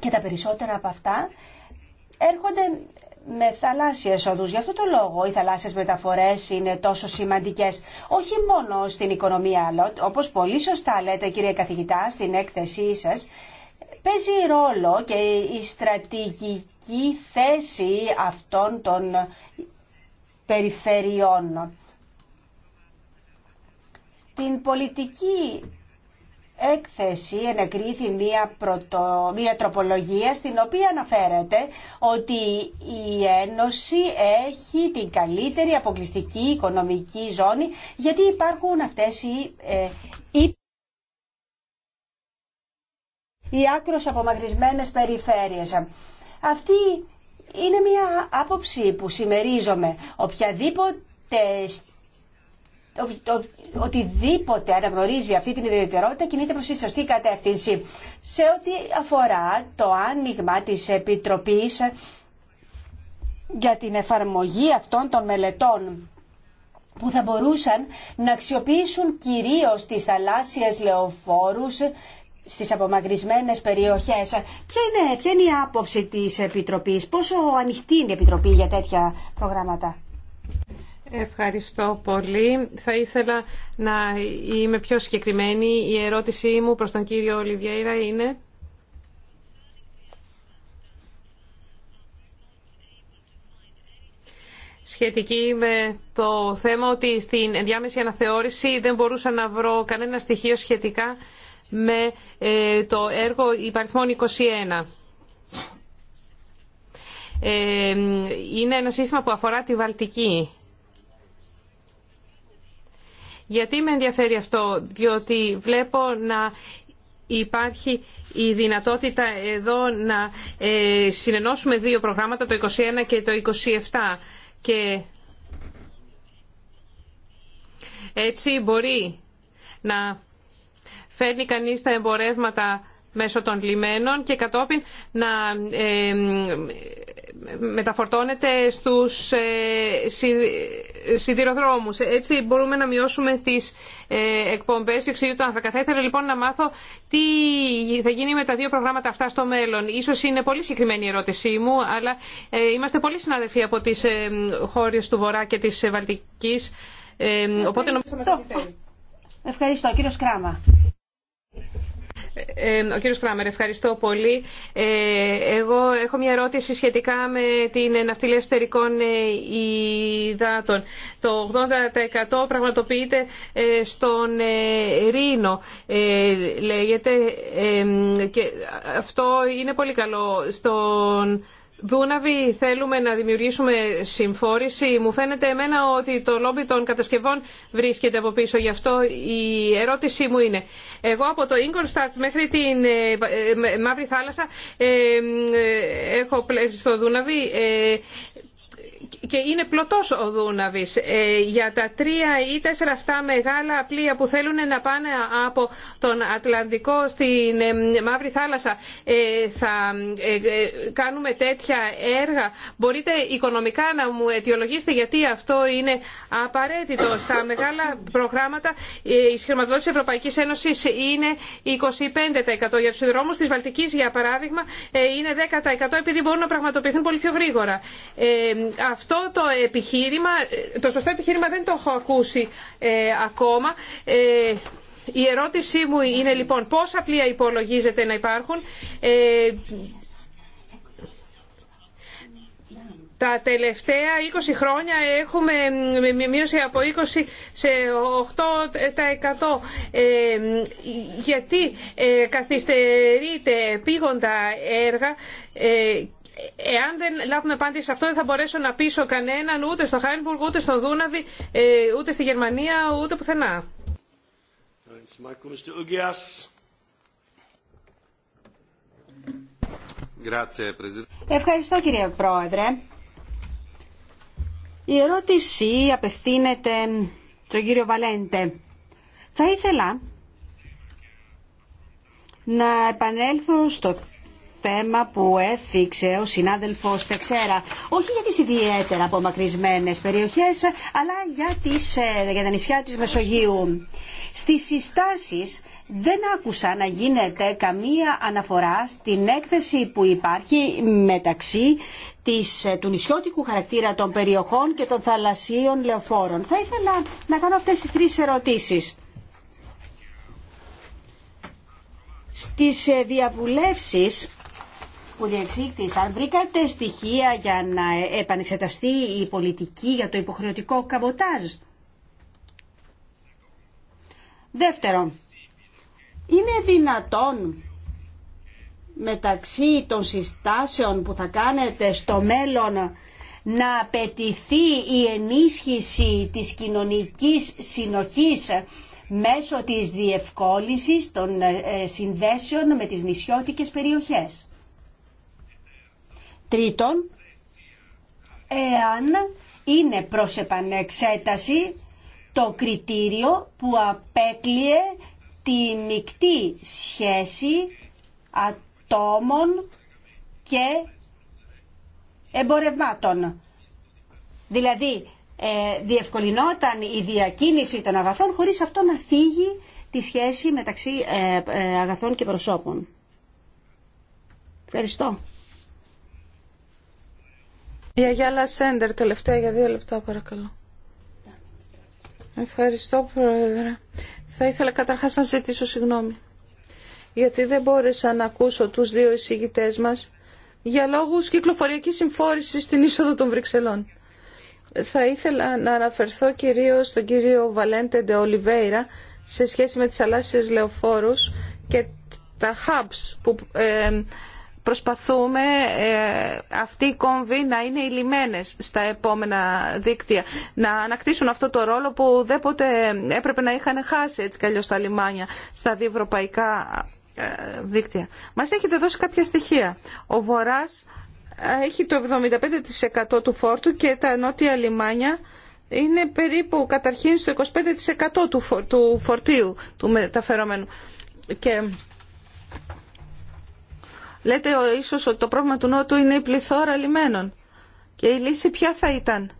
Και τα περισσότερα από αυτά έρχονται με θαλάσσιες οδού. Γι' αυτό το λόγο οι θαλάσσιες μεταφορές είναι τόσο σημαντικές, όχι μόνο στην οικονομία, αλλά όπως πολύ σωστά λέτε κύριε καθηγητά στην έκθεσή σας, παίζει ρόλο και η στρατηγική θέση αυτών των περιφερειών. Στην πολιτική έκθεση ενεκρίθη μία, μία τροπολογία στην οποία αναφέρεται ότι η Ένωση έχει την καλύτερη αποκλειστική οικονομική ζώνη γιατί υπάρχουν αυτές οι, ε, οι, απομακρυσμένες περιφέρειες. Αυτή είναι μία άποψη που συμμερίζομαι. Οποιαδήποτε οτιδήποτε αναγνωρίζει αυτή την ιδιαιτερότητα κινείται προς τη σωστή κατεύθυνση. Σε ό,τι αφορά το άνοιγμα της Επιτροπής για την εφαρμογή αυτών των μελετών που θα μπορούσαν να αξιοποιήσουν κυρίως τις θαλάσσιες λεωφόρους στις απομακρυσμένες περιοχές. Ποια είναι, ποια είναι η άποψη της Επιτροπής, πόσο ανοιχτή είναι η Επιτροπή για τέτοια προγράμματα. Ευχαριστώ πολύ. Θα ήθελα να είμαι πιο συγκεκριμένη. Η ερώτησή μου προς τον κύριο Ολιβιέρα είναι... σχετική με το θέμα ότι στην ενδιάμεση αναθεώρηση δεν μπορούσα να βρω κανένα στοιχείο σχετικά με ε, το έργο υπαριθμών 21. Ε, είναι ένα σύστημα που αφορά τη Βαλτική. Γιατί με ενδιαφέρει αυτό, διότι βλέπω να υπάρχει η δυνατότητα εδώ να ε, συνενώσουμε δύο προγράμματα, το 21 και το 27. Και έτσι μπορεί να φέρνει κανείς τα εμπορεύματα μέσω των λιμένων και κατόπιν να ε, μεταφορτώνεται στους ε, σιδηροδρόμους. Έτσι μπορούμε να μειώσουμε τις ε, εκπομπές του άνθρακα. Θα ήθελα λοιπόν να μάθω τι θα γίνει με τα δύο προγράμματα αυτά στο μέλλον. Ίσως είναι πολύ συγκεκριμένη η ερώτησή μου, αλλά ε, είμαστε πολύ συναδελφοί από τις χώρες του Βορρά και της Βαλτικής. Οπότε Ευχαριστώ. κύριο ε, ε, ο κύριος Κράμερ, ευχαριστώ πολύ. Ε, εγώ έχω μια ερώτηση σχετικά με την ναυτιλία εσωτερικών υδάτων. Το 80% πραγματοποιείται στον Ρήνο, λέγεται, και αυτό είναι πολύ καλό. Στον Δούναβη θέλουμε να δημιουργήσουμε συμφόρηση. Μου φαίνεται εμένα ότι το λόμπι των κατασκευών βρίσκεται από πίσω. Γι' αυτό η ερώτησή μου είναι. Εγώ από το Ingolstadt μέχρι την ε, ε, ε, Μαύρη Θάλασσα έχω στο Δούναβη και είναι πλωτός ο Δούναβης ε, για τα τρία ή τέσσερα αυτά μεγάλα πλοία που θέλουν να πάνε από τον Ατλαντικό στην ε, Μαύρη Θάλασσα ε, θα κάνουμε τέτοια έργα. Μπορείτε οικονομικά να μου αιτιολογήσετε γιατί αυτό είναι απαραίτητο. Στα μεγάλα προγράμματα η σχηματοδότηση Ευρωπαϊκής Ένωσης είναι 25% για τους δρόμους της Βαλτικής για παράδειγμα είναι 10% επειδή μπορούν να πραγματοποιηθούν πολύ πιο γρήγορα αυτό το επιχείρημα, το σωστό επιχείρημα δεν το έχω ακούσει ε, ακόμα. Ε, η ερώτησή μου είναι λοιπόν πόσα πλοία υπολογίζεται να υπάρχουν. Ε, τα τελευταία 20 χρόνια έχουμε μείωση από 20 σε 8%. Ε, γιατί ε, καθυστερείται πήγοντα έργα εάν δεν λάβουμε απάντηση σε αυτό δεν θα μπορέσω να πείσω κανέναν ούτε στο Χάινμπουργκ, ούτε στο Δούναβι, ε, ούτε στη Γερμανία, ούτε πουθενά. Ευχαριστώ κύριε Πρόεδρε. Η ερώτηση απευθύνεται στον κύριο Βαλέντε. Θα ήθελα να επανέλθω στο θέμα που έθιξε ο συνάδελφος Τεξέρα, όχι για τις ιδιαίτερα απομακρυσμένε περιοχές, αλλά για, τις, ε, για τα νησιά της Μεσογείου. Στις συστάσεις δεν άκουσα να γίνεται καμία αναφορά στην έκθεση που υπάρχει μεταξύ της, ε, του νησιώτικου χαρακτήρα των περιοχών και των θαλασσίων λεωφόρων. Θα ήθελα να κάνω αυτές τις τρεις ερωτήσεις. Στις ε, διαβουλεύσεις που διεξήχθησαν, βρήκατε στοιχεία για να επανεξεταστεί η πολιτική για το υποχρεωτικό καμποτάζ. Δεύτερον, είναι δυνατόν μεταξύ των συστάσεων που θα κάνετε στο μέλλον να απαιτηθεί η ενίσχυση της κοινωνικής συνοχής μέσω της διευκόλυσης των ε, συνδέσεων με τις νησιώτικες περιοχές. Τρίτον, εάν είναι προς επανεξέταση το κριτήριο που απέκλειε τη μεικτή σχέση ατόμων και εμπορευμάτων. Δηλαδή, ε, διευκολυνόταν η διακίνηση των αγαθών χωρίς αυτό να φύγει τη σχέση μεταξύ ε, ε, αγαθών και προσώπων. Ευχαριστώ. Η Αγιάλα Σέντερ, τελευταία για δύο λεπτά παρακαλώ. Ευχαριστώ Πρόεδρε. Θα ήθελα καταρχάς να ζητήσω συγγνώμη γιατί δεν μπόρεσα να ακούσω τους δύο εισηγητέ μας για λόγους κυκλοφοριακής συμφόρησης στην είσοδο των Βρυξελών. Θα ήθελα να αναφερθώ κυρίως στον κύριο Βαλέντε Ντε Ολιβέιρα σε σχέση με τις θαλάσσιες λεωφόρους και τα hubs που ε, προσπαθούμε ε, αυτοί οι κόμβοι να είναι ηλιμένες στα επόμενα δίκτυα, να ανακτήσουν αυτό το ρόλο που δεν ποτέ έπρεπε να είχαν χάσει έτσι κι τα λιμάνια, στα διευρωπαϊκά ε, δίκτυα. Μας έχετε δώσει κάποια στοιχεία. Ο βοράς ε, έχει το 75% του φόρτου και τα νότια λιμάνια είναι περίπου καταρχήν στο 25% του, του φορτίου του μεταφερόμενου. Και Λέτε ίσως ότι το πρόβλημα του Νότου είναι η πληθώρα λιμένων. Και η λύση ποια θα ήταν.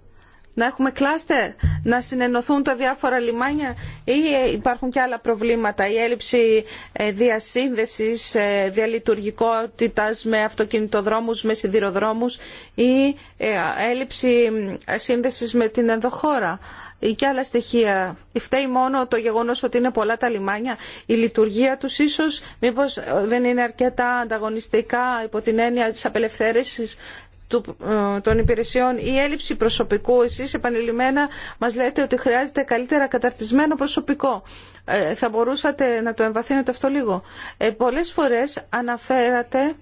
Να έχουμε κλάστερ, να συνενωθούν τα διάφορα λιμάνια ή ε, υπάρχουν και άλλα προβλήματα. Η έλλειψη ε, διασύνδεσης, ε, διαλειτουργικότητας με αυτοκινητοδρόμους, με σιδηροδρόμους ή έλλειψη σύνδεσης με την ενδοχώρα και άλλα στοιχεία. Φταίει μόνο το γεγονός ότι είναι πολλά τα λιμάνια. Η λειτουργία τους ίσως μήπως δεν είναι αρκετά ανταγωνιστικά υπό την έννοια της απελευθέρωσης ε, των υπηρεσιών ή έλλειψη προσωπικού. Εσείς επανειλημμένα μας λέτε ότι χρειάζεται καλύτερα καταρτισμένο προσωπικό. Ε, θα μπορούσατε να το εμβαθύνετε αυτό λίγο. Ε, πολλές φορές αναφέρατε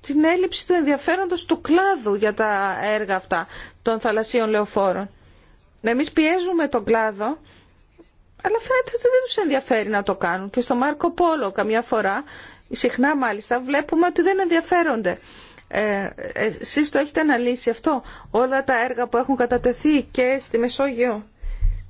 την έλλειψη του ενδιαφέροντος του κλάδου για τα έργα αυτά των θαλασσίων λεωφόρων. Εμείς πιέζουμε τον κλάδο αλλά φαίνεται ότι δεν τους ενδιαφέρει να το κάνουν. Και στο Μάρκο Πόλο καμιά φορά, συχνά μάλιστα, βλέπουμε ότι δεν ενδιαφέρονται. Ε, εσείς το έχετε αναλύσει αυτό, όλα τα έργα που έχουν κατατεθεί και στη Μεσόγειο.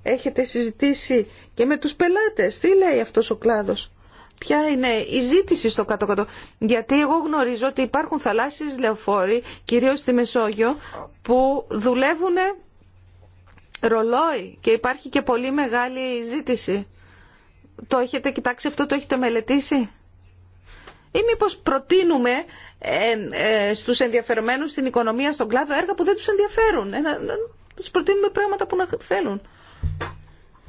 Έχετε συζητήσει και με τους πελάτες. Τι λέει αυτός ο κλάδος. Ποια είναι η ζήτηση στο κάτω-κάτω. Γιατί εγώ γνωρίζω ότι υπάρχουν θαλάσσιες λεωφόροι, κυρίως στη Μεσόγειο, που δουλεύουν ρολόι και υπάρχει και πολύ μεγάλη ζήτηση. Το έχετε κοιτάξει αυτό, το έχετε μελετήσει. Ή μήπω προτείνουμε ε, ε, στους ενδιαφερομένους στην οικονομία, στον κλάδο, έργα που δεν τους ενδιαφέρουν. Ε, τους προτείνουμε πράγματα που να θέλουν.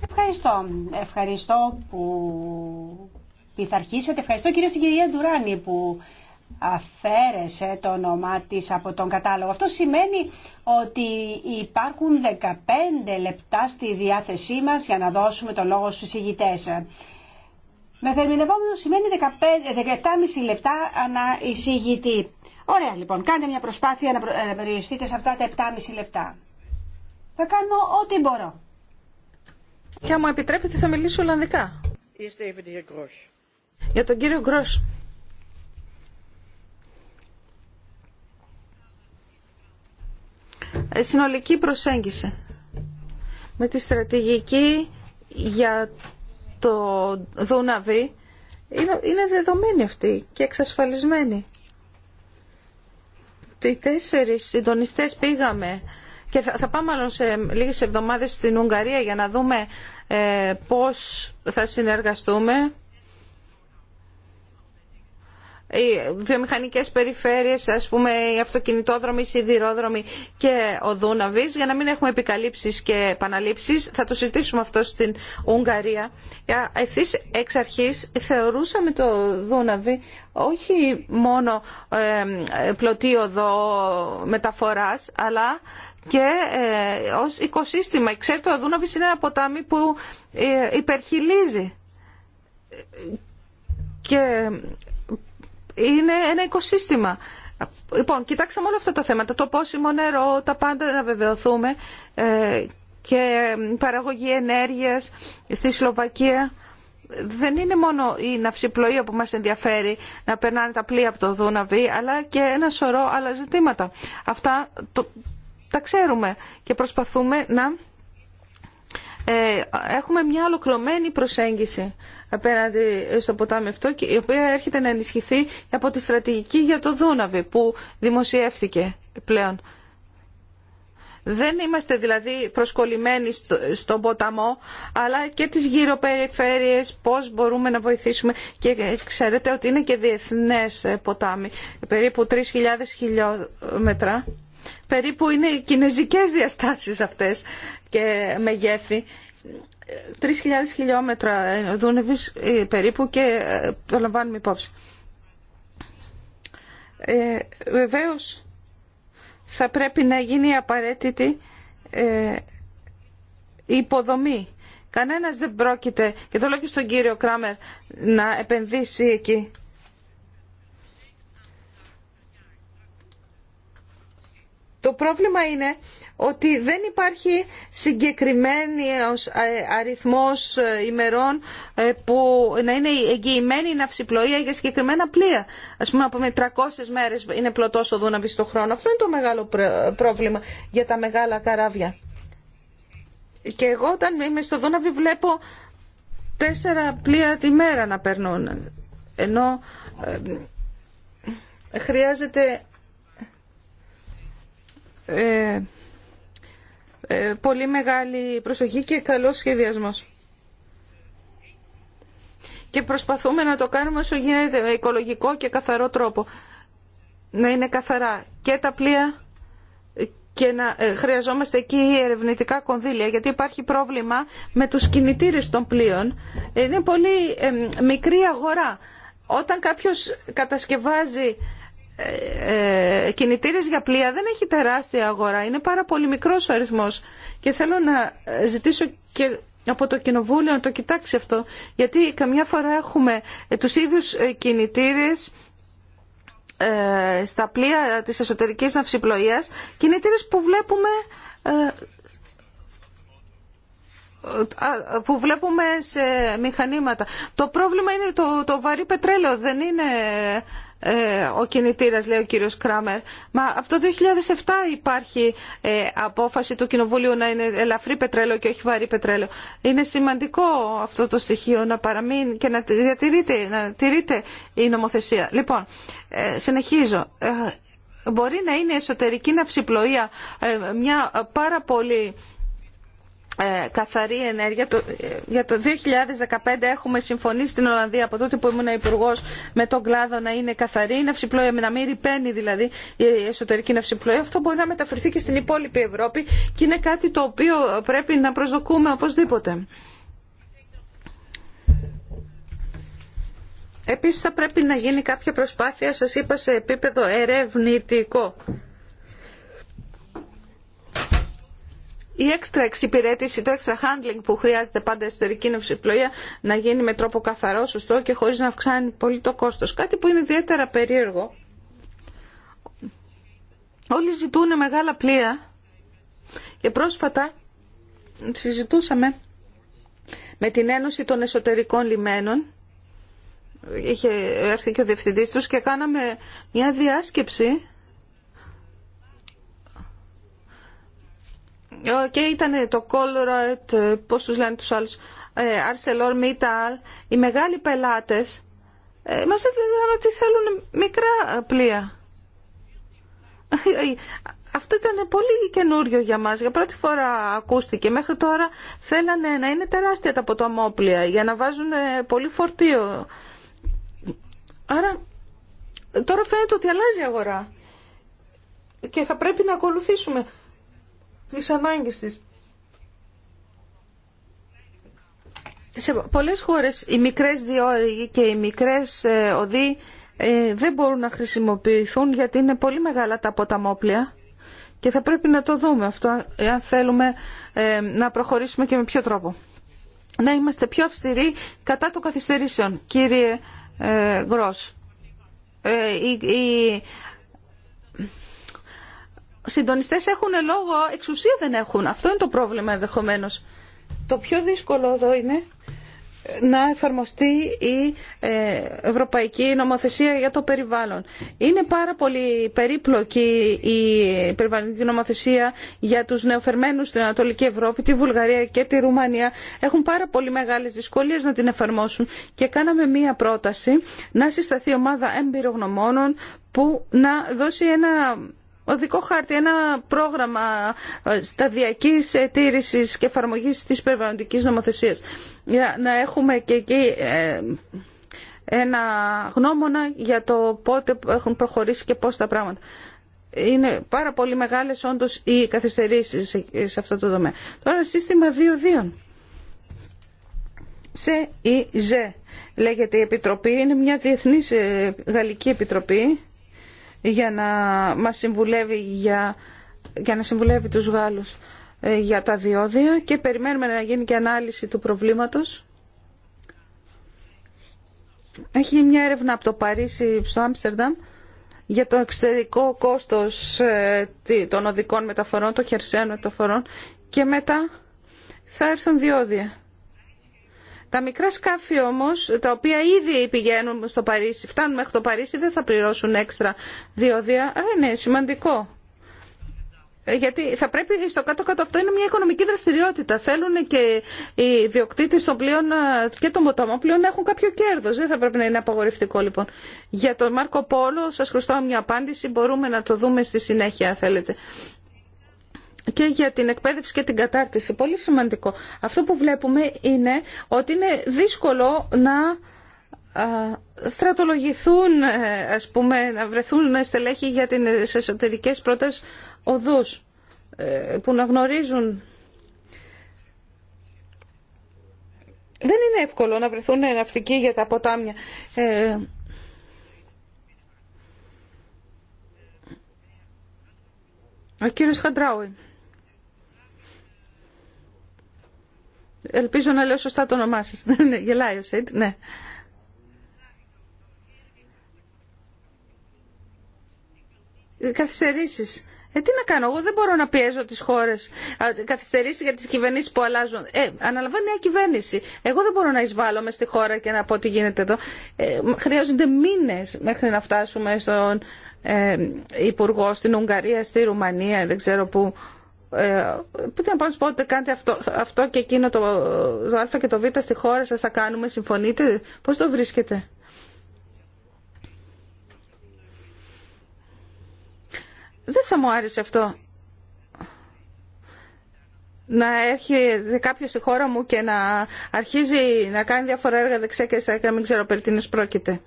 Ευχαριστώ. Ευχαριστώ που πειθαρχήσατε. Ευχαριστώ κυρίως την κυρία Ντουράνη που αφαίρεσε το όνομά της από τον κατάλογο. Αυτό σημαίνει ότι υπάρχουν 15 λεπτά στη διάθεσή μας για να δώσουμε το λόγο στους εισηγητές. Με θερμινευόμενο σημαίνει 15, 17,5 ε, λεπτά ανά εισηγητή. Ωραία λοιπόν, κάντε μια προσπάθεια να ε, περιοριστείτε σε αυτά τα 7,5 λεπτά. Θα κάνω ό,τι μπορώ. Και αν μου επιτρέπετε θα μιλήσω Ολλανδικά. Για τον κύριο Γκρός. συνολική προσέγγιση με τη στρατηγική για το Δούναβι είναι δεδομένη αυτή και εξασφαλισμένη. Τι τέσσερις συντονιστές πήγαμε και θα, πάμε μάλλον σε λίγες εβδομάδες στην Ουγγαρία για να δούμε ε, πώς θα συνεργαστούμε οι βιομηχανικές περιφέρειες, ας πούμε, οι αυτοκινητόδρομοι, οι σιδηρόδρομοι και ο Δούναβης, για να μην έχουμε επικαλύψεις και επαναλήψεις. Θα το συζητήσουμε αυτό στην Ουγγαρία. Ευθύ εξ αρχής θεωρούσαμε το Δούναβη όχι μόνο πλωτίοδο μεταφοράς, αλλά και ε, ως οικοσύστημα. Ξέρετε, ο Δούναβης είναι ένα ποτάμι που ε, υπερχιλίζει και είναι ένα οικοσύστημα. Λοιπόν, κοιτάξαμε όλα αυτά τα θέματα, το πόσιμο νερό, τα πάντα να βεβαιωθούμε ε, και παραγωγή ενέργειας στη Σλοβακία. Δεν είναι μόνο η ναυσιπλοεία που μας ενδιαφέρει να περνάνε τα πλοία από το Δούναβι, αλλά και ένα σωρό άλλα ζητήματα. Αυτά τα ξέρουμε και προσπαθούμε να ε, έχουμε μια ολοκληρωμένη προσέγγιση απέναντι στο ποτάμι αυτό, η οποία έρχεται να ενισχυθεί από τη στρατηγική για το Δούναβι που δημοσιεύθηκε πλέον. Δεν είμαστε δηλαδή προσκολλημένοι στο, στον ποταμό, αλλά και τις γύρω περιφέρειες, πώς μπορούμε να βοηθήσουμε. Και ξέρετε ότι είναι και διεθνές ποτάμι, περίπου 3.000 χιλιόμετρα. Περίπου είναι οι κινέζικες διαστάσεις αυτές και μεγέθη. 3.000 χιλιόμετρα δούνευης ε, περίπου και ε, το λαμβάνουμε υπόψη. Ε, βεβαίως θα πρέπει να γίνει απαραίτητη ε, υποδομή. Κανένας δεν πρόκειται, και το λέω και στον κύριο Κράμερ, να επενδύσει εκεί. Το πρόβλημα είναι ότι δεν υπάρχει συγκεκριμένη ε, αριθμός ε, ημερών ε, που να είναι εγγυημένη η ναυσιπλοεία για συγκεκριμένα πλοία. Ας πούμε από 300 μέρες είναι πλωτός ο Δούναβης το χρόνο. Αυτό είναι το μεγάλο πρόβλημα για τα μεγάλα καράβια. Και εγώ όταν είμαι στο δούναβη, βλέπω τέσσερα πλοία τη μέρα να περνούν. Ενώ ε, χρειάζεται ε, ε, πολύ μεγάλη προσοχή και καλός σχεδιασμός. Και προσπαθούμε να το κάνουμε όσο γίνεται με οικολογικό και καθαρό τρόπο. Να είναι καθαρά και τα πλοία και να ε, χρειαζόμαστε εκεί ερευνητικά κονδύλια γιατί υπάρχει πρόβλημα με τους κινητήρες των πλοίων. Είναι πολύ μικρή αγορά. Όταν κάποιος κατασκευάζει ε, ε, κινητήρες για πλοία δεν έχει τεράστια αγορά. Είναι πάρα πολύ μικρός ο αριθμός. Και θέλω να ζητήσω και από το Κοινοβούλιο να το κοιτάξει αυτό. Γιατί καμιά φορά έχουμε ε, τους ίδιους ε, κινητήρες στα πλοία της εσωτερικής ναυσιπλοείας, κινητήρες που βλέπουμε που βλέπουμε σε μηχανήματα. Το πρόβλημα είναι το, το βαρύ πετρέλαιο, δεν είναι ε, ο κινητήρας, λέει ο κύριος Κράμερ. Μα από το 2007 υπάρχει ε, απόφαση του Κοινοβουλίου να είναι ελαφρύ πετρέλαιο και όχι βαρύ πετρέλαιο. Είναι σημαντικό αυτό το στοιχείο να παραμείνει και να διατηρείται να τηρείται η νομοθεσία. Λοιπόν, ε, συνεχίζω. Μπορεί να είναι εσωτερική ναυσιπλοεία μια πάρα πολύ ε, καθαρή ενέργεια. Ε, για το 2015 έχουμε συμφωνήσει στην Ολλανδία από τότε που ήμουν υπουργό με τον κλάδο να είναι καθαρή η να μην ρηπαίνει δηλαδή η εσωτερική ναυσιπλοεία. Αυτό μπορεί να μεταφερθεί και στην υπόλοιπη Ευρώπη και είναι κάτι το οποίο πρέπει να προσδοκούμε οπωσδήποτε. Επίσης θα πρέπει να γίνει κάποια προσπάθεια, σας είπα, σε επίπεδο ερευνητικό. η έξτρα εξυπηρέτηση, το έξτρα handling που χρειάζεται πάντα εσωτερική νευσηπλοεία να γίνει με τρόπο καθαρό, σωστό και χωρίς να αυξάνει πολύ το κόστος. Κάτι που είναι ιδιαίτερα περίεργο. Όλοι ζητούν μεγάλα πλοία και πρόσφατα συζητούσαμε με την Ένωση των Εσωτερικών Λιμένων είχε έρθει και ο διευθυντής τους και κάναμε μια διάσκεψη και ήταν το Colruyt, ε, πώς τους λένε τους άλλους, ε, Arcelor Mittal, οι μεγάλοι πελάτες, ε, μας έλεγαν ότι θέλουν μικρά πλοία. Αυτό ήταν πολύ καινούριο για μας, για πρώτη φορά ακούστηκε. Μέχρι τώρα θέλανε να είναι τεράστια τα ποταμόπλια, για να βάζουν πολύ φορτίο. Άρα τώρα φαίνεται ότι αλλάζει η αγορά και θα πρέπει να ακολουθήσουμε τις ανάγκες της. Σε πολλές χώρες οι μικρές διόρυγοι και οι μικρές ε, οδοί ε, δεν μπορούν να χρησιμοποιηθούν γιατί είναι πολύ μεγάλα τα ποταμόπλια και θα πρέπει να το δούμε αυτό εάν θέλουμε ε, να προχωρήσουμε και με ποιο τρόπο. Να είμαστε πιο αυστηροί κατά των καθυστερήσεων, κύριε Γκρός. Η Συντονιστέ έχουν λόγο, εξουσία δεν έχουν. Αυτό είναι το πρόβλημα ενδεχομένω. Το πιο δύσκολο εδώ είναι ε, να εφαρμοστεί η ε, Ευρωπαϊκή Νομοθεσία για το περιβάλλον. Είναι πάρα πολύ περίπλοκη η περιβαλλοντική νομοθεσία για τους νεοφερμένους στην Ανατολική Ευρώπη, τη Βουλγαρία και τη Ρουμανία. Έχουν πάρα πολύ μεγάλες δυσκολίες να την εφαρμόσουν και κάναμε μία πρόταση να συσταθεί ομάδα εμπειρογνωμόνων που να δώσει ένα οδικό χάρτη, ένα πρόγραμμα ε, σταδιακής τήρησης και εφαρμογής της περιβαλλοντικής νομοθεσίας. Για να έχουμε και εκεί ε, ένα γνώμονα για το πότε έχουν προχωρήσει και πώς τα πράγματα. Είναι πάρα πολύ μεγάλες όντως οι καθυστερήσεις σε αυτό το δομέα. τωρα Τώρα σύστημα 2-2. Σε ή Ζ λέγεται η λεγεται η είναι μια διεθνής ε, γαλλική επιτροπή για να μας συμβουλεύει για, για να συμβουλεύει τους Γάλλους ε, για τα διόδια και περιμένουμε να γίνει και ανάλυση του προβλήματος. Έχει μια έρευνα από το Παρίσι στο Άμστερνταμ για το εξωτερικό κόστος ε, των οδικών μεταφορών, των χερσαίων μεταφορών και μετά θα έρθουν διόδια. Τα μικρά σκάφη όμω, τα οποία ήδη πηγαίνουν στο Παρίσι, φτάνουν μέχρι το Παρίσι, δεν θα πληρώσουν έξτρα διόδια. Α, είναι σημαντικό. Ε, γιατί θα πρέπει στο κάτω-κάτω αυτό είναι μια οικονομική δραστηριότητα. Θέλουν και οι διοκτήτε των πλοίων ε, και των ποταμών πλοίων να έχουν κάποιο κέρδο. Δεν θα πρέπει να είναι απαγορευτικό λοιπόν. Για τον Μάρκο Πόλο σα χρωστάω μια απάντηση. Μπορούμε να το δούμε στη συνέχεια, αν θέλετε και για την εκπαίδευση και την κατάρτιση. Πολύ σημαντικό. Αυτό που βλέπουμε είναι ότι είναι δύσκολο να στρατολογηθούν, ε, ας πούμε, να βρεθούν στελέχη για τις εσωτερικές πρώτες οδούς ε, που να γνωρίζουν. Δεν είναι εύκολο να βρεθούν ναυτικοί για τα ποτάμια. Ε, ο κύριος Χαντράουι. Ελπίζω να λέω σωστά το όνομά σας. ναι, γελάει ο Σέιντ, ναι. Καθυστερήσεις. Ε, τι να κάνω, εγώ δεν μπορώ να πιέζω τις χώρες καθυστερήσει για τις κυβερνήσεις που αλλάζουν. Ε, αναλαμβάνει μια κυβέρνηση. Εγώ δεν μπορώ να εισβάλλω μες στη χώρα και να πω τι γίνεται εδώ. Ε, χρειάζονται μήνες μέχρι να φτάσουμε στον ε, υπουργό στην Ουγγαρία, στη Ρουμανία, δεν ξέρω πού. Ε, πείτε να πω ότι κάνετε αυτό, αυτό και εκείνο το, το α και το β στη χώρα σας θα κάνουμε, συμφωνείτε, πώς το βρίσκετε. Δεν θα μου άρεσε αυτό να έρχεται κάποιο στη χώρα μου και να αρχίζει να κάνει διάφορα έργα δεξιά και αριστερά και να μην ξέρω περί πρόκειται.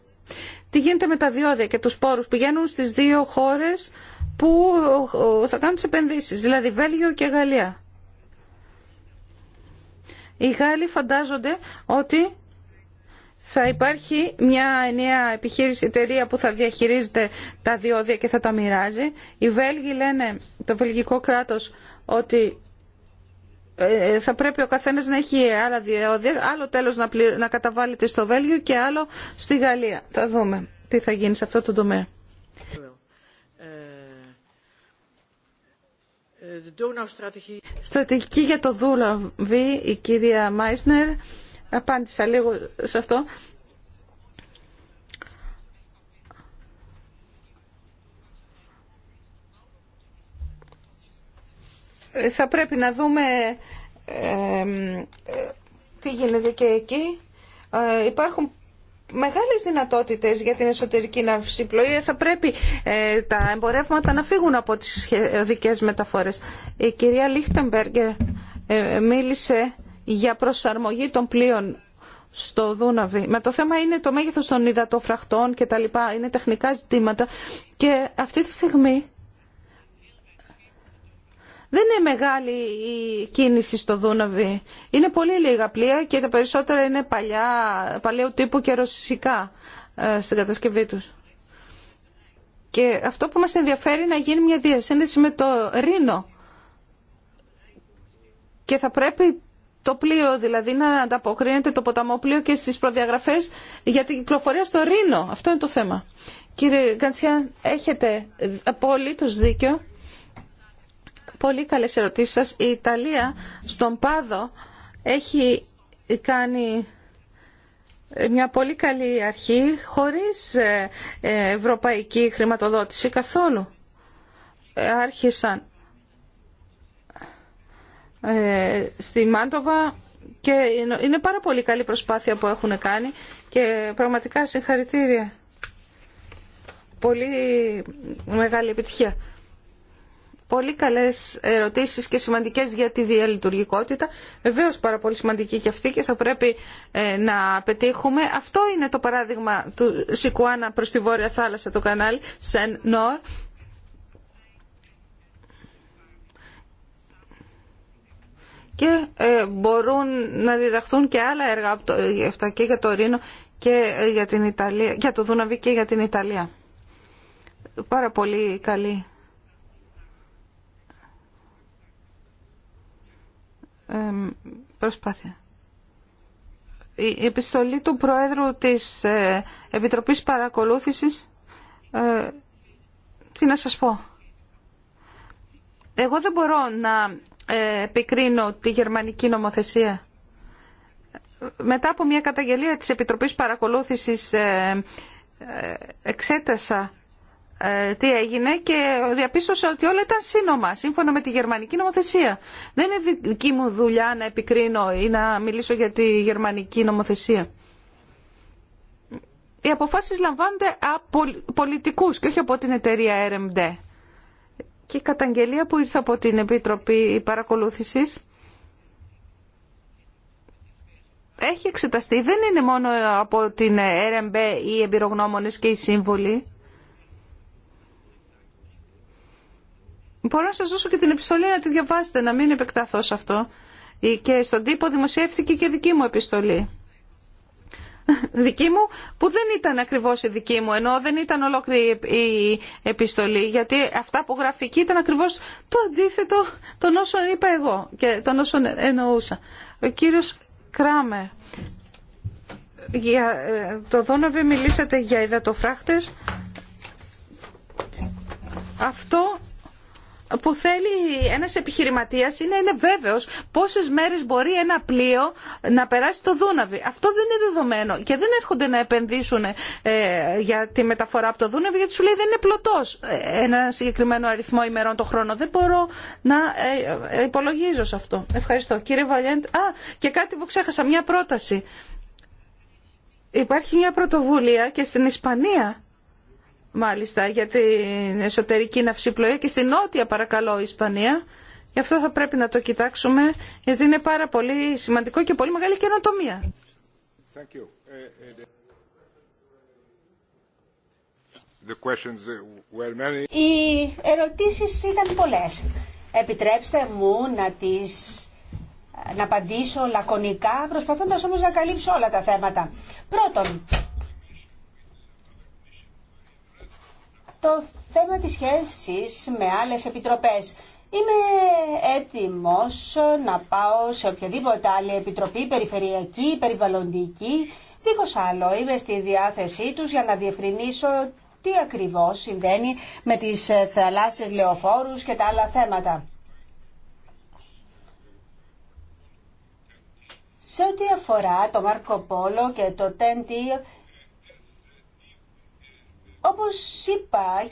Τι γίνεται με τα διόδια και τους σπόρους. Πηγαίνουν στις δύο χώρες που ε, θα κάνουν τις επενδύσεις, δηλαδή Βέλγιο και Γαλλία. Οι Γάλλοι φαντάζονται ότι θα υπάρχει μια ενιαία επιχείρηση εταιρεία που θα διαχειρίζεται τα διόδια και θα τα μοιράζει. Οι Βέλγοι λένε, το βελγικό κράτος, ότι ε, θα πρέπει ο καθένας να έχει άλλα διόδια, άλλο τέλος να, πληρω... να καταβάλλεται στο Βέλγιο και άλλο στη Γαλλία. Θα δούμε τι θα γίνει σε αυτό το τομέα. Στρατηγική για το Δούλαβι, η κυρία Μάισνερ, απάντησα λίγο σε αυτό. Ε, θα πρέπει να δούμε ε, ε, τι γίνεται και εκεί. υπάρχουν μεγάλες δυνατότητες για την εσωτερική ναυσιπλοεία. Θα πρέπει ε, τα εμπορεύματα να φύγουν από τις οδικές μεταφορές. Η κυρία Λίχτεμπεργκερ ε, μίλησε για προσαρμογή των πλοίων στο Δούναβι. Μα το θέμα είναι το μέγεθος των υδατοφραχτών και τα λοιπά. Είναι τεχνικά ζητήματα και αυτή τη στιγμή δεν είναι μεγάλη η κίνηση στο Δούναβι. Είναι πολύ λίγα πλοία και τα περισσότερα είναι παλιά, παλαιού τύπου και ρωσικά ε, στην κατασκευή τους. Και αυτό που μας ενδιαφέρει να γίνει μια διασύνδεση με το Ρήνο. Και θα πρέπει το πλοίο, δηλαδή να ανταποκρίνεται το ποταμό πλοίο και στις προδιαγραφές για την κυκλοφορία στο Ρήνο. Αυτό είναι το θέμα. Κύριε Γκαντσιά, έχετε απολύτως δίκιο. Πολύ καλές ερωτήσεις σας. Η Ιταλία στον Πάδο έχει κάνει μια πολύ καλή αρχή χωρίς ε, ευρωπαϊκή χρηματοδότηση καθόλου. Άρχισαν ε, στη Μάντοβα και είναι πάρα πολύ καλή προσπάθεια που έχουν κάνει και πραγματικά συγχαρητήρια. Πολύ μεγάλη επιτυχία. Πολύ καλές ερωτήσεις και σημαντικές για τη διαλειτουργικότητα. Βεβαίω πάρα πολύ σημαντική και αυτή και θα πρέπει ε, να πετύχουμε. Αυτό είναι το παράδειγμα του Σικουάνα προς τη Βόρεια Θάλασσα το κανάλι, Σεν Νορ. Και ε, μπορούν να διδαχθούν και άλλα έργα αυτά και για το Ρήνο και ε, για, την Ιταλία, για το Δούναβι και για την Ιταλία. Πάρα πολύ καλή προσπάθεια. Η επιστολή του Προέδρου της ε, Επιτροπής Παρακολούθησης, ε, τι να σας πω. Εγώ δεν μπορώ να ε, επικρίνω τη γερμανική νομοθεσία. Μετά από μια καταγγελία της Επιτροπής Παρακολούθησης εξέτασα ε, τι έγινε και διαπίστωσα ότι όλα ήταν σύνομα, σύμφωνα με τη γερμανική νομοθεσία. Δεν είναι δική μου δουλειά να επικρίνω ή να μιλήσω για τη γερμανική νομοθεσία. Οι αποφάσεις λαμβάνονται από πολιτικούς και όχι από την εταιρεία RMD. Και η καταγγελία που ήρθε από την Επίτροπη Παρακολούθησης έχει εξεταστεί. Δεν είναι μόνο από την RMB οι εμπειρογνώμονες και οι σύμβολοι Μπορώ να σας δώσω και την επιστολή να τη διαβάσετε, να μην επεκταθώ σε αυτό. Και στον τύπο δημοσιεύθηκε και δική μου επιστολή. δική μου, που δεν ήταν ακριβώς η δική μου, ενώ δεν ήταν ολόκληρη η επιστολή, γιατί αυτά που γραφική ήταν ακριβώς το αντίθετο των όσων είπα εγώ και των όσων εννοούσα. Ο κύριος Κράμερ, για ε, το Δόναβε μιλήσατε για υδατοφράχτες. Αυτό που θέλει ένας επιχειρηματίας είναι, είναι βέβαιος πόσες μέρες μπορεί ένα πλοίο να περάσει το Δούναβι. Αυτό δεν είναι δεδομένο και δεν έρχονται να επενδύσουν ε, για τη μεταφορά από το Δούναβι γιατί σου λέει δεν είναι πλωτός ε, ένα συγκεκριμένο αριθμό ημερών το χρόνο. Δεν μπορώ να ε, υπολογίζω σε αυτό. Ευχαριστώ. Κύριε Βαλιέντ, α, και κάτι που ξέχασα, μια πρόταση. Υπάρχει μια πρωτοβουλία και στην Ισπανία μάλιστα για την εσωτερική ναυσιπλοεία και στην νότια παρακαλώ Ισπανία. Γι' αυτό θα πρέπει να το κοιτάξουμε γιατί είναι πάρα πολύ σημαντικό και πολύ μεγάλη καινοτομία. Οι ερωτήσεις ήταν πολλές. Επιτρέψτε μου να τις να απαντήσω λακωνικά, προσπαθώντας όμως να καλύψω όλα τα θέματα. Πρώτον, το θέμα της σχέσης με άλλες επιτροπές. Είμαι έτοιμος να πάω σε οποιαδήποτε άλλη επιτροπή, περιφερειακή, περιβαλλοντική, δίχως άλλο είμαι στη διάθεσή τους για να διευκρινίσω τι ακριβώς συμβαίνει με τις θαλάσσιες λεωφόρους και τα άλλα θέματα. Σε ό,τι αφορά το Μάρκο Πόλο και το ΤΕΝΤΙΟ, όπως είπα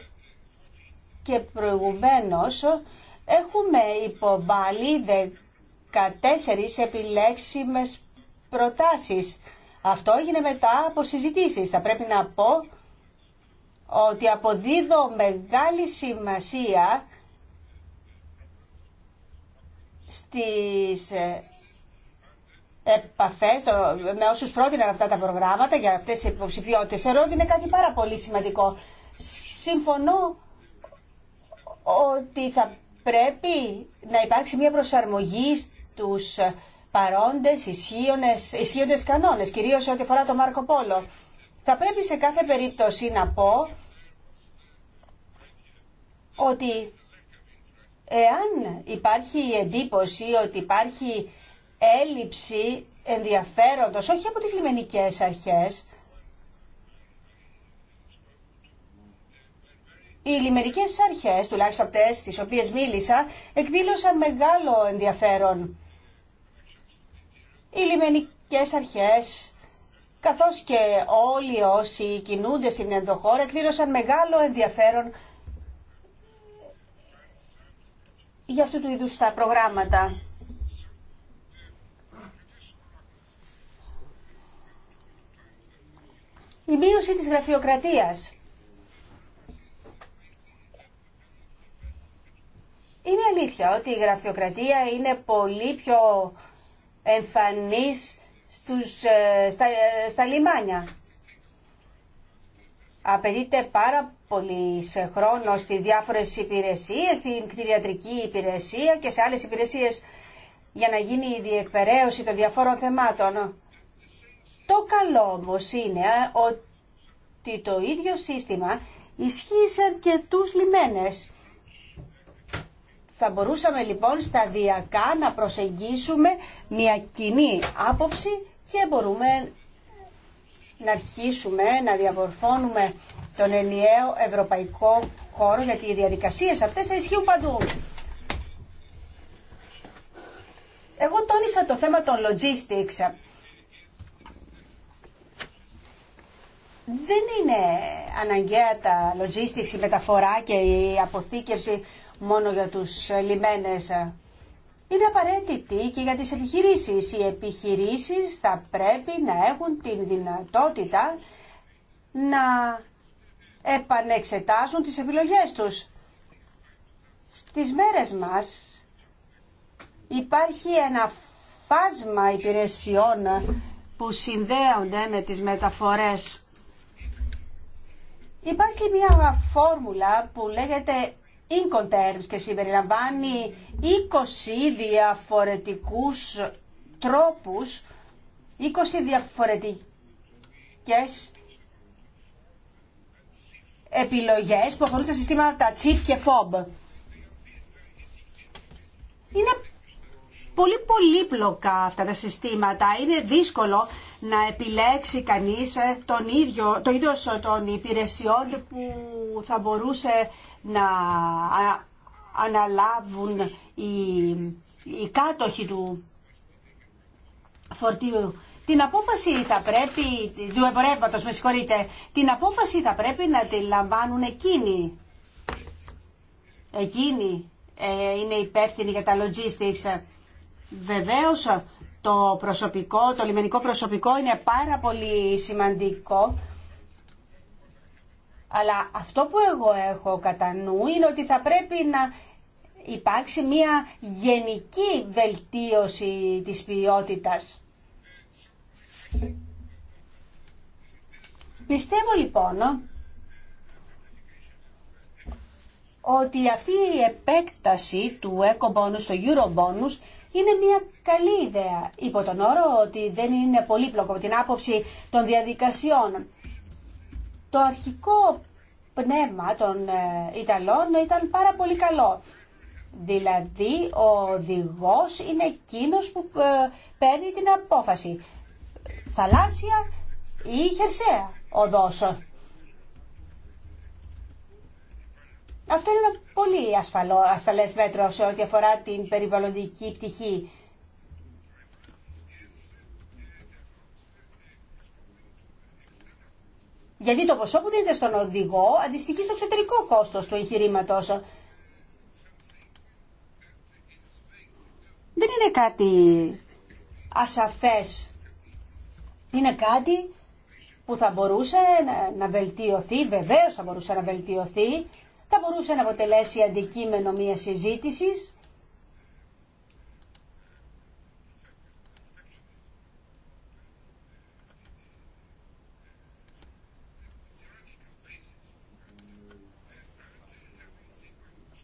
και προηγουμένως, έχουμε υποβάλει 14 επιλέξιμες προτάσεις. Αυτό έγινε μετά από συζητήσεις. Θα πρέπει να πω ότι αποδίδω μεγάλη σημασία στις επαφές με όσου πρότειναν αυτά τα προγράμματα για αυτέ τι υποψηφιότητε. Θεωρώ είναι κάτι πάρα πολύ σημαντικό. Συμφωνώ ότι θα πρέπει να υπάρξει μια προσαρμογή στου παρόντε ισχύοντε κανόνε. Κυρίω κυρίως ό,τι αφορά το Μάρκο Πόλο. Θα πρέπει σε κάθε περίπτωση να πω ότι εάν υπάρχει εντύπωση ότι υπάρχει έλλειψη ενδιαφέροντος, όχι από τις λιμενικές αρχές, Οι λιμενικές αρχές, τουλάχιστον αυτές τις οποίες μίλησα, εκδήλωσαν μεγάλο ενδιαφέρον. Οι λιμενικές αρχές, καθώς και όλοι όσοι κινούνται στην ενδοχώρα, εκδήλωσαν μεγάλο ενδιαφέρον για αυτού του είδους τα προγράμματα. Η μείωση της γραφειοκρατίας. Είναι αλήθεια ότι η γραφειοκρατία είναι πολύ πιο εμφανής στους, ε, ε, στα, λιμάνια. Απαιτείται πάρα πολύ σε χρόνο στις διάφορες υπηρεσίες, στην κτηριατρική υπηρεσία και σε άλλες υπηρεσίες για να γίνει η διεκπαιρέωση των διαφόρων θεμάτων. Το καλό όμω είναι ε, ότι το ίδιο σύστημα ισχύει σε αρκετούς λιμένες. Θα μπορούσαμε λοιπόν σταδιακά να προσεγγίσουμε μια κοινή άποψη και μπορούμε να αρχίσουμε να διαμορφώνουμε τον ενιαίο ευρωπαϊκό χώρο γιατί οι διαδικασίες αυτές θα ισχύουν παντού. Εγώ τόνισα το θέμα των logistics δεν είναι αναγκαία τα logistics, η μεταφορά και η αποθήκευση μόνο για τους λιμένες. Είναι απαραίτητη και για τις επιχειρήσεις. Οι επιχειρήσεις θα πρέπει να έχουν την δυνατότητα να επανεξετάσουν τις επιλογές τους. Στις μέρες μας υπάρχει ένα φάσμα υπηρεσιών που συνδέονται με τις μεταφορές Υπάρχει μια φόρμουλα που λέγεται Incoterms και συμπεριλαμβάνει 20 διαφορετικούς τρόπους, 20 διαφορετικές επιλογές που αφορούν τα συστήματα τσίφ και FOB. Είναι πολύ πολύπλοκα αυτά τα συστήματα. Είναι δύσκολο να επιλέξει κανείς ε, τον ίδιο, το ίδιο των υπηρεσιών που θα μπορούσε να αναλάβουν οι, οι κάτοχοι του φορτίου. Την απόφαση θα πρέπει, του εμπορεύματος, με την απόφαση θα πρέπει να τη λαμβάνουν εκείνοι. Εκείνοι ε, είναι υπεύθυνοι για τα logistics. Βεβαίως το προσωπικό, το λιμενικό προσωπικό είναι πάρα πολύ σημαντικό. Αλλά αυτό που εγώ έχω κατά νου είναι ότι θα πρέπει να υπάρξει μια γενική βελτίωση της ποιότητας. Πιστεύω λοιπόν ότι αυτή η επέκταση του Eco Bonus στο Euro είναι μια καλή ιδέα, υπό τον όρο ότι δεν είναι πολύπλοκο την άποψη των διαδικασιών. Το αρχικό πνεύμα των ε, Ιταλών ήταν πάρα πολύ καλό. Δηλαδή, ο οδηγός είναι εκείνο που ε, παίρνει την απόφαση. Θαλάσσια ή χερσαία οδός. Αυτό είναι ένα πολύ ασφαλό, ασφαλές μέτρο σε ό,τι αφορά την περιβαλλοντική πτυχή. Γιατί το ποσό που δίνεται στον οδηγό αντιστοιχεί στο εξωτερικό κόστος του εγχειρήματο. Δεν είναι κάτι ασαφές. Είναι κάτι που θα μπορούσε να βελτιωθεί, βεβαίως θα μπορούσε να βελτιωθεί, θα μπορούσε να αποτελέσει αντικείμενο μιας συζήτησης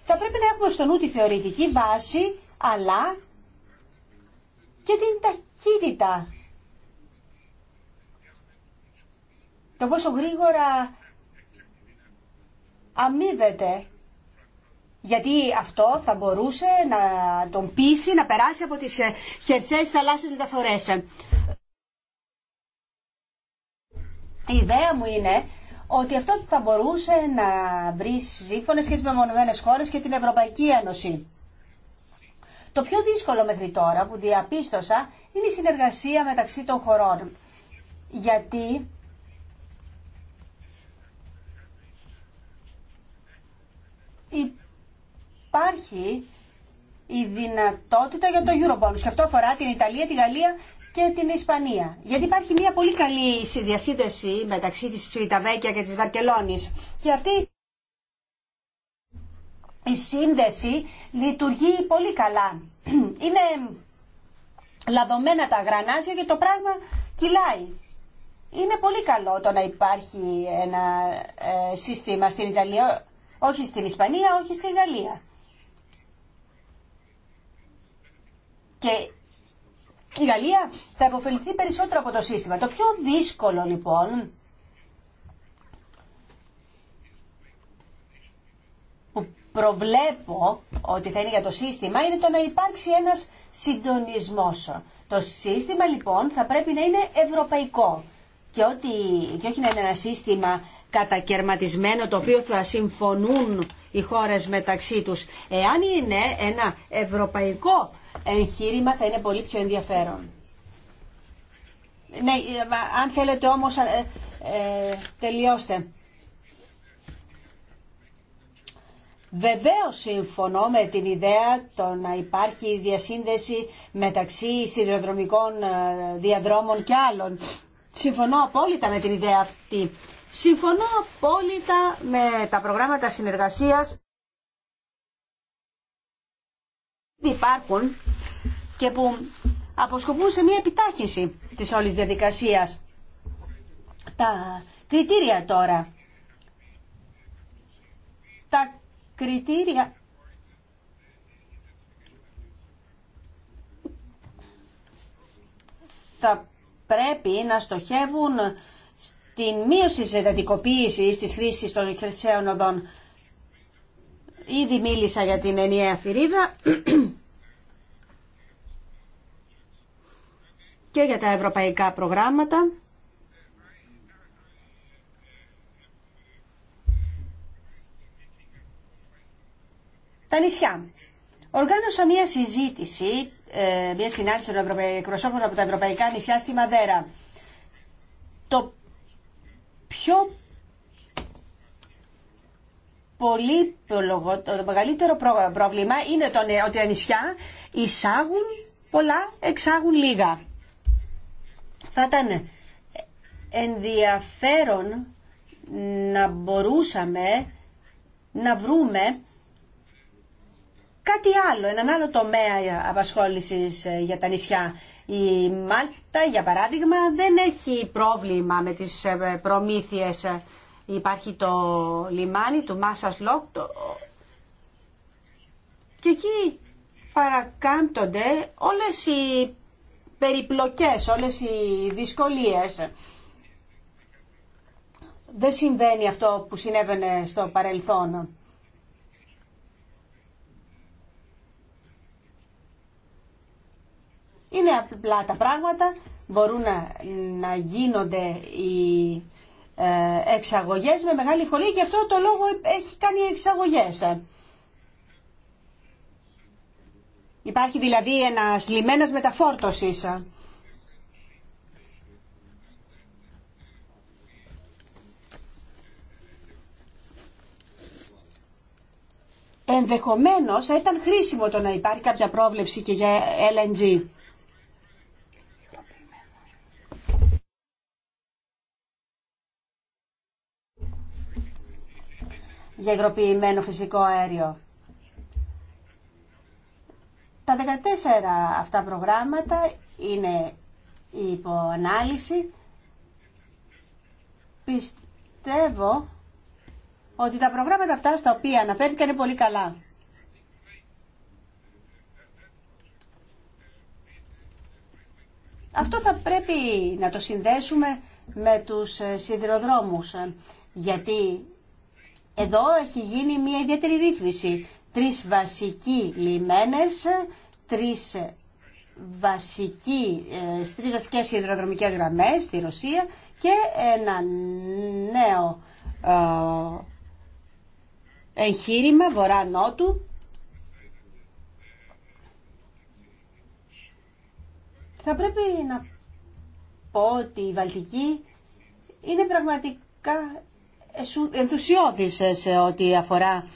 θα πρέπει να έχουμε στο νου τη θεωρητική βάση, αλλά και την ταχύτητα. Το πόσο γρήγορα αμείβεται. Γιατί αυτό θα μπορούσε να τον πείσει να περάσει από τις ε, χερσαίες θαλάσσιες μεταφορές. Η ιδέα μου είναι ότι αυτό θα μπορούσε να βρει σύμφωνε και τι μεμονωμένε χώρε και την Ευρωπαϊκή Ένωση. Το πιο δύσκολο μέχρι τώρα που διαπίστωσα είναι η συνεργασία μεταξύ των χωρών. Γιατί υπάρχει η δυνατότητα για το Eurobonus και αυτό αφορά την Ιταλία, τη Γαλλία και την Ισπανία. Γιατί υπάρχει μια πολύ καλή διασύνδεση μεταξύ της Ιταβέκια και της Βαρκελόνης και αυτή η σύνδεση λειτουργεί πολύ καλά. Είναι λαδωμένα τα γρανάζια και το πράγμα κυλάει. Είναι πολύ καλό το να υπάρχει ένα ε, σύστημα στην Ιταλία όχι στην Ισπανία, όχι στην Γαλλία. Και η Γαλλία θα υποφεληθεί περισσότερο από το σύστημα. Το πιο δύσκολο λοιπόν που προβλέπω ότι θα είναι για το σύστημα είναι το να υπάρξει ένας συντονισμός. Το σύστημα λοιπόν θα πρέπει να είναι ευρωπαϊκό και, ότι, και όχι να είναι ένα σύστημα κατακαιρματισμένο το οποίο θα συμφωνούν οι χώρες μεταξύ τους. Εάν είναι ένα ευρωπαϊκό εγχείρημα θα είναι πολύ πιο ενδιαφέρον. Ναι, αν θέλετε όμως ε, ε, τελειώστε. Βεβαίως συμφωνώ με την ιδέα το να υπάρχει διασύνδεση μεταξύ σιδηροδρομικών ε, διαδρόμων και άλλων. Συμφωνώ απόλυτα με την ιδέα αυτή. Συμφωνώ απόλυτα με τα προγράμματα συνεργασίας που υπάρχουν και που αποσκοπούν σε μια επιτάχυνση της όλης διαδικασίας. Τα κριτήρια τώρα. Τα κριτήρια θα πρέπει να στοχεύουν την μείωση της εντατικοποίησης της χρήσης των χερσαίων οδών. Ήδη μίλησα για την ενιαία φυρίδα και για τα ευρωπαϊκά προγράμματα. Τα νησιά. Οργάνωσα μία συζήτηση, ε, μία συνάντηση των εκπροσώπων από τα ευρωπαϊκά νησιά στη Μαδέρα. Το πιο πολύπλογο, το μεγαλύτερο πρόβλημα είναι το ότι τα νησιά εισάγουν πολλά, εξάγουν λίγα. Θα ήταν ενδιαφέρον να μπορούσαμε να βρούμε κάτι άλλο, έναν άλλο τομέα απασχόλησης ε, για τα νησιά. Η Μάλτα, για παράδειγμα, δεν έχει πρόβλημα με τις ε, προμήθειες. Υπάρχει το λιμάνι του Μάσας Λόκ και εκεί παρακάμπτονται όλες οι περιπλοκές, όλες οι δυσκολίες. Δεν συμβαίνει αυτό που συνέβαινε στο παρελθόν. Είναι απλά τα πράγματα, μπορούν να, γίνονται οι ε, εξαγωγές με μεγάλη ευκολία και αυτό το λόγο έχει κάνει εξαγωγές. Ε. Υπάρχει δηλαδή ένας λιμένας μεταφόρτωσης. Ε. Ενδεχομένως θα ήταν χρήσιμο το να υπάρχει κάποια πρόβλεψη και για LNG. για υγροποιημένο φυσικό αέριο. Τα 14 αυτά προγράμματα είναι υπό ανάλυση. Πιστεύω ότι τα προγράμματα αυτά στα οποία αναφέρθηκαν είναι πολύ καλά. Αυτό θα πρέπει να το συνδέσουμε με τους σιδηροδρόμους, γιατί εδώ έχει γίνει μια ιδιαίτερη ρύθμιση. Τρεις βασικοί λιμένες, τρεις βασικοί ε, και υδροδρομικές γραμμές στη Ρωσία και ένα νέο ε, εγχείρημα βορρά-νότου Θα πρέπει να πω ότι η Βαλτική είναι πραγματικά ενθουσιώδης σε ό,τι αφορά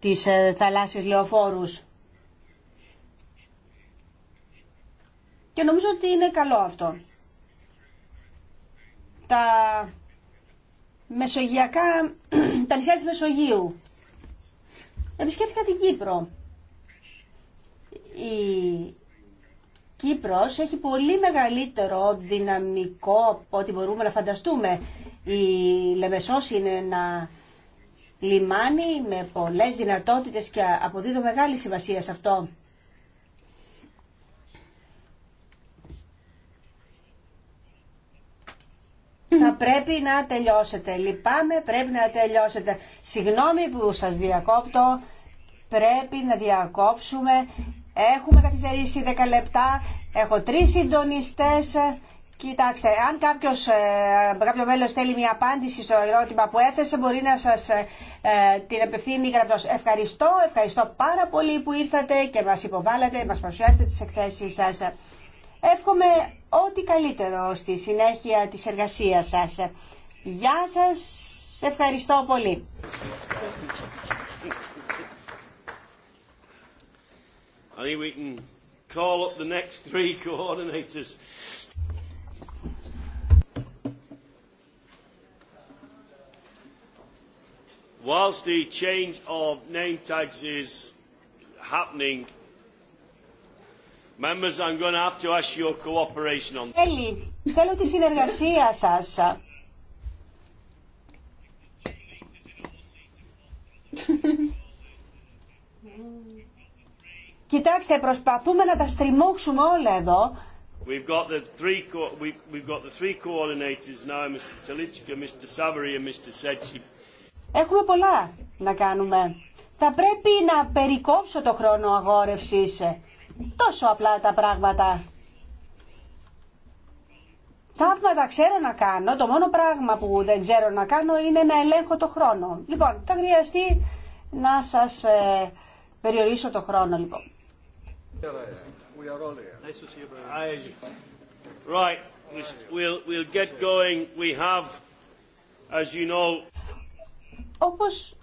τις ε, θαλάσσιες λεωφόρους. Και νομίζω ότι είναι καλό αυτό. Τα μεσογειακά, τα νησιά της Μεσογείου. Επισκέφθηκα την Κύπρο. Η Κύπρος έχει πολύ μεγαλύτερο δυναμικό από ό,τι μπορούμε να φανταστούμε. Η Λεμεσός είναι ένα λιμάνι με πολλές δυνατότητες και αποδίδω μεγάλη σημασία σε αυτό. Θα πρέπει να τελειώσετε. Λυπάμαι, πρέπει να τελειώσετε. Συγγνώμη που σας διακόπτω. Πρέπει να διακόψουμε. Έχουμε καθυστερήσει 10 λεπτά. Έχω τρεις συντονιστές Κοιτάξτε, αν κάποιος, ε, κάποιο μέλος θέλει μια απάντηση στο ερώτημα που έθεσε, μπορεί να σας ε, ε, την απευθύνει γραπτός. Ευχαριστώ, ευχαριστώ πάρα πολύ που ήρθατε και μας υποβάλλατε, μας παρουσιάσετε τις εκθέσεις σας. Εύχομαι ό,τι καλύτερο στη συνέχεια της εργασίας σας. Γεια σας, ευχαριστώ πολύ. call up the next three coordinators. whilst the change of name tags is happening, members, I'm going to have to ask your cooperation on. Έλλη, θέλω τη συνεργασία σας. Κοιτάξτε, προσπαθούμε να τα στριμώξουμε όλα εδώ. We've got the three we've, we've got the three coordinators now, Mr. Telichka, Mr. Savary and Mr. Sedgwick Έχουμε πολλά να κάνουμε. Θα πρέπει να περικόψω το χρόνο αγόρευσης. Τόσο απλά τα πράγματα. Θαύματα ξέρω να κάνω. Το μόνο πράγμα που δεν ξέρω να κάνω είναι να ελέγχω το χρόνο. Λοιπόν, θα χρειαστεί να σας ε, περιορίσω το χρόνο, λοιπόν. Right, we'll, we'll get going. We have, όπως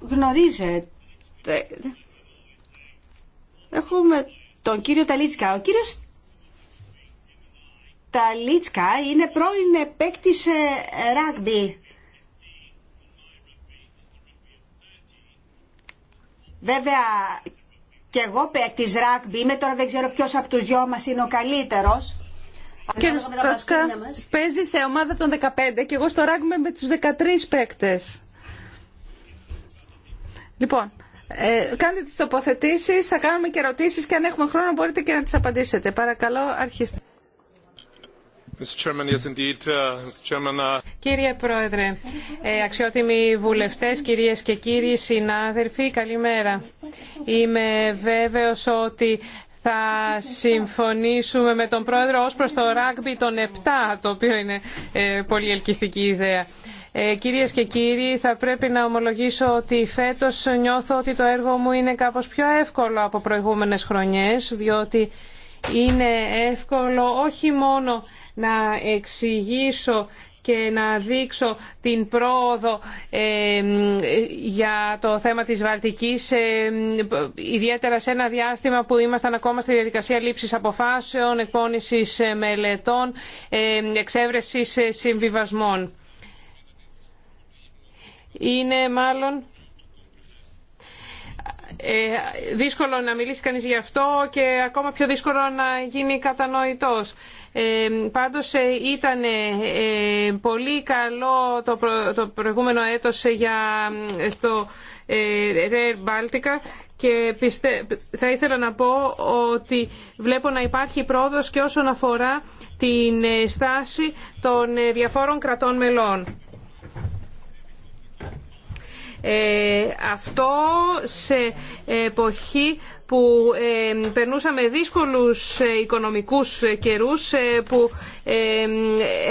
γνωρίζετε, έχουμε τον κύριο Ταλίτσκα. Ο κύριος Ταλίτσκα είναι πρώην παίκτη ράγμπι. Βέβαια και εγώ παίκτης ράγμπι είμαι, τώρα δεν ξέρω ποιος από τους δυο μας είναι ο καλύτερος. Κύριε Στρότσκα, παίζει σε ομάδα των 15 και εγώ στο ράγουμε με τους 13 παίκτες. Λοιπόν, ε, κάντε τις τοποθετήσεις, θα κάνουμε και ερωτήσεις και αν έχουμε χρόνο μπορείτε και να τις απαντήσετε. Παρακαλώ, αρχίστε. Uh, uh, Κύριε Πρόεδρε, ε, αξιότιμοι βουλευτές, κυρίες και κύριοι συνάδελφοι, καλημέρα. Είμαι βέβαιος ότι θα συμφωνήσουμε με τον πρόεδρο ως προς το ράγμπι των 7, το οποίο είναι ε, πολύ ελκυστική ιδέα. Ε, κυρίες και κύριοι, θα πρέπει να ομολογήσω ότι φέτος νιώθω ότι το έργο μου είναι κάπως πιο εύκολο από προηγούμενες χρονιές, διότι είναι εύκολο όχι μόνο να εξηγήσω και να δείξω την πρόοδο ε, για το θέμα της Βαλτικής, ε, ιδιαίτερα σε ένα διάστημα που ήμασταν ακόμα στη διαδικασία λήψης αποφάσεων, εκπόνησης ε, μελετών, εξέβρεσης συμβιβασμών. Είναι μάλλον δύσκολο να μιλήσει κανείς γι' αυτό και ακόμα πιο δύσκολο να γίνει κατανοητός. Ε, πάντως ε, ήταν ε, πολύ καλό το προηγούμενο έτος για το Rare Baltica και θα ήθελα να πω ότι βλέπω να υπάρχει πρόοδος και όσον αφορά την στάση των διαφόρων κρατών μελών. Ε, αυτό σε εποχή που ε, περνούσαμε δύσκολους ε, οικονομικούς καιρούς που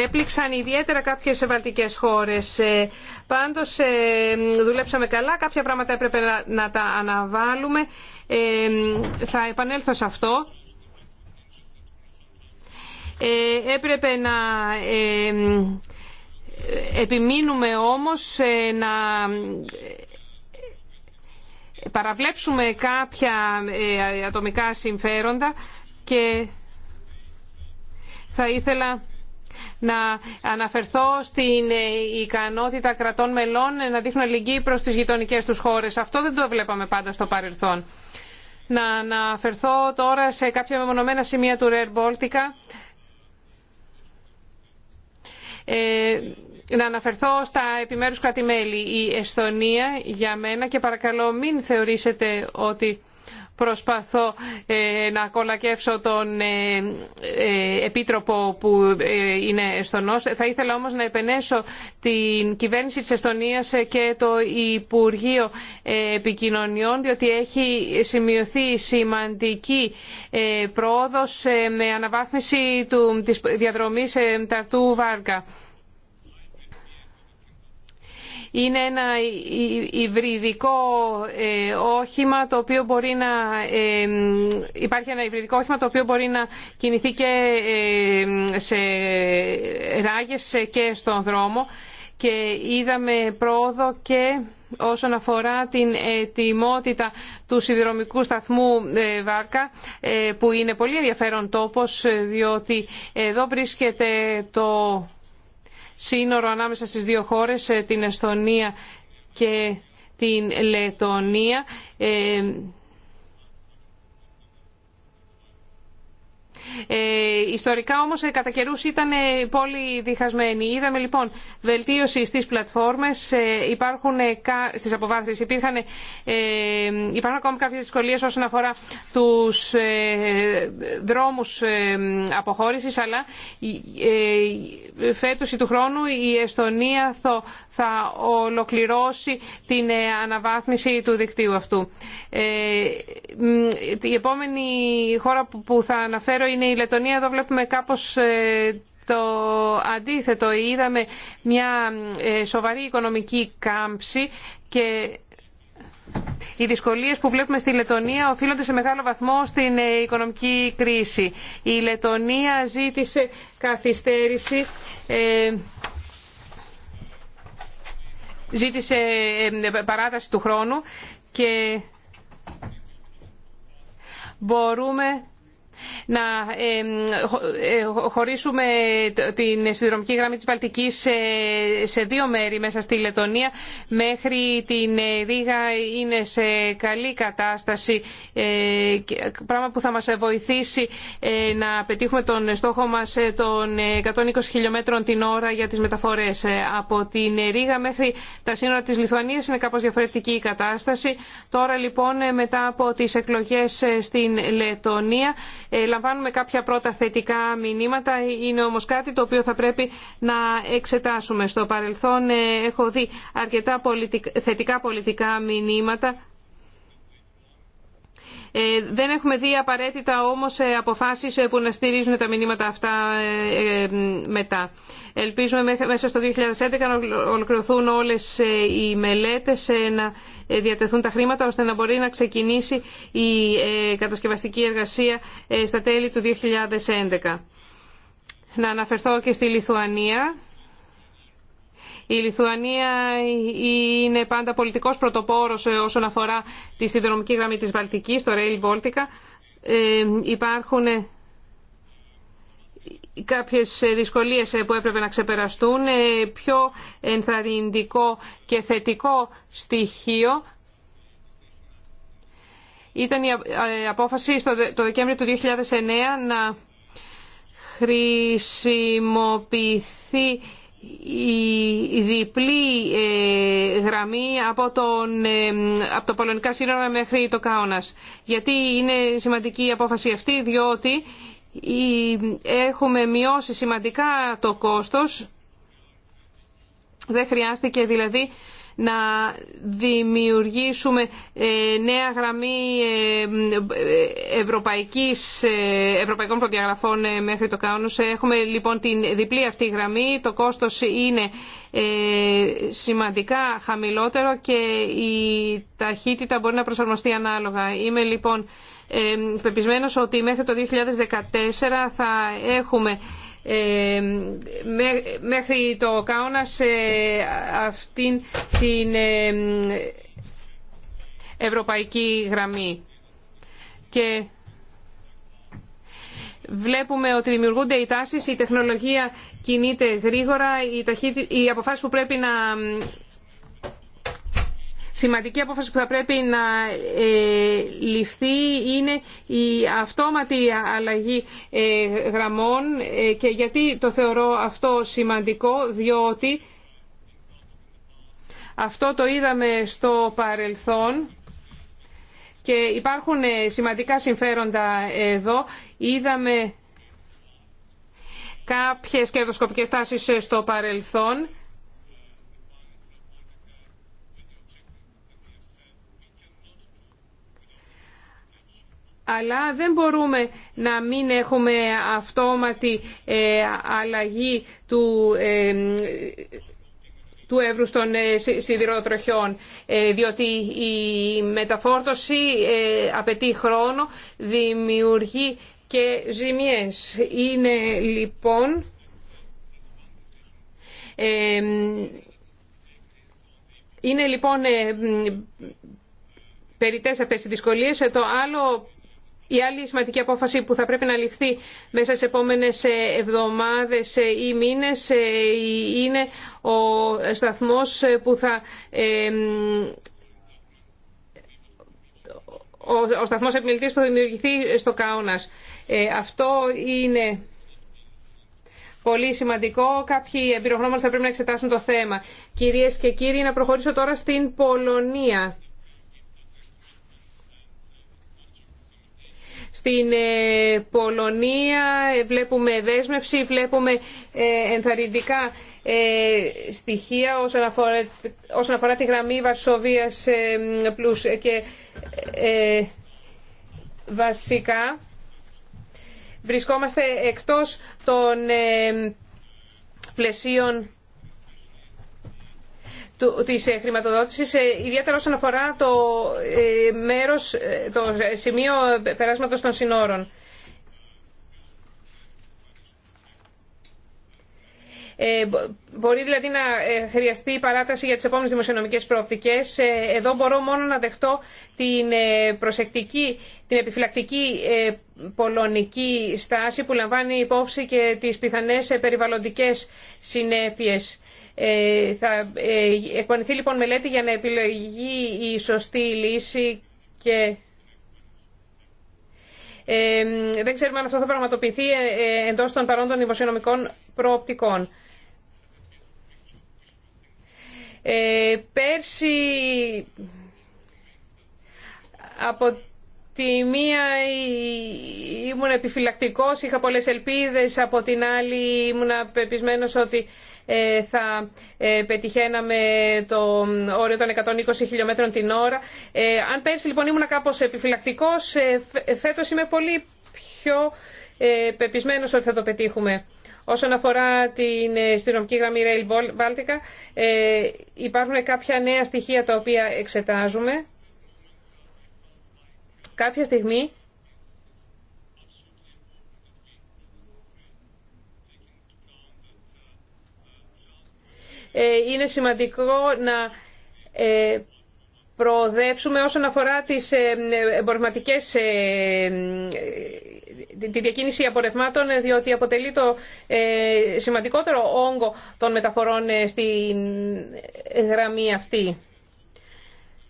έπληξαν ιδιαίτερα κάποιες βαλτικές χώρες. Πάντως δουλέψαμε καλά, κάποια πράγματα έπρεπε να τα αναβάλουμε. Θα επανέλθω σε αυτό. Έπρεπε να Επιμείνουμε όμως να παραβλέψουμε κάποια ε, ατομικά συμφέροντα και θα ήθελα να αναφερθώ στην ε, ικανότητα κρατών μελών ε, να δείχνουν αλληλεγγύη προς τις γειτονικές τους χώρες. Αυτό δεν το βλέπαμε πάντα στο παρελθόν. Να αναφερθώ τώρα σε κάποια μεμονωμένα σημεία του Rare Baltica να αναφερθώ στα επιμέρους κράτη-μέλη. Η Εστονία για μένα και παρακαλώ μην θεωρήσετε ότι προσπαθώ ε, να κολακεύσω τον ε, ε, επίτροπο που είναι Εστονός. Θα ήθελα όμως να επενέσω την κυβέρνηση της Εστονίας και το Υπουργείο Επικοινωνιών διότι έχει σημειωθεί σημαντική πρόοδος με αναβάθμιση του, της διαδρομής Ταρτού Βάρκα είναι ένα υβριδικό ε, όχημα το οποίο μπορεί να ε, υπάρχει ένα υβριδικό όχημα το οποίο μπορεί να κινηθεί και ε, σε ράγες και στον δρόμο και είδαμε πρόοδο και όσον αφορά την ετοιμότητα του σιδηρομικού σταθμού Βάρκα που είναι πολύ ενδιαφέρον τόπος διότι εδώ βρίσκεται το σύνορο ανάμεσα στις δύο χώρες, ε, την Εστονία και την Λετωνία ε, Ε, ιστορικά όμως ε, κατά καιρούς ήταν ε, πολύ διχασμένοι. Είδαμε λοιπόν βελτίωση στις πλατφόρμες, υπάρχουν, στις αποβάθρες υπήρχαν, υπάρχουν ακόμη κάποιες δυσκολίες όσον αφορά τους δρόμους αποχώρησης, αλλά φέτος ή του χρόνου η Εστονία θα ολοκληρώσει την αναβάθμιση του δικτύου αυτού. Η επόμενη χώρα που θα αναφέρω είναι η Λετωνία. Εδώ βλέπουμε κάπως ε, το αντίθετο. Είδαμε μια ε, σοβαρή οικονομική κάμψη και οι δυσκολίες που βλέπουμε στη Λετωνία οφείλονται σε μεγάλο βαθμό στην ε, οικονομική κρίση. Η Λετωνία ζήτησε καθυστέρηση ζήτησε παράταση του χρόνου και μπορούμε να ε, χωρίσουμε την συνδρομική γραμμή της Βαλτικής σε δύο μέρη μέσα στη Λετωνία. Μέχρι την ε, Ρήγα είναι σε καλή κατάσταση, ε, πράγμα που θα μας βοηθήσει να πετύχουμε τον στόχο μας των 120 χιλιόμετρων την ώρα για τις μεταφορές. Από την Ρήγα μέχρι τα σύνορα της Λιθουανίας είναι κάπως διαφορετική η κατάσταση. Τώρα λοιπόν μετά από τις εκλογές στην Λετωνία ε, λαμβάνουμε κάποια πρώτα θετικά μηνύματα. Είναι όμως κάτι το οποίο θα πρέπει να εξετάσουμε. Στο παρελθόν ε, έχω δει αρκετά θετικά πολιτικά μηνύματα ε, δεν έχουμε δει απαραίτητα όμως ε, αποφάσεις ε, που να στηρίζουν τα μηνύματα αυτά μετά. Ελπίζουμε μέσα στο 2011 να ολοκληρωθούν όλες οι μελέτες, να διατεθούν τα χρήματα ώστε να μπορεί να ξεκινήσει η κατασκευαστική εργασία στα τέλη του 2011. Να αναφερθώ και στη Λιθουανία. Η Λιθουανία είναι πάντα πολιτικός πρωτοπόρος ε, όσον αφορά τη συνδρομική γραμμή της Βαλτικής, το Rail Baltica. Ε, υπάρχουν ε, κάποιες δυσκολίες που έπρεπε να ξεπεραστούν. Πιο ενθαρρυντικό και θετικό στοιχείο ήταν η απόφαση το Δεκέμβριο του 2009 να χρησιμοποιηθεί η διπλή ε, γραμμή από, τον, ε, από το πολωνικά σύνορα μέχρι το Κάονας. Γιατί είναι σημαντική η απόφαση αυτή, διότι έχουμε μειώσει σημαντικά το κόστος. Δεν χρειάστηκε δηλαδή να δημιουργήσουμε ε, νέα γραμμή ε, ε, ευρωπαϊκής, ευρωπαϊκών προδιαγραφών μέχρι το Κάουνος. Έχουμε λοιπόν την διπλή αυτή γραμμή. Το κόστος είναι σημαντικά χαμηλότερο και η ταχύτητα μπορεί να προσαρμοστεί ανάλογα. Είμαι λοιπόν πεπισμένος ότι μέχρι το 2014 θα έχουμε ε, μέχρι το σε αυτήν την ε, ευρωπαϊκή γραμμή. Και βλέπουμε ότι δημιουργούνται οι τάσεις, η τεχνολογία κινείται γρήγορα, οι αποφάσεις που πρέπει να Σημαντική απόφαση που θα πρέπει να ε, ληφθεί είναι η αυτόματη αλλαγή ε, γραμμών ε, και γιατί το θεωρώ αυτό σημαντικό, διότι αυτό το είδαμε στο παρελθόν και υπάρχουν σημαντικά συμφέροντα εδώ. Είδαμε κάποιες κερδοσκοπικές τάσεις στο παρελθόν αλλά δεν μπορούμε να μην έχουμε αυτόματη ε, αλλαγή του ε, του εύρους των ε, σιδηροτροχιών, διότι η μεταφόρτωση απαιτεί χρόνο, δημιουργεί και ζημιές. Είναι λοιπόν είναι λοιπόν περιττές αυτές οι δυσκολίες. Το άλλο η άλλη σημαντική απόφαση που θα πρέπει να ληφθεί μέσα στις επόμενες εβδομάδες ή μήνες ε, είναι ο σταθμός που θα... Ε, ο σταθμός επιμελητής που θα δημιουργηθεί στο Κάουνας. Ε, αυτό είναι πολύ σημαντικό. Κάποιοι εμπειρογνώμονες θα πρέπει να εξετάσουν το θέμα. Κυρίες και κύριοι, να προχωρήσω τώρα στην Πολωνία. Στην ε, Πολωνία ε, βλέπουμε δέσμευση, βλέπουμε ε, ενθαρρυντικά στοιχεία όσον αφορά, αφορά τη γραμμή Βαρσοβίας πλούς και βασικά βρισκόμαστε εκτός των πλαισίων τη ε, χρηματοδότησης, ε, ιδιαίτερα όσον αφορά το, ε, μέρος, το σημείο περάσματος των συνόρων. Ε, μπορεί δηλαδή να χρειαστεί παράταση για τις επόμενες δημοσιονομικές προοπτικές. Εδώ μπορώ μόνο να δεχτώ την προσεκτική, την επιφυλακτική πολωνική στάση που λαμβάνει υπόψη και τις πιθανές περιβαλλοντικές συνέπειες ε, θα ε, εκπονηθεί λοιπόν μελέτη για να επιλογεί η σωστή λύση και ε, δεν ξέρουμε αν αυτό θα πραγματοποιηθεί εντός των παρόντων δημοσιονομικών προοπτικών. Πέρσι από τη μία ήμουν επιφυλακτικός, είχα πολλές ελπίδες, από την άλλη ήμουν πεπισμένος ότι ε, θα ε, πετυχαίναμε το όριο των 120 χιλιόμετρων την ώρα. Ε, αν πέρσι λοιπόν ήμουν κάπως επιφυλακτικός, φέτος είμαι πολύ πιο πεπισμένος ότι θα το πετύχουμε. Όσον αφορά την αστυνομική γραμμή Rail Baltica, υπάρχουν κάποια νέα στοιχεία τα οποία εξετάζουμε. Κάποια στιγμή Ε, είναι σημαντικό να ε, προοδεύσουμε όσον αφορά τις ε, εμπορευματικές, τη διακίνηση απορρευμάτων, διότι αποτελεί το σημαντικότερο όγκο των μεταφορών στη γραμμή αυτή.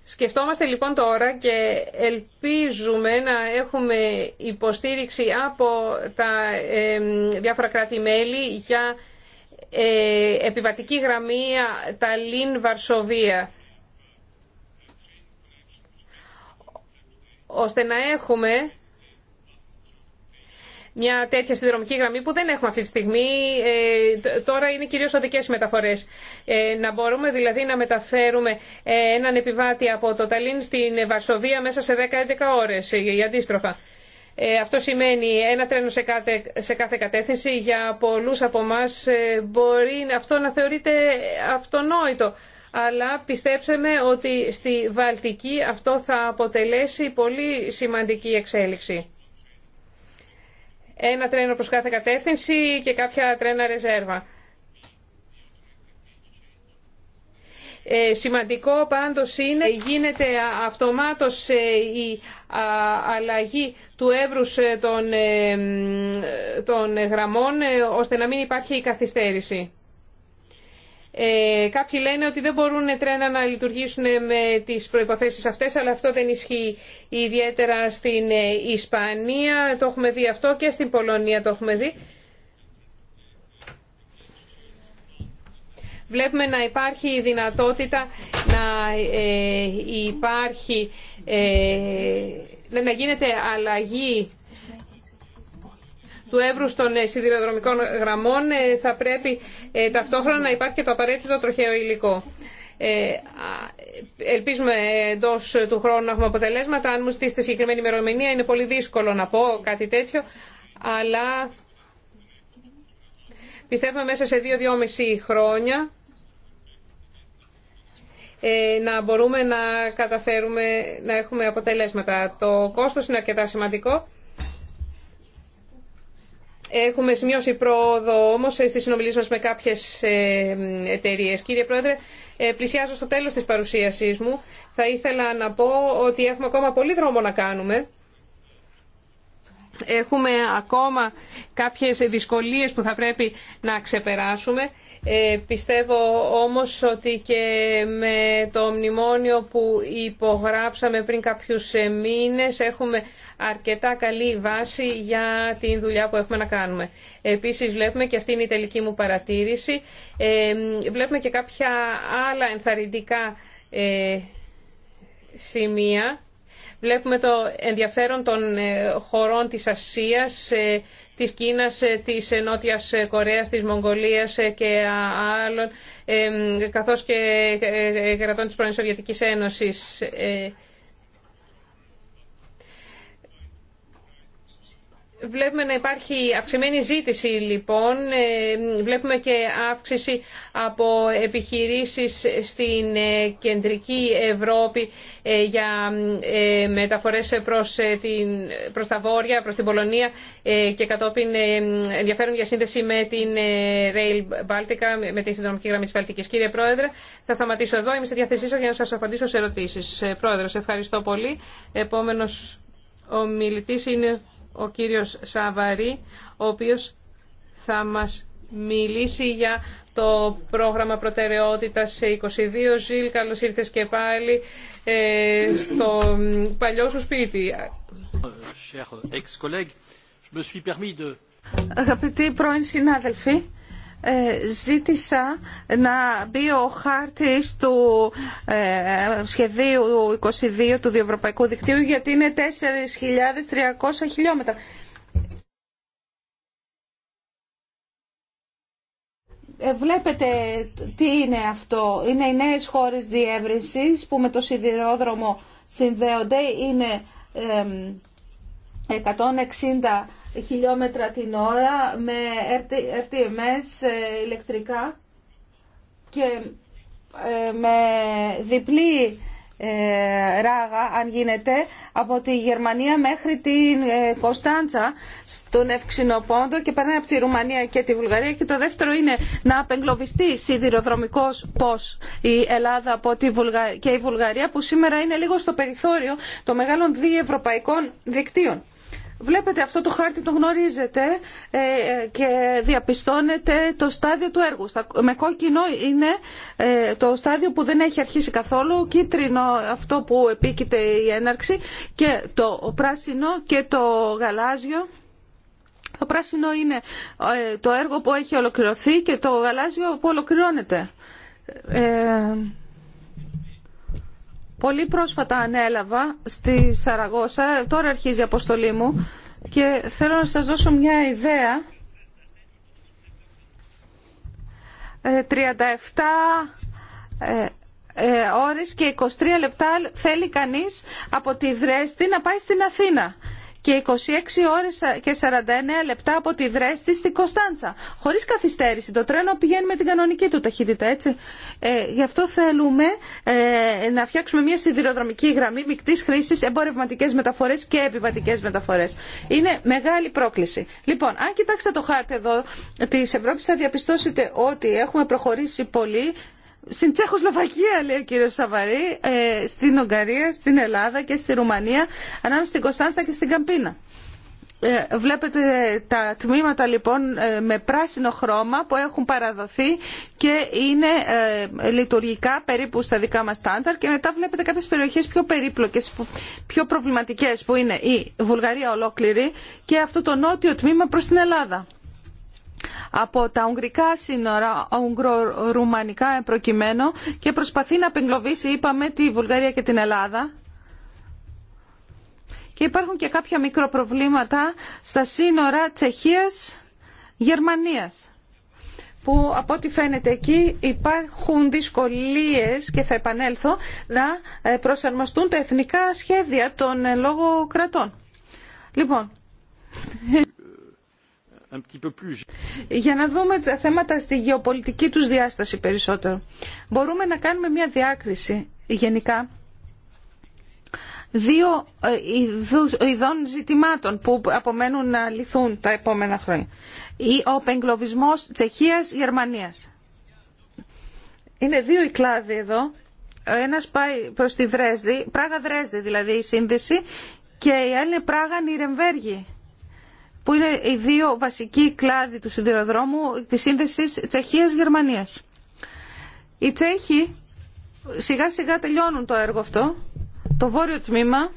Σκεφτόμαστε λοιπόν τώρα και ελπίζουμε να έχουμε υποστήριξη από τα διάφορα κράτη-μέλη για ε, επιβατική γραμμή Ταλίν-Βαρσοβία. ώστε να έχουμε μια τέτοια συνδρομική γραμμή που δεν έχουμε αυτή τη στιγμή. Ε, τώρα είναι κυρίως οδικές μεταφορές. Ε, να μπορούμε δηλαδή να μεταφέρουμε έναν επιβάτη από το Ταλίν στην Βαρσοβία μέσα σε 10-11 ώρες ή αντίστροφα. Ε, αυτό σημαίνει ένα τρένο σε κάθε, κατεύθυνση. Για πολλούς από εμά μπορεί αυτό να θεωρείται αυτονόητο. Αλλά πιστέψτε με ότι στη Βαλτική αυτό θα αποτελέσει πολύ σημαντική εξέλιξη. Ένα τρένο προς κάθε κατεύθυνση και κάποια τρένα ρεζέρβα. Ε, σημαντικό πάντως είναι γίνεται αυτομάτως ε, η αλλαγή του εύρους ε, των, των γραμμών ώστε να μην υπάρχει η καθυστέρηση. Ε, κάποιοι λένε ότι δεν μπορούν τρένα να λειτουργήσουν με τις προϋποθέσεις αυτές, αλλά αυτό δεν ισχύει ιδιαίτερα στην Ισπανία, το έχουμε δει αυτό και στην Πολωνία το έχουμε δει. βλέπουμε να υπάρχει η δυνατότητα να ε, υπάρχει ε, να γίνεται αλλαγή του εύρους των ε, σιδηροδρομικών γραμμών θα πρέπει ταυτόχρονα να υπάρχει και το απαραίτητο τροχαίο υλικό. ελπίζουμε εντό του χρόνου να έχουμε αποτελέσματα. Αν μου στήσετε συγκεκριμένη ημερομηνία είναι πολύ δύσκολο να πω κάτι τέτοιο, αλλά πιστεύουμε μέσα σε δύο-δυόμιση χρόνια ε, να μπορούμε να καταφέρουμε να έχουμε αποτελέσματα. Το κόστος είναι αρκετά σημαντικό. Έχουμε σημειώσει πρόοδο όμω στη συνομιλή μα με κάποιε εταιρείε. Κύριε Πρόεδρε, ε, πλησιάζω στο τέλο τη παρουσίασή μου. Θα ήθελα να πω ότι έχουμε ακόμα πολύ δρόμο να κάνουμε. Έχουμε ακόμα κάποιες δυσκολίες που θα πρέπει να ξεπεράσουμε. Ε, πιστεύω όμως ότι και με το μνημόνιο που υπογράψαμε πριν κάποιους μήνες έχουμε αρκετά καλή βάση για την δουλειά που έχουμε να κάνουμε. Επίσης βλέπουμε, και αυτή είναι η τελική μου παρατήρηση, ε, βλέπουμε και κάποια άλλα ενθαρρυντικά ε, σημεία Βλέπουμε το ενδιαφέρον των ε, χωρών της Ασίας, ε, της Κίνας, ε, της Νότιας Κορέας, της Μογγολίας και άλλων, καθώς και κρατών της Πρώην Σοβιετικής Ένωσης. Βλέπουμε να υπάρχει αυξημένη ζήτηση λοιπόν, ε, βλέπουμε και αύξηση από επιχειρήσεις στην ε, κεντρική Ευρώπη ε, για μεταφορές προς, την, προς τα βόρεια, προς την Πολωνία και κατόπιν ενδιαφέρον για σύνδεση με την Rail Baltica, με τη συνδρομική γραμμή της Βαλτικής. Κύριε Πρόεδρε, θα σταματήσω εδώ, είμαι στη διάθεσή σας για να σας απαντήσω σε ερωτήσεις. Πρόεδρος, ευχαριστώ πολύ. Επόμενος ο μιλητής είναι ο κύριος Σαβαρή, ο οποίος θα μας μιλήσει για το πρόγραμμα προτεραιότητας 22. Ζήλ, καλώς ήρθες και πάλι ε, στο παλιό σου σπίτι. Αγαπητοί πρώην συνάδελφοι, ε, ζήτησα να μπει ο χάρτης του ε, σχεδίου 22 του Διευρωπαϊκού Δικτύου γιατί είναι 4.300 χιλιόμετρα. Ε, βλέπετε τι είναι αυτό. Είναι οι νέες χώρες διεύρυνσης που με το σιδηρόδρομο συνδέονται. Είναι 160 χιλιόμετρα την ώρα με RTMS ε, ηλεκτρικά και ε, με διπλή ε, ράγα, αν γίνεται, από τη Γερμανία μέχρι την Κωνσταντσα στον Ευξηνοπόντο και περνάει από τη Ρουμανία και τη Βουλγαρία και το δεύτερο είναι να απεγκλωβιστεί σιδηροδρομικός πώς η Ελλάδα από τη Βουλγα... και η Βουλγαρία που σήμερα είναι λίγο στο περιθώριο των μεγάλων διευρωπαϊκών δικτύων. Βλέπετε αυτό το χάρτη, το γνωρίζετε ε, και διαπιστώνετε το στάδιο του έργου. Με κόκκινο είναι ε, το στάδιο που δεν έχει αρχίσει καθόλου, κίτρινο αυτό που επίκειται η έναρξη και το πράσινο και το γαλάζιο. Το πράσινο είναι ε, το έργο που έχει ολοκληρωθεί και το γαλάζιο που ολοκληρώνεται. Πολύ πρόσφατα ανέλαβα στη Σαραγώσα, τώρα αρχίζει η αποστολή μου και θέλω να σας δώσω μια ιδέα. 37 ε, ε, ε, ώρες και 23 λεπτά θέλει κανείς από τη Δρέστη να πάει στην Αθήνα και 26 ώρες και 49 λεπτά από τη Δρέστη στη Κωνσταντσα. Χωρίς καθυστέρηση. Το τρένο πηγαίνει με την κανονική του ταχύτητα, έτσι. Ε, γι' αυτό θέλουμε ε, να φτιάξουμε μια σιδηροδρομική γραμμή μικτής χρήσης, εμπορευματικές μεταφορές και επιβατικές μεταφορές. Είναι μεγάλη πρόκληση. Λοιπόν, αν κοιτάξετε το χάρτη εδώ της Ευρώπης θα διαπιστώσετε ότι έχουμε προχωρήσει πολύ στην Τσεχοσλοβακία, λέει ο κύριος Σαβαρή, ε, στην Ουγγαρία, στην Ελλάδα και στη Ρουμανία, ανάμεσα στην Κωνσταντσα και στην Καμπίνα. Ε, βλέπετε τα τμήματα λοιπόν ε, με πράσινο χρώμα που έχουν παραδοθεί και είναι λειτουργικά περίπου στα δικά μας στάνταρ και μετά βλέπετε κάποιες περιοχές πιο περίπλοκες, πιο προβληματικές που είναι η Βουλγαρία ολόκληρη και αυτό το νότιο τμήμα προς την Ελλάδα από τα ουγγρικά σύνορα, Ουγγρο-Ρουμανικά προκειμένου και προσπαθεί να απεγκλωβίσει, είπαμε, τη Βουλγαρία και την Ελλάδα. Και υπάρχουν και κάποια μικροπροβλήματα στα σύνορα Τσεχίας-Γερμανίας που από ό,τι φαίνεται εκεί υπάρχουν δυσκολίες και θα επανέλθω να ε, προσαρμοστούν τα εθνικά σχέδια των ε, λόγω κρατών. Λοιπόν, για να δούμε τα θέματα στη γεωπολιτική τους διάσταση περισσότερο. Μπορούμε να κάνουμε μια διάκριση γενικά δύο ε, ειδών ζητημάτων που απομένουν να λυθούν τα επόμενα χρόνια. Ο πεγκλωβισμος τσεχιας Τσεχίας-Γερμανίας. Είναι δύο οι κλάδοι εδώ. Ο ένας πάει προς τη Δρέσδη, Πράγα-Δρέσδη δηλαδή η σύνδεση και η άλλη είναι Πράγα-Νιρεμβέργη που είναι οι δύο βασικοί κλάδοι του σιδηροδρόμου της σύνδεσης Τσεχίας-Γερμανίας. Οι Τσέχοι σιγά σιγά τελειώνουν το έργο αυτό, το βόρειο τμήμα,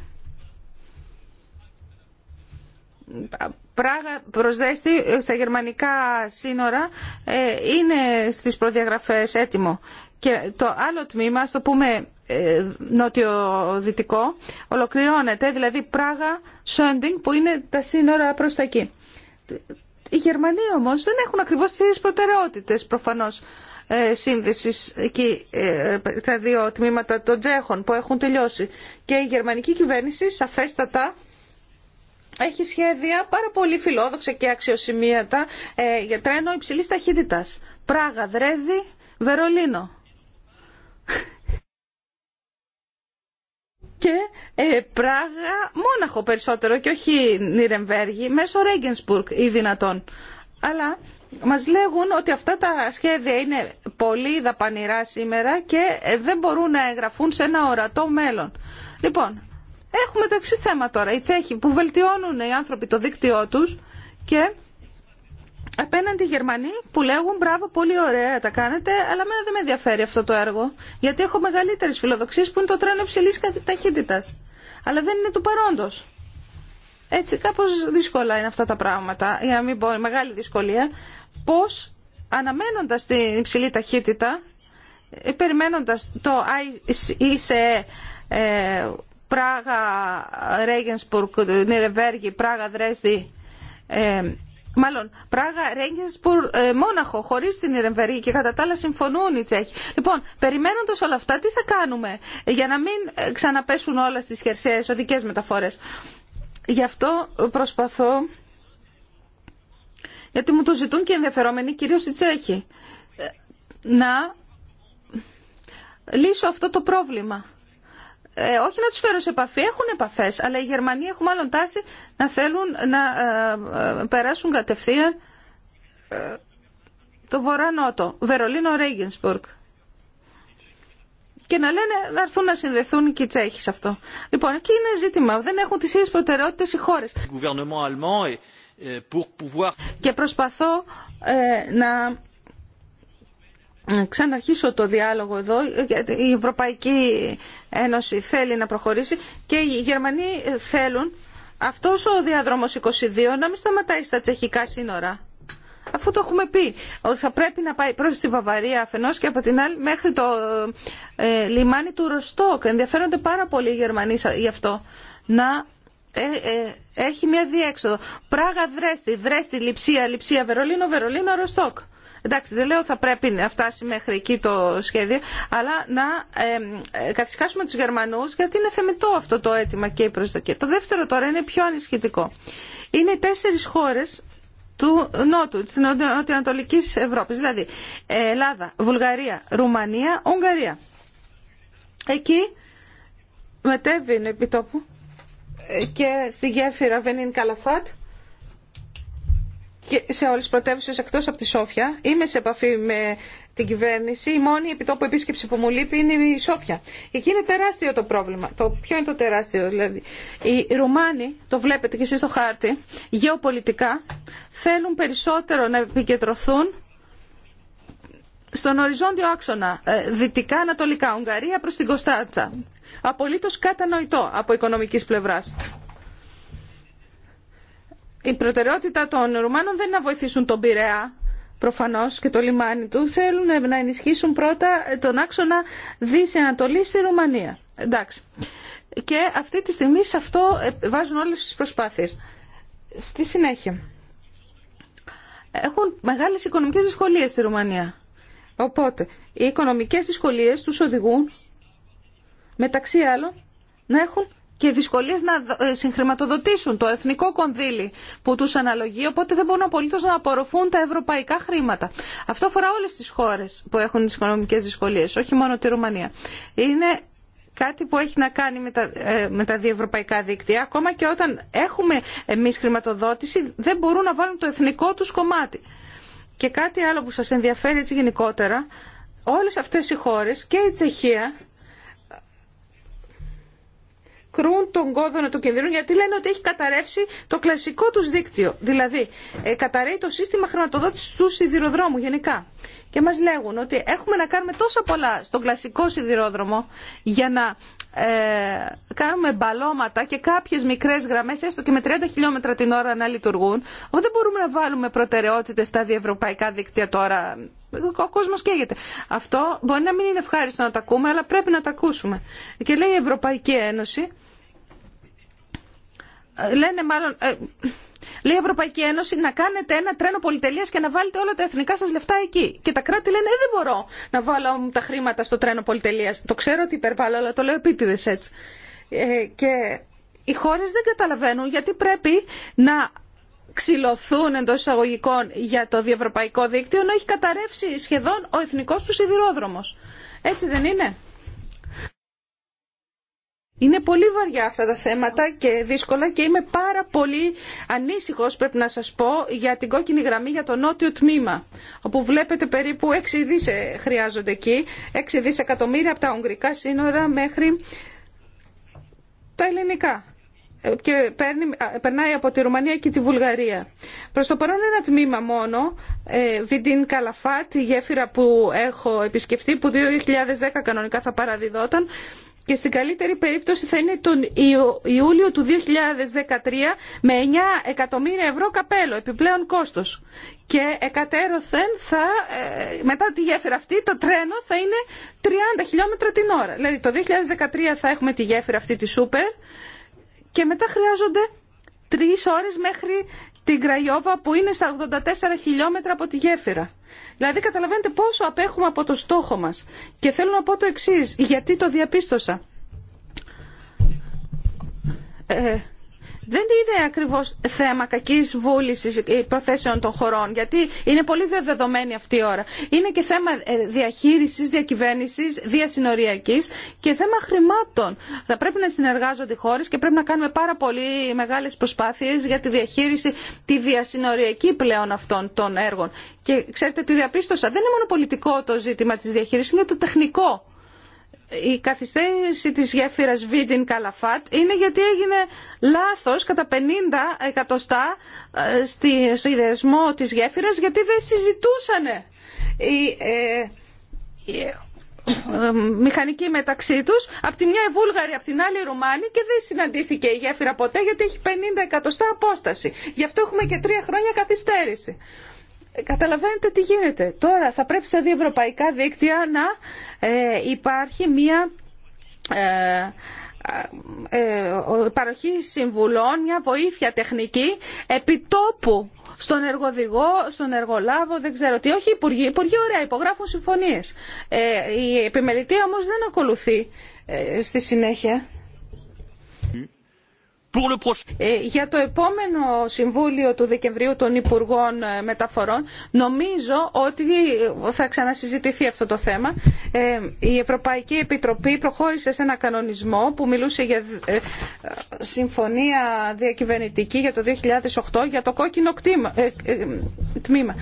Πράγα προσδέστη στα γερμανικά σύνορα ε, είναι στις προδιαγραφές έτοιμο. Και το άλλο τμήμα, στο πούμε ε, νότιο-δυτικό ολοκληρώνεται, δηλαδή Πράγα, Σόντινγκ που είναι τα σύνορα προς τα εκεί. Οι Γερμανοί όμως δεν έχουν ακριβώς τις προτεραιότητες προφανώς ε, σύνδεσης εκεί ε, τα δύο τμήματα των Τζέχων που έχουν τελειώσει. Και η γερμανική κυβέρνηση σαφέστατα έχει σχέδια πάρα πολύ φιλόδοξα και αξιοσημείατα ε, για τρένο υψηλής ταχύτητας. Πράγα, Δρέσδη, Βερολίνο και ε, Πράγα Μόναχο περισσότερο και όχι Νιρεμβέργη μέσω Ρέγγενσπουργκ ή δυνατόν. Αλλά μας λέγουν ότι αυτά τα σχέδια είναι πολύ δαπανηρά σήμερα και ε, δεν μπορούν να εγγραφούν σε ένα ορατό μέλλον. Λοιπόν, έχουμε τα εξή θέμα τώρα. Οι Τσέχοι που βελτιώνουν οι άνθρωποι το δίκτυό τους και απέναντι Γερμανοί που λέγουν μπράβο, πολύ ωραία τα κάνετε, αλλά μένα δεν με ενδιαφέρει αυτό το έργο, γιατί έχω μεγαλύτερε φιλοδοξίε που είναι το τρένο υψηλή ταχύτητα. Αλλά δεν είναι του παρόντο. Έτσι, κάπω δύσκολα είναι αυτά τα πράγματα, για να μην πω μεγάλη δυσκολία. Πώ αναμένοντα την υψηλή ταχύτητα, ε, περιμένοντα το ICE ε, ε, Πράγα, Ρέγενσπουργκ, Νιρεβέργη, Πράγα, Δρέσδη, ε, Μάλλον, Πράγα, Ρέγγενσπουρ, ε, Μόναχο, χωρί την Ιρεμβερή και κατά τα άλλα συμφωνούν οι Τσέχοι. Λοιπόν, περιμένοντα όλα αυτά, τι θα κάνουμε για να μην ε, ξαναπέσουν όλα στι χερσαίε οδικέ μεταφορέ. Γι' αυτό προσπαθώ, γιατί μου το ζητούν και ενδιαφερόμενοι, κυρίως οι Τσέχοι, ε, να λύσω αυτό το πρόβλημα. Ε, όχι να τους φέρω σε επαφή, έχουν επαφές, αλλά οι Γερμανοί έχουν μάλλον τάση να θέλουν να ε, ε, περάσουν κατευθείαν το βορρά-νότο, βερολινο Βερολίνο-Ρέγγινσπορκ. Και να λένε να έρθουν να συνδεθούν και οι Τσέχοι σε αυτό. Λοιπόν, εκεί είναι ζήτημα. Δεν έχουν τις ίδιες προτεραιότητες οι χώρες. Euh, και προσπαθώ να ξαναρχίσω το διάλογο εδώ. Η Ευρωπαϊκή Ένωση θέλει να προχωρήσει και οι Γερμανοί θέλουν αυτός ο διαδρόμος 22 να μην σταματάει στα τσεχικά σύνορα. Αφού το έχουμε πει ότι θα πρέπει να πάει προς τη Βαβαρία αφενός και από την άλλη μέχρι το ε, λιμάνι του Ροστόκ. Ενδιαφέρονται πάρα πολύ οι Γερμανοί γι' αυτό. Να ε, ε, έχει μια διέξοδο. Πράγα Δρέστη, Δρέστη, Λιψία, Λιψία, Βερολίνο, Βερολίνο, Ροστόκ. Εντάξει, δεν λέω θα πρέπει να φτάσει μέχρι εκεί το σχέδιο, αλλά να ε, καθισκάσουμε τους Γερμανούς γιατί είναι θεμητό αυτό το αίτημα και η προσδοκία. Το δεύτερο τώρα είναι πιο ανισχυτικό. Είναι τέσσερις χώρες του Νότου, της Νοτιοανατολικής Ευρώπης, δηλαδή ε, Ελλάδα, Βουλγαρία, Ρουμανία, Ουγγαρία. Εκεί μετέβει επί τόπου ε, και στη γέφυρα Βενίν Καλαφάτ και σε όλες τις πρωτεύουσες εκτός από τη Σόφια. Είμαι σε επαφή με την κυβέρνηση. Η μόνη επιτόπου επίσκεψη που μου λείπει είναι η Σόφια. Εκεί είναι τεράστιο το πρόβλημα. Το ποιο είναι το τεράστιο δηλαδή. Οι Ρουμάνοι, το βλέπετε και εσείς στο χάρτη, γεωπολιτικά θέλουν περισσότερο να επικεντρωθούν στον οριζόντιο άξονα, ε, δυτικά-ανατολικά, Ουγγαρία προς την Κωνσταντσα. Απολύτως κατανοητό από οικονομικής πλευράς η προτεραιότητα των Ρουμάνων δεν είναι να βοηθήσουν τον Πειραιά προφανώς και το λιμάνι του θέλουν να ενισχύσουν πρώτα τον άξονα Δύση Ανατολή στη Ρουμανία. Εντάξει. Και αυτή τη στιγμή σε αυτό ε, βάζουν όλες τις προσπάθειες. Στη συνέχεια. Έχουν μεγάλες οικονομικές δυσκολίε στη Ρουμανία. Οπότε, οι οικονομικές δυσκολίε τους οδηγούν, μεταξύ άλλων, να έχουν και δυσκολίες να ε, συγχρηματοδοτήσουν το εθνικό κονδύλι που τους αναλογεί, οπότε δεν μπορούν απολύτως να απορροφούν τα ευρωπαϊκά χρήματα. Αυτό αφορά όλες τις χώρες που έχουν τις οικονομικές δυσκολίες, όχι μόνο τη Ρουμανία. Είναι κάτι που έχει να κάνει με τα, ε, με τα διευρωπαϊκά δίκτυα, ακόμα και όταν έχουμε εμείς χρηματοδότηση, δεν μπορούν να βάλουν το εθνικό τους κομμάτι. Και κάτι άλλο που σας ενδιαφέρει έτσι γενικότερα, όλες αυτές οι χώρες και η Τσεχία κρούν τον κόδωνα του κινδύνου γιατί λένε ότι έχει καταρρεύσει το κλασικό του δίκτυο. Δηλαδή, ε, καταραίει το σύστημα χρηματοδότηση του σιδηροδρόμου γενικά. Και μα λέγουν ότι έχουμε να κάνουμε τόσα πολλά στον κλασικό σιδηρόδρομο για να ε, κάνουμε μπαλώματα και κάποιε μικρέ γραμμέ, έστω και με 30 χιλιόμετρα την ώρα να λειτουργούν ότι δεν μπορούμε να βάλουμε προτεραιότητε στα διευρωπαϊκά δίκτυα τώρα ο κόσμο καίγεται. Αυτό μπορεί να μην είναι ευχάριστο να το ακούμε, αλλά πρέπει να το ακούσουμε. Και λέει η Ευρωπαϊκή Ένωση λένε μάλλον... Ε, λέει η Ευρωπαϊκή Ένωση να κάνετε ένα τρένο πολυτελεία και να βάλετε όλα τα εθνικά σα λεφτά εκεί. Και τα κράτη λένε «Ε, δεν μπορώ να βάλω τα χρήματα στο τρένο πολυτελεία. Το ξέρω ότι υπερβάλλω, αλλά το λέω επίτηδε έτσι. Ε, και οι χώρε δεν καταλαβαίνουν γιατί πρέπει να ξυλωθούν εντό εισαγωγικών για το διευρωπαϊκό δίκτυο, ενώ έχει καταρρεύσει σχεδόν ο εθνικό του σιδηρόδρομο. Έτσι δεν είναι. Είναι πολύ βαριά αυτά τα θέματα και δύσκολα και είμαι πάρα πολύ ανήσυχο, πρέπει να σας πω, για την κόκκινη γραμμή για το νότιο τμήμα, όπου βλέπετε περίπου 6 δις ε, χρειάζονται εκεί, 6 δισεκατομμύρια από τα ουγγρικά σύνορα μέχρι τα ελληνικά ε, και ε, περνάει από τη Ρουμανία και τη Βουλγαρία. Προς το παρόν ένα τμήμα μόνο, ε, Βιντίν Καλαφά, τη γέφυρα που έχω επισκεφτεί, που 2010 κανονικά θα παραδιδόταν, και στην καλύτερη περίπτωση θα είναι τον Ιούλιο του 2013 με 9 εκατομμύρια ευρώ καπέλο, επιπλέον κόστος. Και εκατέρωθεν θα, ε, μετά τη γέφυρα αυτή το τρένο θα είναι 30 χιλιόμετρα την ώρα. Δηλαδή το 2013 θα έχουμε τη γέφυρα αυτή τη Σούπερ και μετά χρειάζονται τρεις ώρες μέχρι την Κραϊόβα που είναι στα 84 χιλιόμετρα από τη γέφυρα. Δηλαδή καταλαβαίνετε πόσο απέχουμε από το στόχο μας. Και θέλω να πω το εξής, γιατί το διαπίστωσα. Ε, δεν είναι ακριβώ θέμα κακής βούλησης προθέσεων των χωρών, γιατί είναι πολύ διαδεδομένη αυτή η ώρα. Είναι και θέμα ε, διαχείριση, διακυβέρνηση, διασυνοριακής και θέμα χρημάτων. Θα πρέπει να συνεργάζονται οι χώρες και πρέπει να κάνουμε πάρα πολύ μεγάλε προσπάθειε για τη διαχείριση, τη διασυνοριακή πλέον αυτών των έργων. Και ξέρετε τι διαπίστωσα, δεν είναι μόνο πολιτικό το ζήτημα τη διαχείριση, είναι το τεχνικό η καθυστέρηση της γέφυρας Βίντιν Καλαφάτ είναι γιατί έγινε λάθος κατά 50 εκατοστά ε, στη, στο ιδεασμό της γέφυρας γιατί δεν συζητούσανε οι, ε, ε μηχανικοί μεταξύ τους από τη μια Βούλγαρη, από την άλλη Ρουμάνη και δεν συναντήθηκε η γέφυρα ποτέ γιατί έχει 50 εκατοστά απόσταση. Γι' αυτό έχουμε και τρία χρόνια καθυστέρηση. Καταλαβαίνετε τι γίνεται. Τώρα θα πρέπει στα διευρωπαϊκά δίκτυα να ε, υπάρχει μία ε, ε, παροχή συμβουλών, μια βοήθεια τεχνική επιτόπου στον εργοδηγό, στον εργολάβο, δεν ξέρω τι. Όχι υπουργοί, υπουργοί ωραία, υπογράφουν συμφωνίες. η επιμελητή όμως δεν ακολουθεί στη συνέχεια. Ε, για το επόμενο Συμβούλιο του Δεκεμβρίου των Υπουργών ε, Μεταφορών νομίζω ότι θα ξανασυζητηθεί αυτό το θέμα. Ε, η Ευρωπαϊκή Επιτροπή προχώρησε σε ένα κανονισμό που μιλούσε για συμφωνία διακυβερνητική για το 2008 για το κόκκινο τμήμα.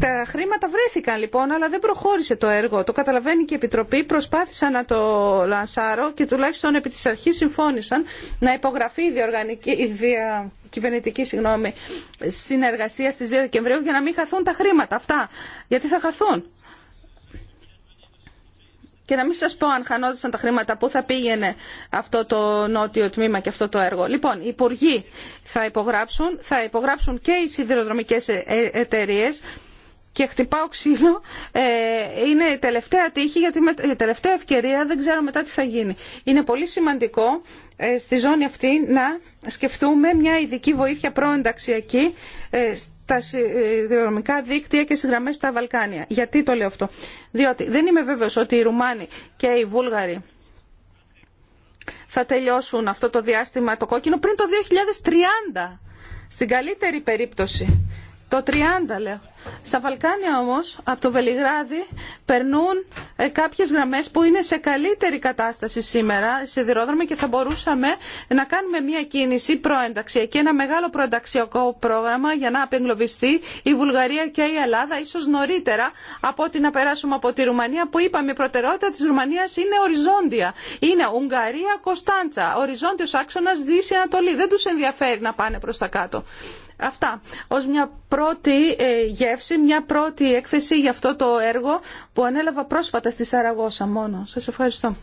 Τα χρήματα βρέθηκαν λοιπόν, αλλά δεν προχώρησε το έργο. Το καταλαβαίνει και η Επιτροπή. Προσπάθησαν να το λανσάρω και τουλάχιστον επί τη αρχή συμφώνησαν να υπογραφεί η, διοργανική, η δια, κυβερνητική συγγνώμη, συνεργασία στις 2 Δεκεμβρίου για να μην χαθούν τα χρήματα αυτά. Γιατί θα χαθούν. Και να μην σας πω αν χανόντουσαν τα χρήματα, πού θα πήγαινε αυτό το νότιο τμήμα και αυτό το έργο. Λοιπόν, οι υπουργοί θα υπογράψουν, θα υπογράψουν και οι σιδηροδρομικές ε, ε, εταιρείε και χτυπάω ξύλο, ε, είναι η τελευταία τύχη, γιατί η τελευταία ευκαιρία δεν ξέρω μετά τι θα γίνει. Είναι πολύ σημαντικό ε, στη ζώνη αυτή να σκεφτούμε μια ειδική βοήθεια προενταξιακή ε, στα συνδρομικά δίκτυα και στις γραμμές στα Βαλκάνια. Γιατί το λέω αυτό. Διότι δεν είμαι βέβαιος ότι οι Ρουμάνοι και οι Βούλγαροι θα τελειώσουν αυτό το διάστημα το κόκκινο πριν το 2030. Στην καλύτερη περίπτωση. Το 30 λέω. Στα Βαλκάνια όμως, από το Βελιγράδι, περνούν ε, κάποιες γραμμές που είναι σε καλύτερη κατάσταση σήμερα, σε διρόδρομο και θα μπορούσαμε να κάνουμε μια κίνηση και ένα μεγάλο προενταξιακό πρόγραμμα για να απεγκλωβιστεί η Βουλγαρία και η Ελλάδα, ίσως νωρίτερα από ότι να περάσουμε από τη Ρουμανία, που είπαμε η προτεραιότητα της Ρουμανίας είναι οριζόντια. Είναι Ουγγαρία, Κωνσταντσα, οριζόντιος άξονας Δύση Ανατολή. Δεν τους ενδιαφέρει να πάνε προς τα κάτω. Αυτά, ως μια πρώτη ε, γεύση, μια πρώτη έκθεση για αυτό το έργο που ανέλαβα πρόσφατα στη Σαραγώσα μόνο. Σας ευχαριστώ.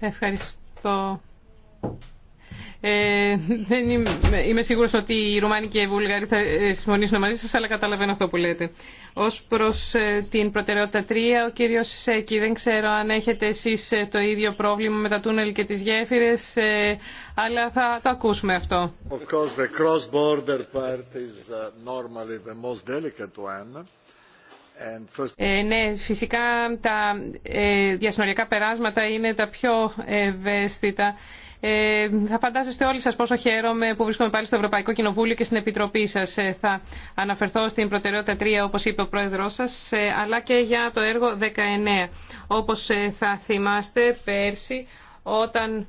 Ευχαριστώ ε, δεν είμαι, είμαι σίγουρος ότι οι Ρουμάνοι και οι Βουλγαροί θα ε, συμφωνήσουν μαζί σας, αλλά καταλαβαίνω αυτό που λέτε. Ως προς ε, την προτεραιότητα 3, ο κύριος Σέκη, δεν ξέρω αν έχετε εσείς ε, το ίδιο πρόβλημα με τα τούνελ και τις γέφυρες, αλλά θα το ακούσουμε αυτό. Ε, ναι, φυσικά τα ε, διασυνοριακά περάσματα είναι τα πιο ευαίσθητα ε, θα φαντάζεστε όλοι σας πόσο χαίρομαι που βρίσκομαι πάλι στο Ευρωπαϊκό Κοινοβούλιο και στην Επιτροπή σας. Ε, θα αναφερθώ στην προτεραιότητα 3, όπως είπε ο πρόεδρο σα, ε, αλλά και για το έργο 19. Όπως θα θυμάστε, πέρσι, όταν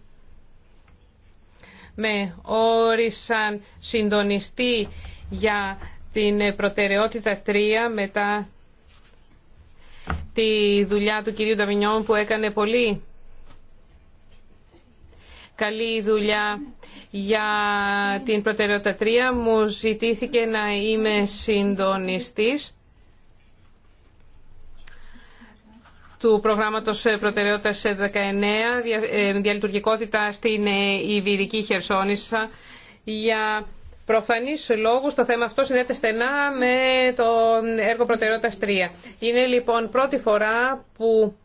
με όρισαν συντονιστή για την προτεραιότητα 3 μετά τη δουλειά του κυρίου Νταμινιόν που έκανε πολύ καλή δουλειά για την προτεραιότητα 3. Μου ζητήθηκε να είμαι συντονιστής του προγράμματος προτεραιότητας 19, ε, διαλειτουργικότητα στην ε, Ιβηρική Χερσόνησα. Για προφανείς λόγους το θέμα αυτό συνδέεται στενά με το έργο προτεραιότητας 3. Είναι λοιπόν πρώτη φορά που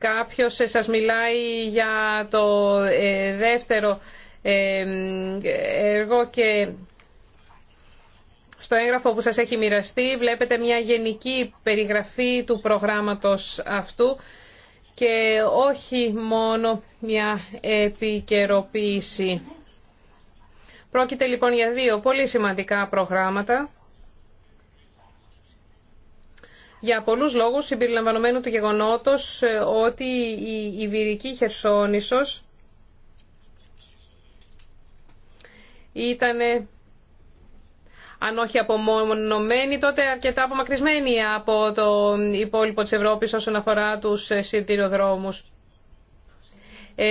κάποιος ε, σας μιλάει για το ε, δεύτερο ε, έργο και στο έγγραφο που σας έχει μοιραστεί βλέπετε μια γενική περιγραφή του προγράμματος αυτού και όχι μόνο μια επικαιροποίηση. Πρόκειται λοιπόν για δύο πολύ σημαντικά προγράμματα για πολλούς λόγους συμπεριλαμβανομένου του γεγονότος ε, ότι η Ιβυρική Χερσόνησος ήταν αν όχι απομονωμένη, τότε αρκετά απομακρυσμένη από το υπόλοιπο της Ευρώπης όσον αφορά τους ε, συντηροδρόμους. Ε,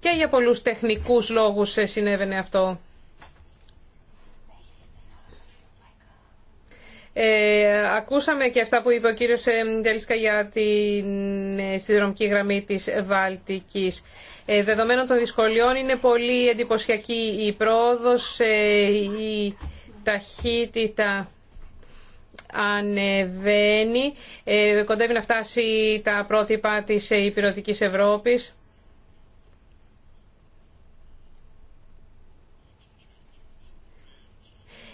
και για πολλούς τεχνικούς λόγους ε, συνέβαινε αυτό. Ε, ακούσαμε και αυτά που είπε ο κύριος Τελίσκα για την ε, συνδρομική γραμμή της Βαλτικής. Ε, δεδομένων των δυσκολιών είναι πολύ εντυπωσιακή η πρόοδος, η ταχύτητα ανεβαίνει, κοντεύει να φτάσει τα πρότυπα της υπηρετικής Ευρώπης.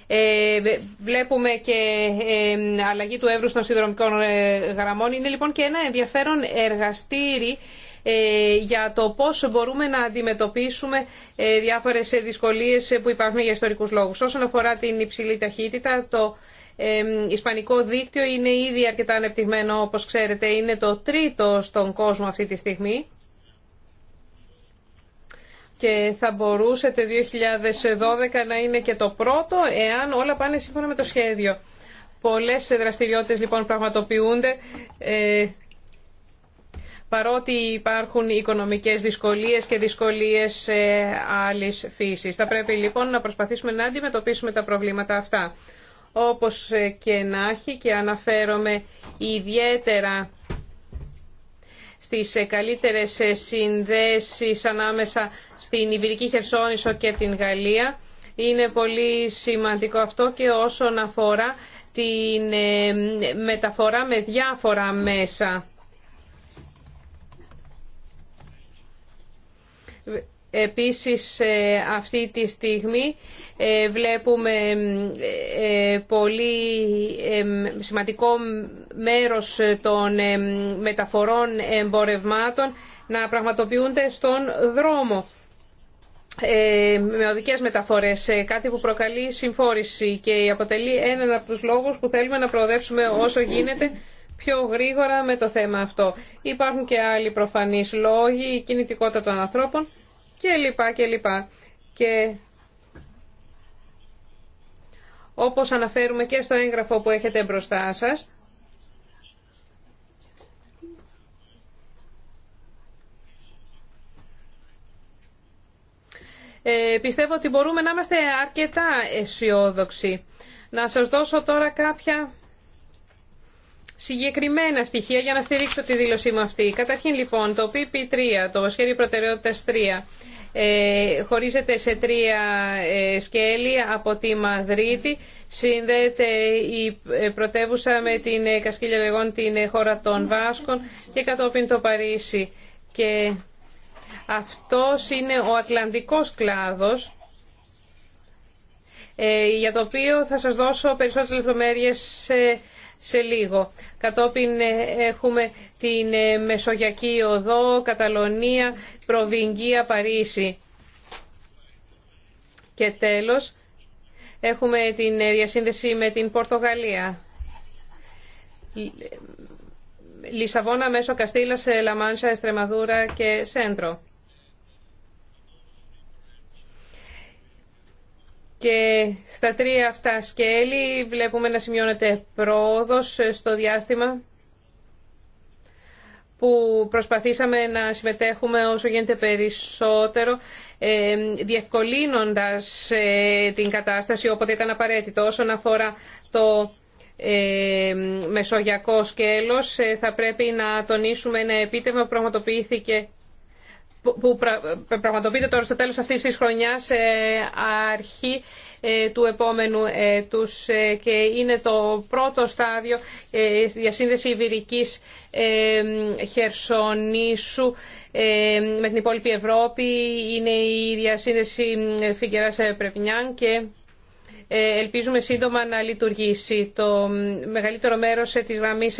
Ε, βλέπουμε και αλλαγή του εύρου των συνδρομικών ε, γραμμών. Είναι λοιπόν και ένα ενδιαφέρον εργαστήρι ε, για το πώς μπορούμε να αντιμετωπίσουμε διάφορες δυσκολίες που υπάρχουν για ιστορικούς λόγους. Όσον αφορά την υψηλή ταχύτητα, το ισπανικό δίκτυο είναι ήδη αρκετά ανεπτυγμένο, όπως ξέρετε, είναι το τρίτο στον κόσμο αυτή τη στιγμή και θα μπορούσε το 2012 να είναι και το πρώτο εάν όλα πάνε σύμφωνα με το σχέδιο. Πολλές δραστηριότητες λοιπόν πραγματοποιούνται ε, παρότι υπάρχουν οικονομικές δυσκολίες και δυσκολίες ε, άλλης φύσης. Θα πρέπει λοιπόν να προσπαθήσουμε να αντιμετωπίσουμε τα προβλήματα αυτά. Όπως ε, και να έχει και αναφέρομαι ιδιαίτερα στις ε, καλύτερες ε, συνδέσεις ανάμεσα στην Ιβυρική Χερσόνησο και την Γαλλία. Είναι πολύ σημαντικό αυτό και όσον αφορά τη ε, μεταφορά με διάφορα μέσα. Επίσης ε, αυτή τη στιγμή ε, βλέπουμε ε, πολύ σημαντικό μέρος των μεταφορών εμπορευμάτων να πραγματοποιούνται στον δρόμο με οδικές μεταφορές, κάτι που προκαλεί συμφόρηση και αποτελεί έναν από τους λόγους που θέλουμε να προοδεύσουμε όσο γίνεται πιο γρήγορα με το θέμα αυτό. Υπάρχουν και άλλοι προφανείς λόγοι, η κινητικότητα των ανθρώπων και λοιπά και λοιπά. Και όπως αναφέρουμε και στο έγγραφο που έχετε μπροστά σας, ε, πιστεύω ότι μπορούμε να είμαστε αρκετά αισιόδοξοι. Να σας δώσω τώρα κάποια συγκεκριμένα στοιχεία για να στηρίξω τη δήλωσή μου αυτή. Καταρχήν λοιπόν το PP3, το σχέδιο προτεραιότητας 3, ε, χωρίζεται σε τρία ε, σκέλη από τη Μαδρίτη. Συνδέεται η ε, πρωτεύουσα με την ε, Κασκίλια Λεγόν, την ε, χώρα των Βάσκων και κατόπιν το Παρίσι. Και αυτός είναι ο Ατλαντικός κλάδος ε, για το οποίο θα σας δώσω περισσότερες λεπτομέρειες σε λίγο. Κατόπιν ε, έχουμε την ε, Μεσογειακή Οδό, Καταλωνία, Προβυγγία, Παρίσι. Και τέλος έχουμε την ε, διασύνδεση με την Πορτογαλία. Λισαβόνα μέσω Καστήλας, Λαμάνσα, Εστρεμαδούρα και Σέντρο. Και στα τρία αυτά σκέλη βλέπουμε να σημειώνεται πρόοδος στο διάστημα που προσπαθήσαμε να συμμετέχουμε όσο γίνεται περισσότερο ε, διευκολύνοντας ε, την κατάσταση όποτε ήταν απαραίτητο. Όσον αφορά το ε, μεσογειακό σκέλος θα πρέπει να τονίσουμε ένα επίτευγμα που πραγματοποιήθηκε που πραγματοποιείται τώρα στο τέλος αυτής της χρονιάς ε, αρχή ε, του επόμενου έτους ε, και είναι το πρώτο στάδιο στη διασύνδεση Ιβηρικής Χερσονήσου με την υπόλοιπη Ευρώπη. Είναι η διασύνδεση Φιγκεράς Πρεπινιάν και ελπίζουμε σύντομα να λειτουργήσει. Το μεγαλύτερο μέρος της γραμμής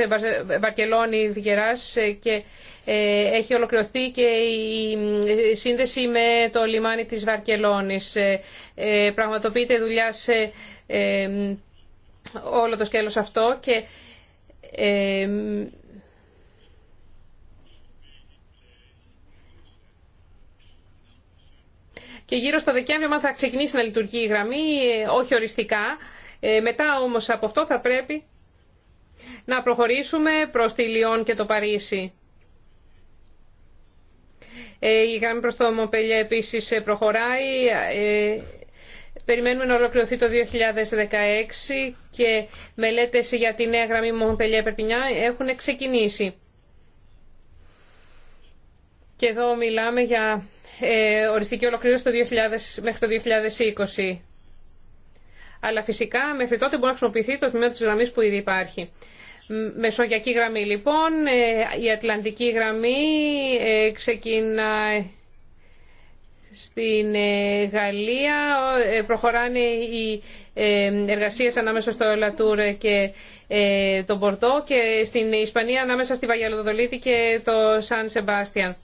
Βαρκελόνη-Φιγκεράς και ε, έχει ολοκληρωθεί και η σύνδεση με το λιμάνι της Βαρκελόνης. Ε, ε, πραγματοποιείται δουλειά σε όλο το σκέλος αυτό και και γύρω στο Δεκέμβριο θα ξεκινήσει να λειτουργεί η γραμμή, όχι οριστικά. μετά όμως από αυτό θα πρέπει να προχωρήσουμε προς τη Λιόν και το Παρίσι. Ε, η γραμμή προς το Μοπέλια επίσης ε, προχωράει. Ε, περιμένουμε να ολοκληρωθεί το 2016 και μελέτες για τη νέα γραμμή Μοπέλια-Περπινιά έχουν ξεκινήσει. Και εδώ μιλάμε για οριστική ολοκλήρωση το 2000, μέχρι το 2020. Αλλά φυσικά μέχρι τότε μπορεί να χρησιμοποιηθεί το τμήμα της γραμμής που ήδη υπάρχει. Μεσογειακή γραμμή λοιπόν, ε, η Ατλαντική γραμμή ε, ξεκινά ε, στην Γαλλία, προχωράνε οι εργασίες ανάμεσα στο Λατούρ και τον Πορτό και στην Ισπανία ανάμεσα στη Βαγιαλοδολίτη και το Σαν Σεμπάστιαν.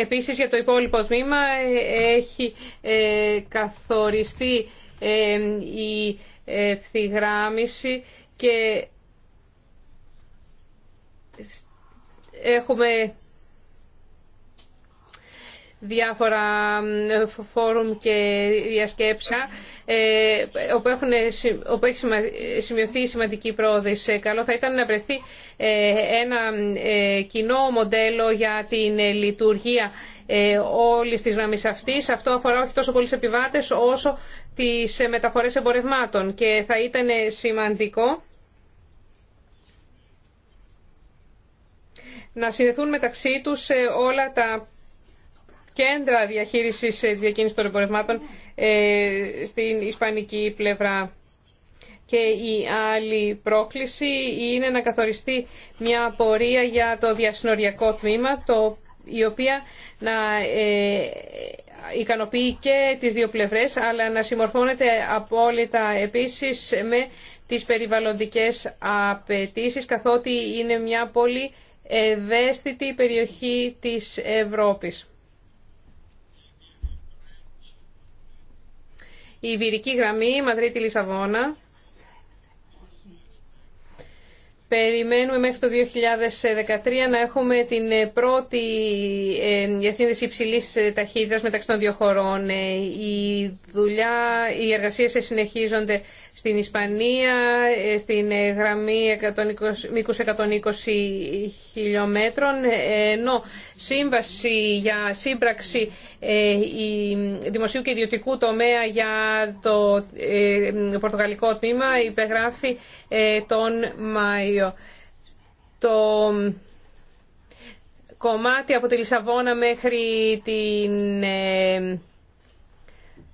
Επίσης για το υπόλοιπο τμήμα έχει καθοριστεί η ευθυγράμμιση και έχουμε διάφορα φόρουμ και διασκέψα ε, όπου, έχουν, έχει σημειωθεί σημαντική πρόοδος. Ε, καλό θα ήταν να βρεθεί ε, ένα κοινό μοντέλο για την λειτουργία όλης της γραμμής αυτής. Αυτό αφορά όχι τόσο πολλούς επιβάτες όσο τις μεταφορές εμπορευμάτων και θα ήταν σημαντικό να συνδεθούν μεταξύ τους όλα τα κέντρα διαχείρισης της διακίνησης των εμπορευμάτων ε, στην ισπανική πλευρά. Και η άλλη πρόκληση είναι να καθοριστεί μια πορεία για το διασυνοριακό τμήμα, το, η οποία να ε, ικανοποιεί και τις δύο πλευρές, αλλά να συμμορφώνεται απόλυτα επίσης με τις περιβαλλοντικές απαιτήσεις, καθότι είναι μια πολύ ευαίσθητη περιοχή της Ευρώπης. Η Ιβηρική Γραμμή, Μαδρίτη-Λισαβόνα, Περιμένουμε μέχρι το 2013 να έχουμε την ε, πρώτη διασύνδεση ε, υψηλής ε, ταχύτητας μεταξύ των δύο χωρών. Η δουλειά, οι εργασίες συνεχίζονται στην Ισπανία, στην γραμμή 120, 120 χιλιόμετρων, ενώ σύμβαση για σύμπραξη ε, η δημοσίου και ιδιωτικού τομέα για το ε, πορτογαλικό τμήμα υπεγράφει ε, τον Μάιο. Το κομμάτι από τη Λισαβόνα μέχρι την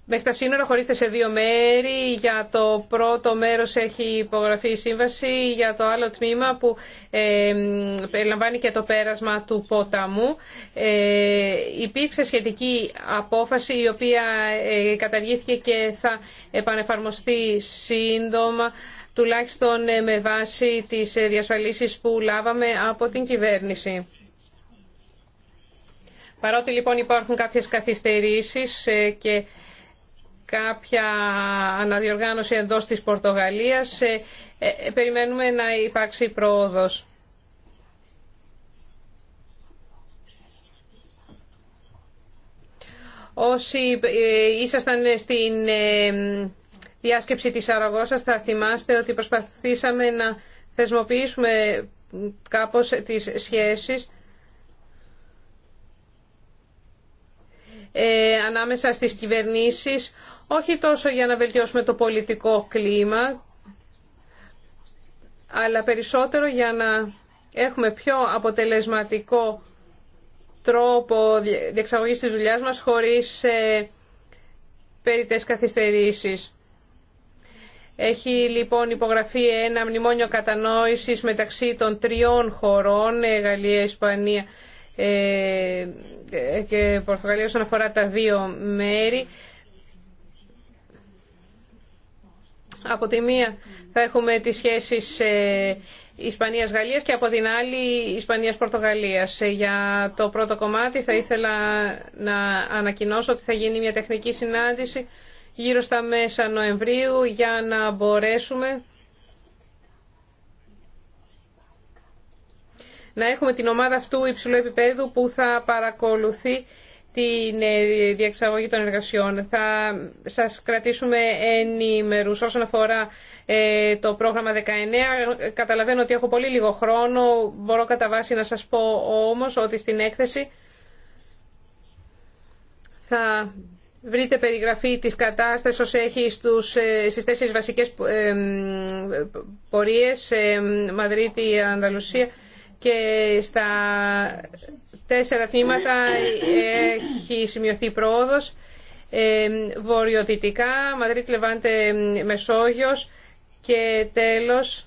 μέχρι τα σύνορα χωρίστε σε δύο μέρη. Για το πρώτο μέρος έχει υπογραφεί η σύμβαση, για το άλλο τμήμα που ε, περιλαμβάνει και το πέρασμα του ποταμού. Ε, υπήρξε σχετική απόφαση η οποία ε, καταργήθηκε και θα επανεφαρμοστεί σύντομα τουλάχιστον ε, με βάση τις ε, διασφαλίσεις που λάβαμε από την κυβέρνηση. Παρότι λοιπόν υπάρχουν κάποιες καθυστερήσεις και κάποια αναδιοργάνωση εντός της Πορτογαλίας. Ε, ε, ε, περιμένουμε να υπάρξει πρόοδος. Όσοι ήσασταν στην διάσκεψη της Αραγώσας θα θυμάστε ότι προσπαθήσαμε να θεσμοποιήσουμε κάπως τις σχέσεις ανάμεσα στις κυβερνήσεις όχι τόσο για να βελτιώσουμε το πολιτικό κλίμα, αλλά περισσότερο για να έχουμε πιο αποτελεσματικό τρόπο διεξαγωγής της δουλειάς μας χωρίς ε, περιττές καθυστερήσεις. Έχει λοιπόν υπογραφεί ένα μνημόνιο κατανόησης μεταξύ των τριών χωρών, ε, Γαλλία, Ισπανία ε, ε, και Πορτογαλία όσον αφορά τα δύο μέρη. Από τη μία θα έχουμε τις σχέσεις ε, Ισπανίας-Γαλλίας και από την άλλη Ισπανίας-Πορτογαλίας. Ε, για το πρώτο κομμάτι θα ήθελα να ανακοινώσω ότι θα γίνει μια τεχνική συνάντηση γύρω στα μέσα Νοεμβρίου για να μπορέσουμε να έχουμε την ομάδα αυτού υψηλού επίπεδου που θα παρακολουθεί την ε, διεξαγωγή των εργασιών. Θα σας κρατήσουμε ενημερούς όσον αφορά ε, το πρόγραμμα 19. Καταλαβαίνω ότι έχω πολύ λίγο χρόνο. Μπορώ κατά βάση να σας πω όμως ότι στην έκθεση θα βρείτε περιγραφή της κατάστασης όσο έχει στους, ε, στις τέσσερις βασικές πορείες Μαδρίτη, Ανταλουσία και στα τέσσερα τμήματα ε, έχει σημειωθεί πρόοδος. Ε, βορειοδυτικά, Μαδρίτη, Λεβάντε, Μεσόγειος και τέλος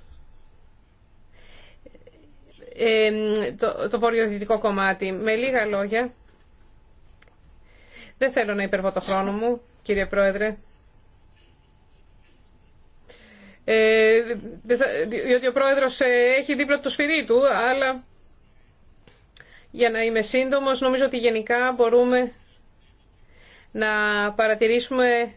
ε, το, το βορειοδυτικό κομμάτι. Με λίγα λόγια, δεν θέλω να υπερβώ το χρόνο μου, κύριε Πρόεδρε. Ε, διότι ο πρόεδρος έχει δίπλα του σφυρί του, αλλά για να είμαι σύντομος, νομίζω ότι γενικά μπορούμε να παρατηρήσουμε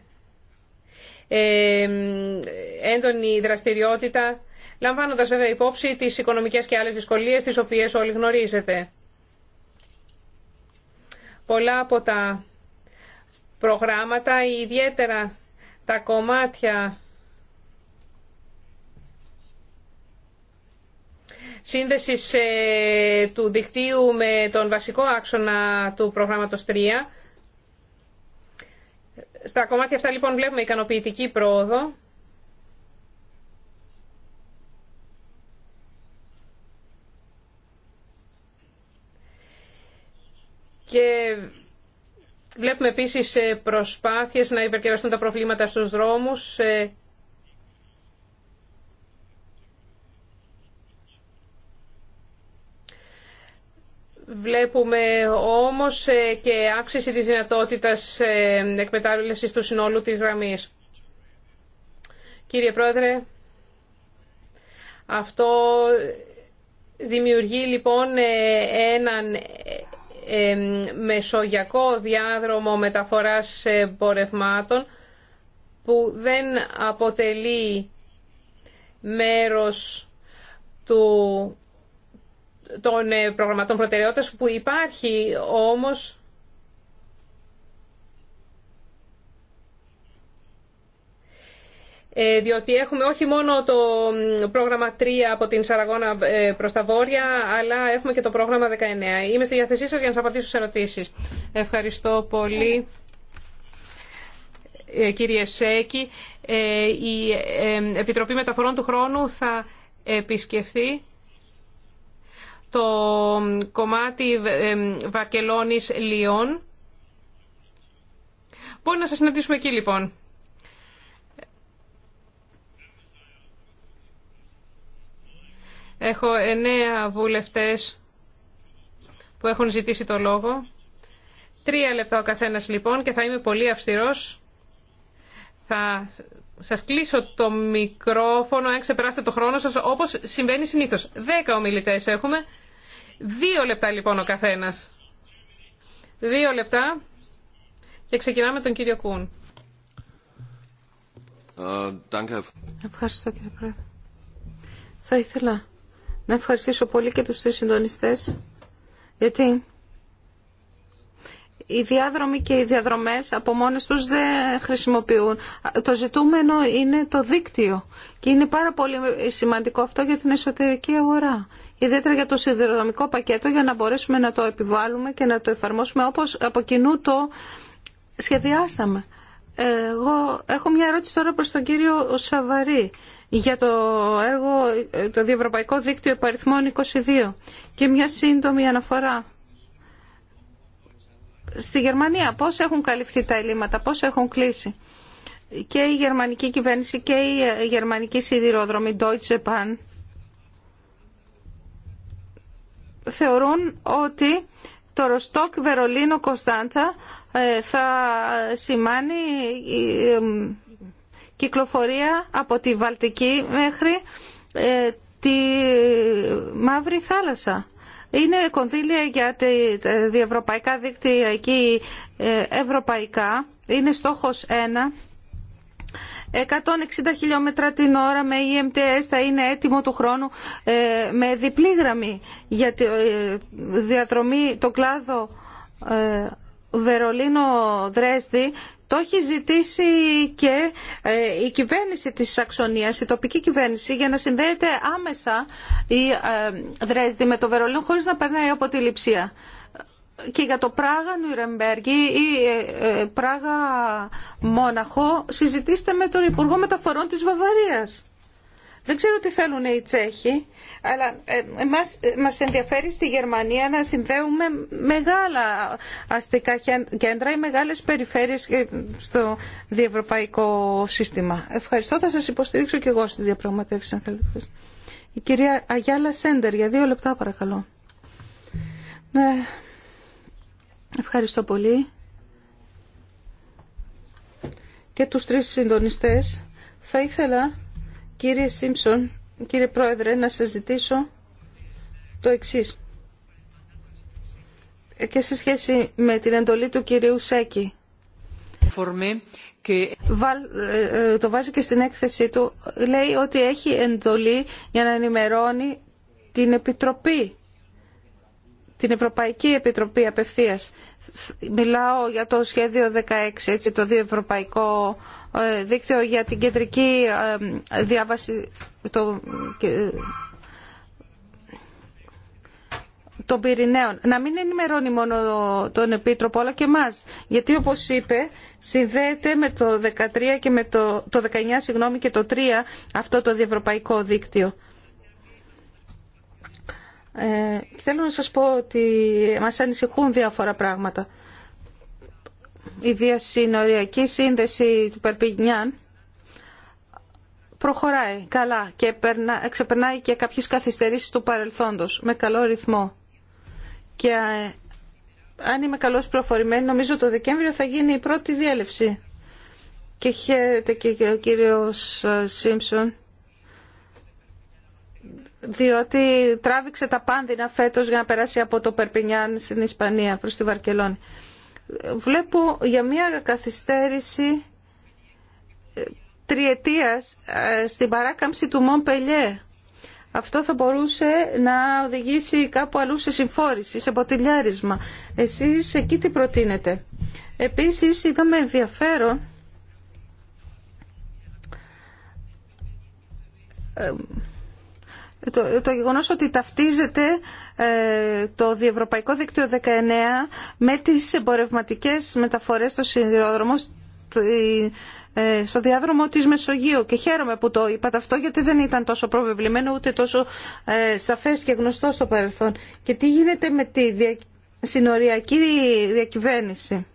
έντονη δραστηριότητα, λαμβάνοντας βέβαια υπόψη τις οικονομικές και άλλες δυσκολίες τις οποίες όλοι γνωρίζετε. Πολλά από τα προγράμματα, ιδιαίτερα τα κομμάτια σύνδεσης ε, του δικτύου με τον βασικό άξονα του προγράμματος 3. Στα κομμάτια αυτά λοιπόν βλέπουμε ικανοποιητική πρόοδο. Και βλέπουμε επίσης ε, προσπάθειες να υπερκεραστούν τα προβλήματα στους δρόμους ε, Βλέπουμε όμως ε, και αύξηση της δυνατότητας ε, εκμετάλλευσης του συνόλου της γραμμής. Κύριε Πρόεδρε, αυτό δημιουργεί λοιπόν ε, έναν μεσογειακό διάδρομο μεταφοράς πορευμάτων που δεν αποτελεί μέρος του των ε, προγραμματών προτεραιότητας που υπάρχει όμως ε, διότι έχουμε όχι μόνο το πρόγραμμα 3 από την Σαραγώνα ε, προς τα Βόρεια, αλλά έχουμε και το πρόγραμμα 19. Είμαι στη διάθεσή σας για να σας απαντήσω σε ερωτήσεις. Ευχαριστώ πολύ, κύριε Σέκη. Η Επιτροπή Μεταφορών του Χρόνου θα επισκεφθεί το κομμάτι Βαρκελόνης-Λιών. Μπορεί να σας συναντήσουμε εκεί λοιπόν. Έχω εννέα βουλευτές που έχουν ζητήσει το λόγο. Τρία λεπτά ο καθένας λοιπόν και θα είμαι πολύ αυστηρός. Θα σας κλείσω το μικρόφωνο αν ξεπεράσετε το χρόνο σας όπως συμβαίνει συνήθως. Δέκα ομιλητές έχουμε. Δύο λεπτά λοιπόν ο καθένας. Δύο λεπτά και ξεκινάμε τον κύριο Κούν. Ε, Ευχαριστώ κύριε Πρόεδρε. Θα ήθελα να ευχαριστήσω πολύ και τους τρεις συντονιστές γιατί οι διάδρομοι και οι διαδρομές από μόνες τους δεν χρησιμοποιούν. Το ζητούμενο είναι το δίκτυο και είναι πάρα πολύ σημαντικό αυτό για την εσωτερική αγορά. Ιδιαίτερα για το σιδηροδρομικό πακέτο για να μπορέσουμε να το επιβάλλουμε και να το εφαρμόσουμε όπως από κοινού το σχεδιάσαμε. Εγώ έχω μια ερώτηση τώρα προς τον κύριο Σαβαρή για το έργο, το Διευρωπαϊκό Δίκτυο υπαριθμών 22 και μια σύντομη αναφορά στη Γερμανία πώς έχουν καλυφθεί τα ελλείμματα, πώς έχουν κλείσει. Και η γερμανική κυβέρνηση και η ε, γερμανική σιδηροδρομή Deutsche Bahn θεωρούν ότι το Ροστόκ Βερολίνο Κωνσταντσα ε, θα σημάνει ε, κυκλοφορία από τη Βαλτική μέχρι τη Μαύρη Θάλασσα είναι κονδύλια για τη διευρωπαϊκά δίκτυα εκεί ε, ευρωπαϊκά. Είναι στόχος 1. 160 χιλιόμετρα την ώρα με EMTS θα είναι έτοιμο του χρόνου ε, με διπλή γραμμή για τη ε, διαδρομή, το κλάδο Βερολίνο-Δρέσδη το έχει ζητήσει και ε, η κυβέρνηση της Σαξονίας, η τοπική κυβέρνηση, για να συνδέεται άμεσα η ε, Δρέσδη με το Βερολίνο χωρίς να περνάει από τη λειψία. Και για το Πράγα Νουρεμπέργη ή ε, Πράγα Μόναχο συζητήστε με τον Υπουργό Μεταφορών της Βαβαρίας δεν ξέρω τι θέλουν οι Τσέχοι, αλλά ε, μας, ε, μας ενδιαφέρει στη Γερμανία να συνδέουμε μεγάλα αστικά κέντρα ή μεγάλες περιφέρειες ε, στο διευρωπαϊκό σύστημα. Ευχαριστώ, θα σας υποστηρίξω και εγώ στις διαπραγματεύσεις, αν θέλετε. Η κυρία Αγιάλα Σέντερ, για δύο λεπτά παρακαλώ. Ναι, ευχαριστώ πολύ. Και τους τρεις συντονιστές θα ήθελα Κύριε Σίμψον, κύριε Πρόεδρε, να σας ζητήσω το εξής. Και σε σχέση με την εντολή του κυρίου Σέκη. Και... Ε, ε, το βάζει και στην έκθεσή του. Λέει ότι έχει εντολή για να ενημερώνει την Επιτροπή, την Ευρωπαϊκή Επιτροπή απευθείας. Μιλάω για το σχέδιο 16, έτσι, το διευρωπαϊκό ε, δίκτυο για την κεντρική ε, διάβαση ε, των πυρηναίων. Να μην ενημερώνει μόνο τον Επίτροπο, αλλά και εμά. Γιατί όπως είπε, συνδέεται με το 13 και με το, το 19 συγγνώμη, και το 3 αυτό το διευρωπαϊκό δίκτυο. θέλω να σας πω ότι μας ανησυχούν διάφορα πράγματα η διασυνοριακή σύνδεση του Περπινιάν προχωράει καλά και ξεπερνάει και κάποιες καθυστερήσεις του παρελθόντος με καλό ρυθμό. Και ε, αν είμαι καλώς προφορημένη, νομίζω το Δεκέμβριο θα γίνει η πρώτη διέλευση. Και χαίρεται και ο κύριος ε, Σίμψον, διότι τράβηξε τα πάνδυνα φέτος για να περάσει από το Περπινιάν στην Ισπανία προς τη Βαρκελόνη βλέπω για μια καθυστέρηση ε, τριετίας ε, στην παράκαμψη του Μον Πελιέ. Αυτό θα μπορούσε να οδηγήσει κάπου αλλού σε συμφόρηση, σε ποτηλιάρισμα. Εσείς εκεί τι προτείνετε. Επίσης είδαμε ενδιαφέρον ε, το, το γεγονός ότι ταυτίζεται ε, το Διευρωπαϊκό Δίκτυο 19 με τις εμπορευματικές μεταφορές στο σιδηρόδρομο ε, στο διάδρομο της Μεσογείου και χαίρομαι που το είπατε αυτό γιατί δεν ήταν τόσο προβεβλημένο ούτε τόσο ε, σαφές και γνωστό στο παρελθόν. Και τι γίνεται με τη δια, συνοριακή διακυβέρνηση.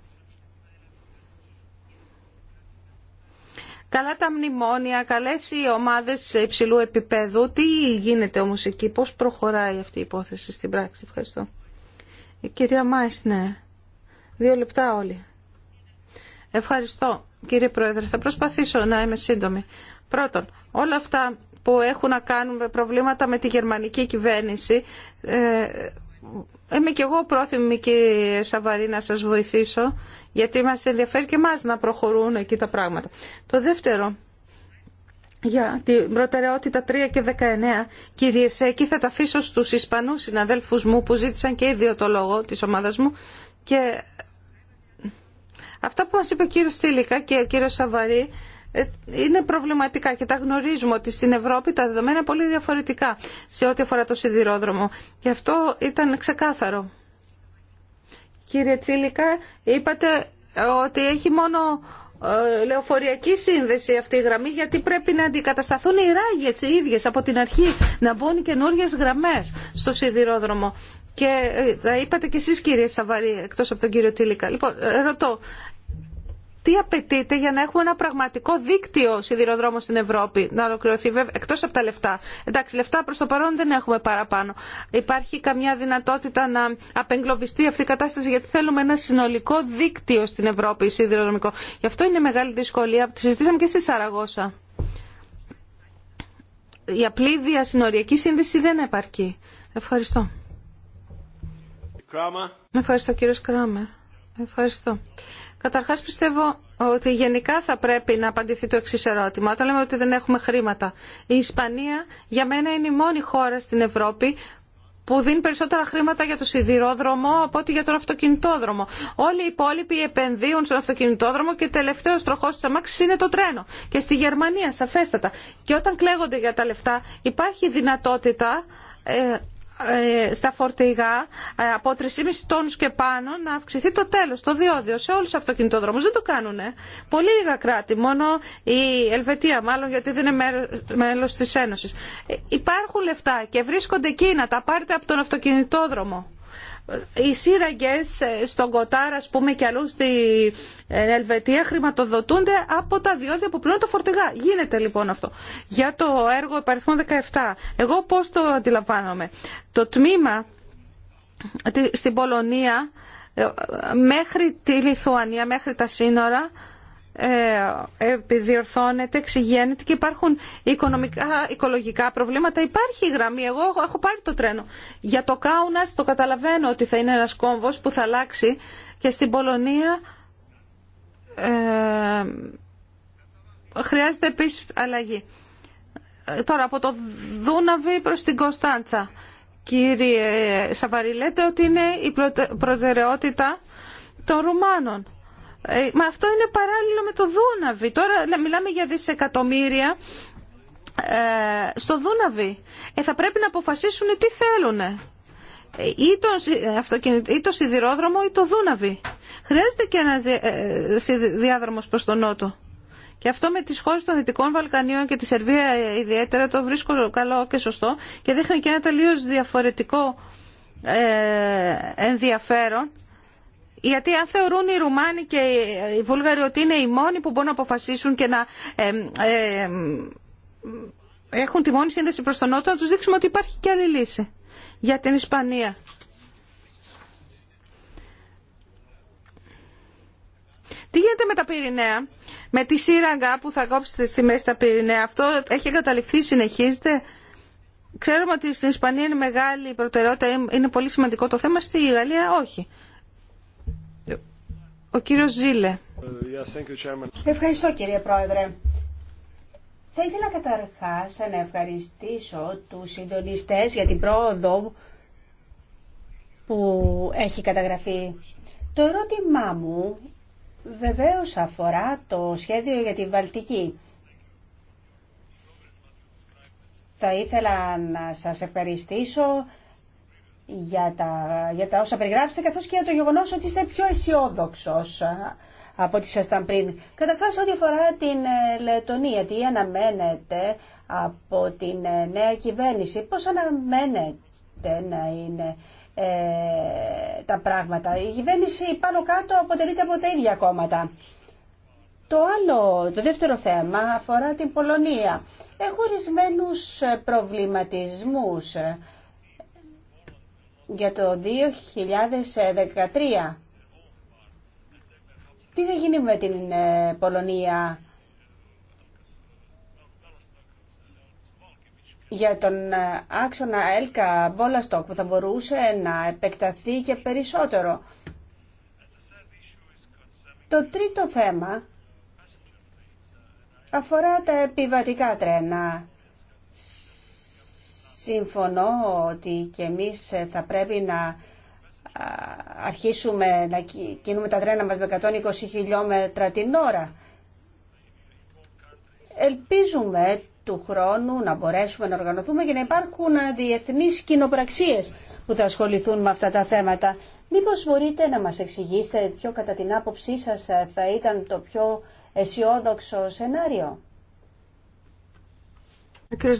Καλά τα μνημόνια, καλές οι ομάδες υψηλού επίπεδου. Τι γίνεται όμως εκεί, πώς προχωράει αυτή η υπόθεση στην πράξη. Ευχαριστώ. Η κυρία Μάισνερ, ναι. δύο λεπτά όλοι. Ευχαριστώ κύριε Πρόεδρε. Θα προσπαθήσω να είμαι σύντομη. Πρώτον, όλα αυτά που έχουν να κάνουν προβλήματα με τη γερμανική κυβέρνηση ε, Είμαι και εγώ πρόθυμη κύριε Σαβαρή να σας βοηθήσω γιατί μας ενδιαφέρει και μας να προχωρούν εκεί τα πράγματα. Το δεύτερο για την προτεραιότητα 3 και 19 κύριε εκεί θα τα αφήσω στους Ισπανούς συναδέλφους μου που ζήτησαν και ίδιο το λόγο της ομάδας μου και αυτά που μας είπε ο κύριος Στήλικα και ο κύριος Σαβαρή ε, είναι προβληματικά και τα γνωρίζουμε ότι στην Ευρώπη τα δεδομένα είναι πολύ διαφορετικά σε ό,τι αφορά το σιδηρόδρομο. Γι' αυτό ήταν ξεκάθαρο. Κύριε Τσίλικα, είπατε ότι έχει μόνο ε, λεωφοριακή σύνδεση αυτή η γραμμή γιατί πρέπει να αντικατασταθούν οι ράγες οι ίδιες από την αρχή να μπουν καινούριε γραμμές στο σιδηρόδρομο. Και θα ε, είπατε κι εσείς κύριε Σαβαρή, εκτός από τον κύριο Τίλικα. Λοιπόν, ρωτώ, τι απαιτείται για να έχουμε ένα πραγματικό δίκτυο σιδηροδρόμων στην Ευρώπη να ολοκληρωθεί, εκτό από τα λεφτά. Εντάξει, λεφτά προ το παρόν δεν έχουμε παραπάνω. Υπάρχει καμιά δυνατότητα να απεγκλωβιστεί αυτή η κατάσταση, γιατί θέλουμε ένα συνολικό δίκτυο στην Ευρώπη σιδηροδρομικό. Γι' αυτό είναι μεγάλη δυσκολία. Τη Συζητήσαμε και στη Σαραγώσα. Η απλή διασυνοριακή σύνδεση δεν επαρκεί. Ευχαριστώ. Ευχαριστώ κύριο Κράμερ. Ευχαριστώ. Καταρχάς πιστεύω ότι γενικά θα πρέπει να απαντηθεί το εξή ερώτημα. Όταν λέμε ότι δεν έχουμε χρήματα. Η Ισπανία για μένα είναι η μόνη χώρα στην Ευρώπη που δίνει περισσότερα χρήματα για το σιδηρόδρομο από ότι για τον αυτοκινητόδρομο. Όλοι οι υπόλοιποι επενδύουν στον αυτοκινητόδρομο και τελευταίο τροχό τη αμάξη είναι το τρένο. Και στη Γερμανία, σαφέστατα. Και όταν κλέγονται για τα λεφτά, υπάρχει δυνατότητα ε, ε, στα φορτηγά ε, από 3,5 τόνους και πάνω να αυξηθεί το τέλος, το διόδιο σε όλου του αυτοκινητόδρομους. Δεν το κάνουν. Πολύ λίγα κράτη, μόνο η Ελβετία μάλλον γιατί δεν είναι μέλο τη Ένωση. Ε, υπάρχουν λεφτά και βρίσκονται εκεί να τα πάρετε από τον αυτοκινητόδρομο. Οι σύραγγε ε, στον Κοτάρ α πούμε, και αλλού στη ε, Ελβετία χρηματοδοτούνται από τα διόδια που πληρώνουν τα φορτηγά. Γίνεται λοιπόν αυτό. Για το έργο υπαριθμό 17, εγώ πώ το αντιλαμβάνομαι. Το τμήμα ε, στην Πολωνία μέχρι τη Λιθουανία, μέχρι τα σύνορα, ε, επιδιορθώνεται, εξηγένεται και υπάρχουν οικονομικά, οικολογικά προβλήματα. Υπάρχει γραμμή. Εγώ έχω πάρει το τρένο. Για το Κάουνας το καταλαβαίνω ότι θα είναι ένας κόμβος που θα αλλάξει και στην Πολωνία ε, χρειάζεται επίσης αλλαγή. Ε, τώρα από το Δούναβι προς την Κωνσταντσα. Κύριε Σαβαρή, λέτε ότι είναι η προτεραιότητα των Ρουμάνων. Ε, μα αυτό είναι παράλληλο με το Δούναβι. Τώρα μιλάμε για δισεκατομμύρια ε, στο Δούναβι. Ε, θα πρέπει να αποφασίσουν τι θέλουν. Ε, ή το, ή το σιδηρόδρομο ή το Δούναβι. Χρειάζεται και ένας διάδρομος προς τον Νότο. Και αυτό με τις χώρες των Δυτικών Βαλκανίων και τη Σερβία ιδιαίτερα το βρίσκω καλό και σωστό και δείχνει και ένα τελείως διαφορετικό ενδιαφέρον γιατί αν θεωρούν οι Ρουμάνοι και οι Βούλγαροι ότι είναι οι μόνοι που μπορούν να αποφασίσουν και να ε, έχουν τη μόνη σύνδεση προς τον Νότο, να τους δείξουμε ότι υπάρχει και άλλη λύση για την Ισπανία. Τι γίνεται με τα Πυρηναία, με τη σύραγγα που θα κόψετε στη μέση τα Πυρηναία, αυτό έχει εγκαταληφθεί, συνεχίζεται. Ξέρουμε ότι στην Ισπανία είναι μεγάλη η προτεραιότητα, είναι πολύ σημαντικό το θέμα, στη Γαλλία όχι. Ο κύριος Ζήλε. Ευχαριστώ κύριε Πρόεδρε. Θα ήθελα καταρχάς να ευχαριστήσω τους συντονιστές για την πρόοδο που έχει καταγραφεί. Το ερώτημά μου βεβαίως αφορά το σχέδιο για τη Βαλτική. Θα ήθελα να σας ευχαριστήσω για τα, για τα όσα περιγράψετε, καθώ και για το γεγονό ότι είστε πιο αισιόδοξο από ό,τι ήσασταν πριν. Καταρχά, ό,τι αφορά την ε, Λετωνία, τι αναμένετε από την ε, νέα κυβέρνηση, πώς αναμένετε να είναι ε, τα πράγματα. Η κυβέρνηση πάνω κάτω αποτελείται από τα ίδια κόμματα. Το άλλο, το δεύτερο θέμα αφορά την Πολωνία. Έχω ορισμένου προβληματισμούς για το 2013. Τι θα γίνει με την ε, Πολωνία για τον ε, άξονα Έλκα Μπόλαστοκ που θα μπορούσε να επεκταθεί και περισσότερο. Το τρίτο θέμα αφορά τα επιβατικά τρένα. Συμφωνώ ότι και εμείς θα πρέπει να αρχίσουμε να κινούμε τα τρένα μας με 120 χιλιόμετρα την ώρα. Ελπίζουμε του χρόνου να μπορέσουμε να οργανωθούμε και να υπάρχουν διεθνείς κοινοπραξίες που θα ασχοληθούν με αυτά τα θέματα. Μήπως μπορείτε να μας εξηγήσετε ποιο κατά την άποψή σας θα ήταν το πιο αισιόδοξο σενάριο. κύριος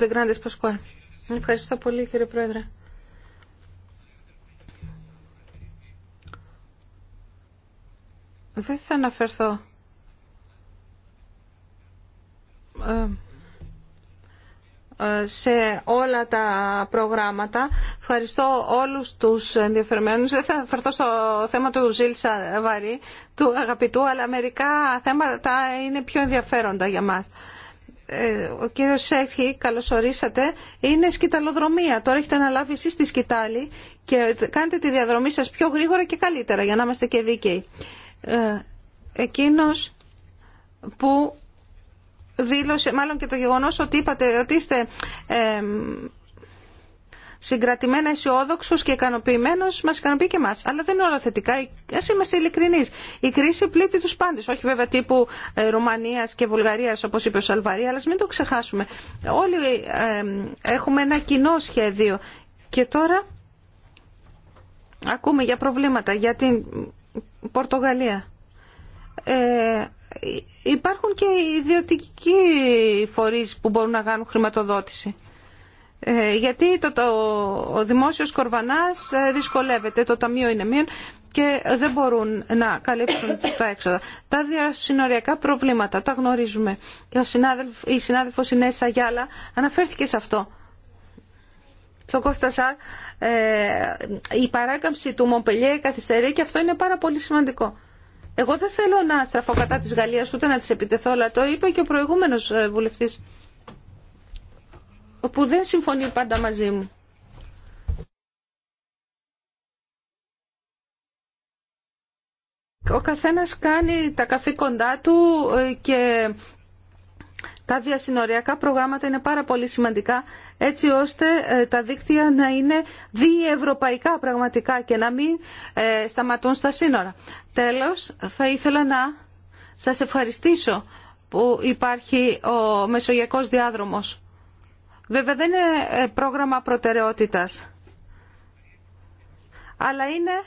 Ευχαριστώ πολύ κύριε Πρόεδρε. Δεν θα αναφερθώ ε, ε, σε όλα τα προγράμματα. Ευχαριστώ όλους τους ενδιαφερμένους. Δεν θα αναφερθώ στο θέμα του Ζήλ Βαρή, του αγαπητού, αλλά μερικά θέματα είναι πιο ενδιαφέροντα για μας. Ε, ο κύριος Σέχη, καλωσορίσατε, είναι σκηταλοδρομία. Τώρα έχετε αναλάβει εσείς τη σκητάλη και κάνετε τη διαδρομή σας πιο γρήγορα και καλύτερα για να είμαστε και δίκαιοι. Ε, εκείνος που δήλωσε, μάλλον και το γεγονός ότι είπατε ότι είστε ε, συγκρατημένα αισιόδοξο και ικανοποιημένο, μα ικανοποιεί και εμά. Αλλά δεν είναι όλα θετικά. Α είμαστε ειλικρινεί. Η κρίση πλήττει του πάντε. Όχι βέβαια τύπου ε, Ρουμανία και Βουλγαρία, όπω είπε ο Σαλβαρή, αλλά μην το ξεχάσουμε. Όλοι έχουμε ένα κοινό σχέδιο. Και τώρα ακούμε για προβλήματα για την Πορτογαλία. Ε, υπάρχουν και ιδιωτικοί φορείς που μπορούν να κάνουν χρηματοδότηση. Ε, γιατί το, το, ο δημόσιος κορβανάς ε, δυσκολεύεται, το ταμείο είναι μείον και δεν μπορούν να καλύψουν τα έξοδα. Τα διασυνοριακά προβλήματα τα γνωρίζουμε και ο συνάδελφ, η συνάδελφος Ινέσα Γιάλα αναφέρθηκε σε αυτό. Στο Κώστα Σάρ, ε, η παράκαμψη του Μομπελιέ καθυστερεί και αυτό είναι πάρα πολύ σημαντικό. Εγώ δεν θέλω να στραφώ κατά της Γαλλίας ούτε να της επιτεθώ, αλλά το είπε και ο προηγούμενος ε, βουλευτής που δεν συμφωνεί πάντα μαζί μου. Ο καθένας κάνει τα καθήκοντά του ε, και τα διασυνοριακά προγράμματα είναι πάρα πολύ σημαντικά έτσι ώστε ε, τα δίκτυα να είναι διευρωπαϊκά πραγματικά και να μην ε, σταματούν στα σύνορα. Τέλος, θα ήθελα να σας ευχαριστήσω που υπάρχει ο Μεσογειακός Διάδρομος Βέβαια δεν είναι ε, πρόγραμμα προτεραιότητας, αλλά είναι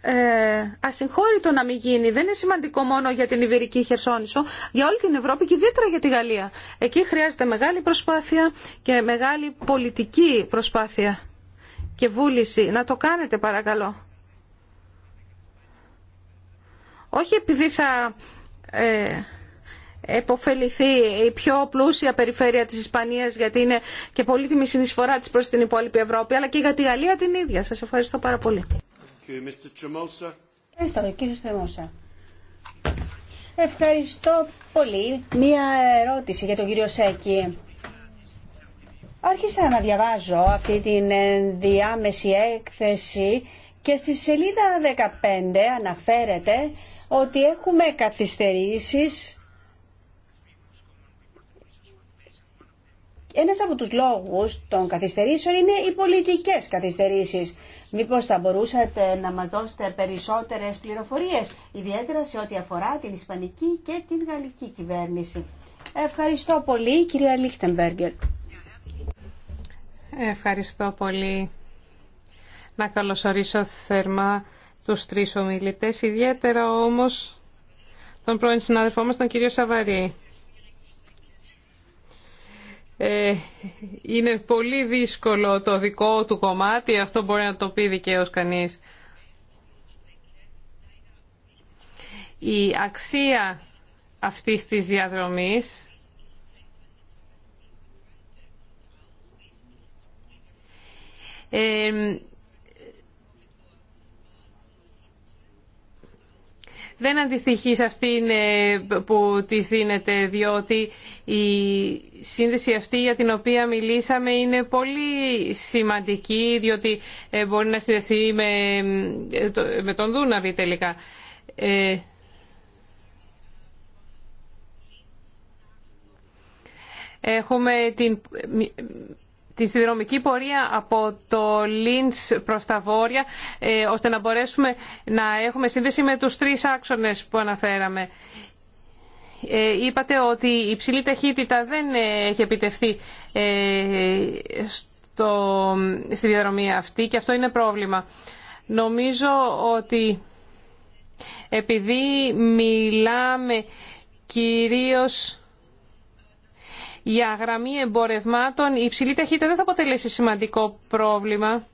ε, ασυγχώρητο να μην γίνει. Δεν είναι σημαντικό μόνο για την Ιβηρική Χερσόνησο, για όλη την Ευρώπη και ιδιαίτερα για τη Γαλλία. Εκεί χρειάζεται μεγάλη προσπάθεια και μεγάλη πολιτική προσπάθεια και βούληση. Να το κάνετε παρακαλώ. Όχι επειδή θα... Ε, επωφεληθεί η πιο πλούσια περιφέρεια της Ισπανίας γιατί είναι και πολύτιμη συνεισφορά της προς την υπόλοιπη Ευρώπη αλλά και για τη Γαλλία την ίδια. Σας ευχαριστώ πάρα πολύ. Ευχαριστώ κύριε Ευχαριστώ πολύ. Μία ερώτηση για τον κύριο Σέκη. Άρχισα να διαβάζω αυτή την διάμεση έκθεση και στη σελίδα 15 αναφέρεται ότι έχουμε καθυστερήσεις Ένας από τους λόγους των καθυστερήσεων είναι οι πολιτικές καθυστερήσεις. Μήπως θα μπορούσατε να μας δώσετε περισσότερες πληροφορίες, ιδιαίτερα σε ό,τι αφορά την Ισπανική και την Γαλλική κυβέρνηση. Ευχαριστώ πολύ, κυρία Λίχτεμπεργκερ. Ευχαριστώ πολύ. Να καλωσορίσω θερμά τους τρεις ομιλητές, ιδιαίτερα όμως τον πρώην συνάδελφό μας, τον κύριο Σαβαρή. Ε, είναι πολύ δύσκολο το δικό του κομμάτι, αυτό μπορεί να το πει δικαίως κανείς. Η αξία αυτής της διαδρομής ε, δεν αντιστοιχεί σε αυτήν ε, που τη δίνεται, διότι η σύνδεση αυτή για την οποία μιλήσαμε είναι πολύ σημαντική, διότι ε, μπορεί να συνδεθεί με, ε, με τον Δούναβη τελικά. Έχουμε την τη συνδρομική πορεία από το Λίντς προς τα Βόρεια, ε, ώστε να μπορέσουμε να έχουμε σύνδεση με τους τρεις άξονες που αναφέραμε. Ε, είπατε ότι η υψηλή ταχύτητα δεν έχει επιτευθεί ε, στο, στη διαδρομή αυτή και αυτό είναι πρόβλημα. Νομίζω ότι επειδή μιλάμε κυρίως για γραμμή εμπορευμάτων η υψηλή ταχύτητα δεν θα αποτελέσει σημαντικό πρόβλημα.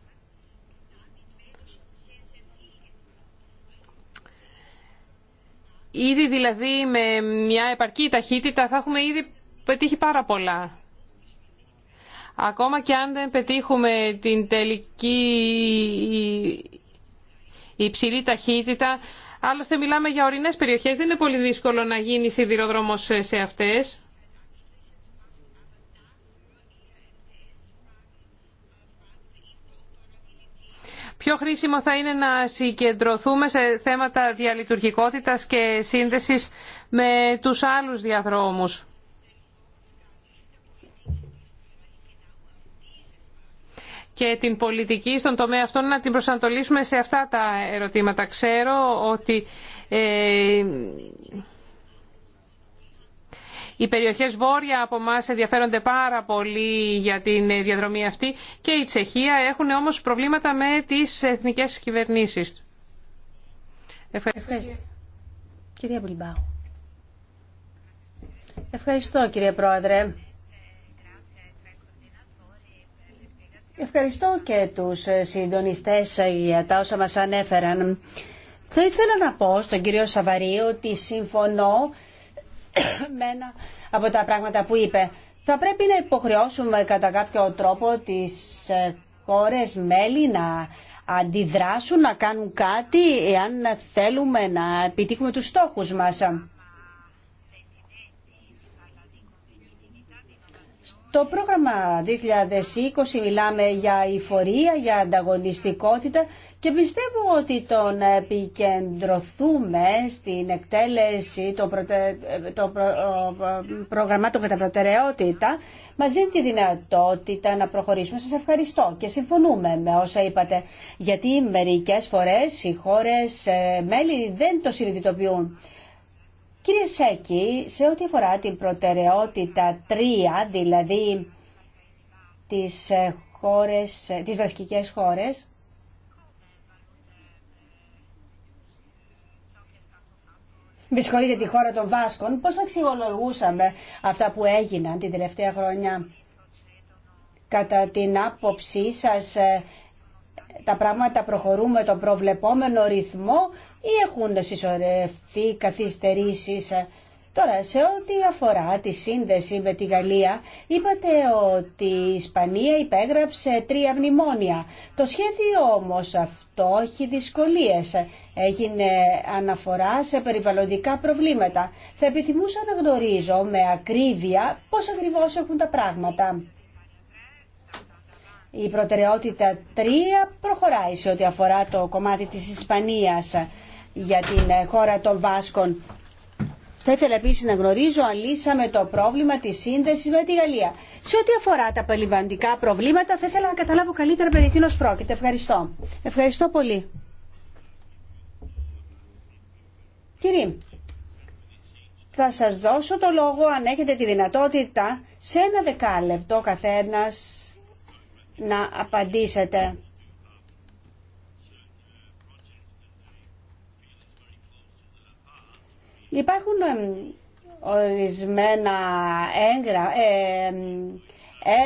Ήδη δηλαδή με μια επαρκή ταχύτητα θα έχουμε ήδη πετύχει πάρα πολλά. Ακόμα και αν δεν πετύχουμε την τελική υψηλή ταχύτητα, άλλωστε μιλάμε για ορεινές περιοχές, δεν είναι πολύ δύσκολο να γίνει σιδηροδρόμος σε αυτές. Πιο χρήσιμο θα είναι να συγκεντρωθούμε σε θέματα διαλειτουργικότητας και σύνδεσης με τους άλλους διαδρόμους. και την πολιτική στον τομέα αυτόν να την προσανατολίσουμε σε αυτά τα ερωτήματα. Ξέρω ότι ε, οι περιοχές βόρεια από εμά ενδιαφέρονται πάρα πολύ για την διαδρομή αυτή και η Τσεχία έχουν όμως προβλήματα με τις εθνικές κυβερνήσει. Ευχαριστώ. Κυρία Ευχαριστώ κύριε Πρόεδρε. Ευχαριστώ και τους συντονιστές για τα όσα μας ανέφεραν. Θα ήθελα να πω στον κύριο Σαβαρή ότι συμφωνώ Μένα από τα πράγματα που είπε. Θα πρέπει να υποχρεώσουμε κατά κάποιο τρόπο τις ε, χώρες μέλη να αντιδράσουν, να κάνουν κάτι εάν θέλουμε να επιτύχουμε τους στόχους μας. Το πρόγραμμα 2020 μιλάμε για ηφορία, για ανταγωνιστικότητα και πιστεύω ότι το να επικεντρωθούμε στην εκτέλεση των το προ... προγραμμάτων κατά προτεραιότητα μας δίνει τη δυνατότητα να προχωρήσουμε. Σας ευχαριστώ και συμφωνούμε με όσα είπατε γιατί μερικές φορές οι χώρες ε, μέλη δεν το συνειδητοποιούν. Κύριε Σέκη, σε ό,τι αφορά την προτεραιότητα 3, δηλαδή τις, ε, χώρες, ε, τις βασικές χώρες, Με συγχωρείτε τη χώρα των Βάσκων, πώς θα αξιολογούσαμε αυτά που έγιναν την τελευταία χρονιά. Κατά την άποψή σας, ε, τα πράγματα προχωρούν με τον προβλεπόμενο ρυθμό ή έχουν συσσωρευτεί καθυστερήσεις. Τώρα, σε ό,τι αφορά τη σύνδεση με τη Γαλλία, είπατε ότι η Ισπανία υπέγραψε τρία μνημόνια. Το σχέδιο όμως αυτό έχει δυσκολίες. Έγινε αναφορά σε περιβαλλοντικά προβλήματα. Θα επιθυμούσα να γνωρίζω με ακρίβεια πώς ακριβώς έχουν τα πράγματα. Η προτεραιότητα 3 προχωράει σε ό,τι αφορά το κομμάτι της Ισπανίας για την ε, χώρα των Βάσκων. Θα ήθελα επίση να γνωρίζω αν λύσαμε το πρόβλημα της σύνδεση με τη Γαλλία. Σε ό,τι αφορά τα περιβαλλοντικά προβλήματα θα ήθελα να καταλάβω καλύτερα περί τίνο πρόκειται. Ευχαριστώ. Ευχαριστώ πολύ. Κύριε, θα σας δώσω το λόγο αν έχετε τη δυνατότητα σε ένα δεκάλεπτο καθένα να απαντήσετε. Υπάρχουν ορισμένα έγγρα, ε,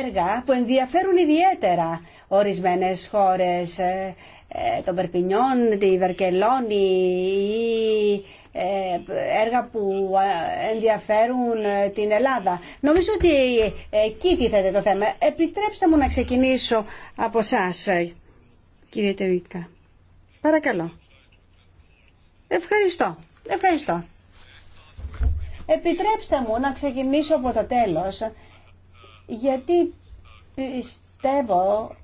έργα που ενδιαφέρουν ιδιαίτερα ορισμένες χώρες, ε, ε Περπινιών, τη Βερκελόνη ή ε, έργα που ενδιαφέρουν την Ελλάδα. Νομίζω ότι εκεί τίθεται το θέμα. Επιτρέψτε μου να ξεκινήσω από σας, κύριε Τερίτκα. Παρακαλώ. Ευχαριστώ. Ευχαριστώ. Επιτρέψτε μου να ξεκινήσω από το τέλος, γιατί πιστεύω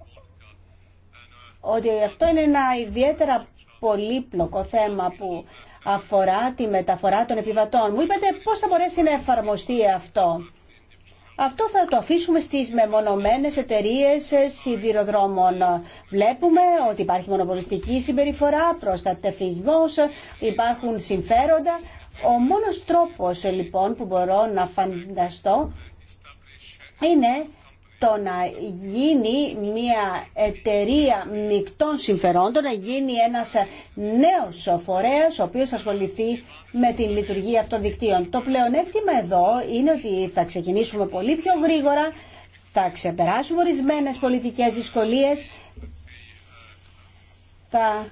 ότι αυτό είναι ένα ιδιαίτερα πολύπλοκο θέμα που αφορά τη μεταφορά των επιβατών. Μου είπατε πώς θα μπορέσει να εφαρμοστεί αυτό. Αυτό θα το αφήσουμε στις μεμονωμένες εταιρείες σιδηροδρόμων. Βλέπουμε ότι υπάρχει μονοπολιστική συμπεριφορά, προστατευισμός, υπάρχουν συμφέροντα. Ο μόνος τρόπος ε, λοιπόν που μπορώ να φανταστώ είναι το να γίνει μια εταιρεία μεικτών συμφερόντων, να γίνει ένας νέος φορέας ο οποίος θα ασχοληθεί με την λειτουργία αυτών δικτύων. Το πλεονέκτημα εδώ είναι ότι θα ξεκινήσουμε πολύ πιο γρήγορα, θα ξεπεράσουμε ορισμένες πολιτικές δυσκολίες, θα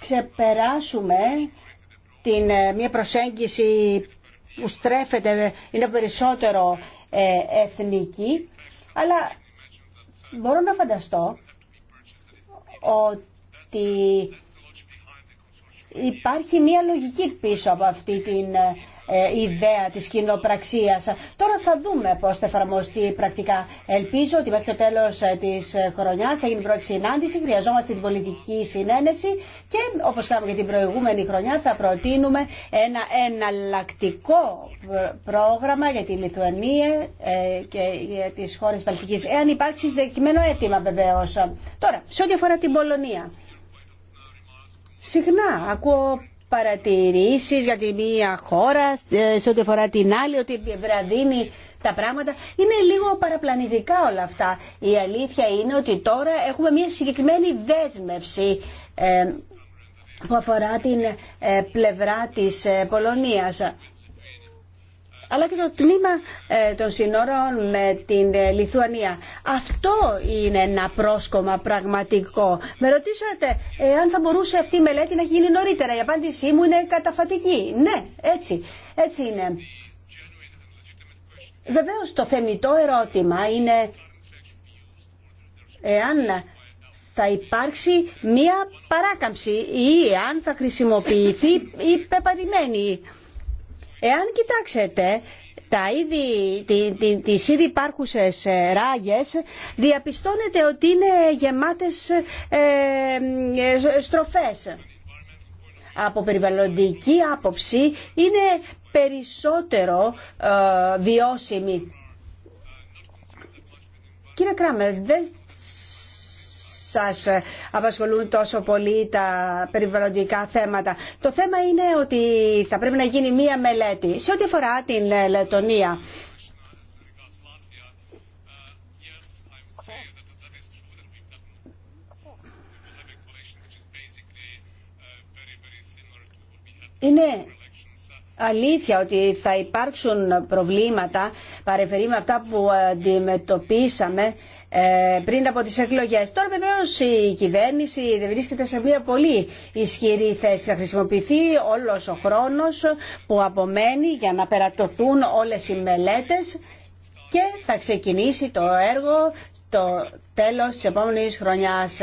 ξεπεράσουμε την, ε, μια προσέγγιση που στρέφεται, είναι περισσότερο ε, εθνική, αλλά μπορώ να φανταστώ ότι υπάρχει μια λογική πίσω από αυτή την ε, ε, ιδέα της κοινοπραξίας. Τώρα θα δούμε πώς θα εφαρμοστεί πρακτικά. Ελπίζω ότι μέχρι το τέλος ε, της ε, χρονιάς θα γίνει πρώτη συνάντηση, χρειαζόμαστε την πολιτική συνένεση και όπως κάναμε και την προηγούμενη χρονιά θα προτείνουμε ένα εναλλακτικό πρόγραμμα για τη Λιθουανία και για τις χώρες Βαλτικής. Εάν υπάρξει συγκεκριμένο αίτημα βεβαίως. Τώρα, σε ό,τι αφορά την Πολωνία. Συχνά ακούω παρατηρήσεις για τη μία χώρα ε, σε ό,τι αφορά την άλλη, ότι βραδίνει τα πράγματα. Είναι λίγο παραπλανητικά όλα αυτά. Η αλήθεια είναι ότι τώρα έχουμε μια συγκεκριμένη δέσμευση ε, που αφορά την ε, πλευρά της Πολωνίας αλλά και το τμήμα ε, των σύνορων με την ε, Λιθουανία. Αυτό είναι ένα πρόσκομα πραγματικό. Με ρωτήσατε ε, αν θα μπορούσε αυτή η μελέτη να γίνει νωρίτερα. Η απάντησή μου είναι καταφατική. Ναι, έτσι, έτσι είναι. Βεβαίω το θεμητό ερώτημα είναι εάν θα υπάρξει μία παράκαμψη ή αν θα χρησιμοποιηθεί η πεπατημένη. Εάν κοιτάξετε τα ήδη, τι, τι, τις ήδη υπάρχουσες ε, ράγες διαπιστώνεται ότι είναι γεμάτες ε, ε, στροφές. Από περιβαλλοντική άποψη είναι περισσότερο ε, βιώσιμη. Κύριε Κράμερ, σας ε, απασχολούν τόσο πολύ τα περιβαλλοντικά θέματα. Το θέμα είναι ότι θα πρέπει να γίνει μία μελέτη σε ό,τι αφορά την ε, Λετωνία. Είναι αλήθεια ότι θα υπάρξουν προβλήματα παρεφερεί με αυτά που αντιμετωπίσαμε ε, πριν από τις εκλογές. Τώρα βεβαίω η κυβέρνηση δεν βρίσκεται σε μια πολύ ισχυρή θέση. Θα χρησιμοποιηθεί όλος ο χρόνος που απομένει για να περατωθούν όλες οι μελέτες και θα ξεκινήσει το έργο το τέλος της επόμενης χρονιάς.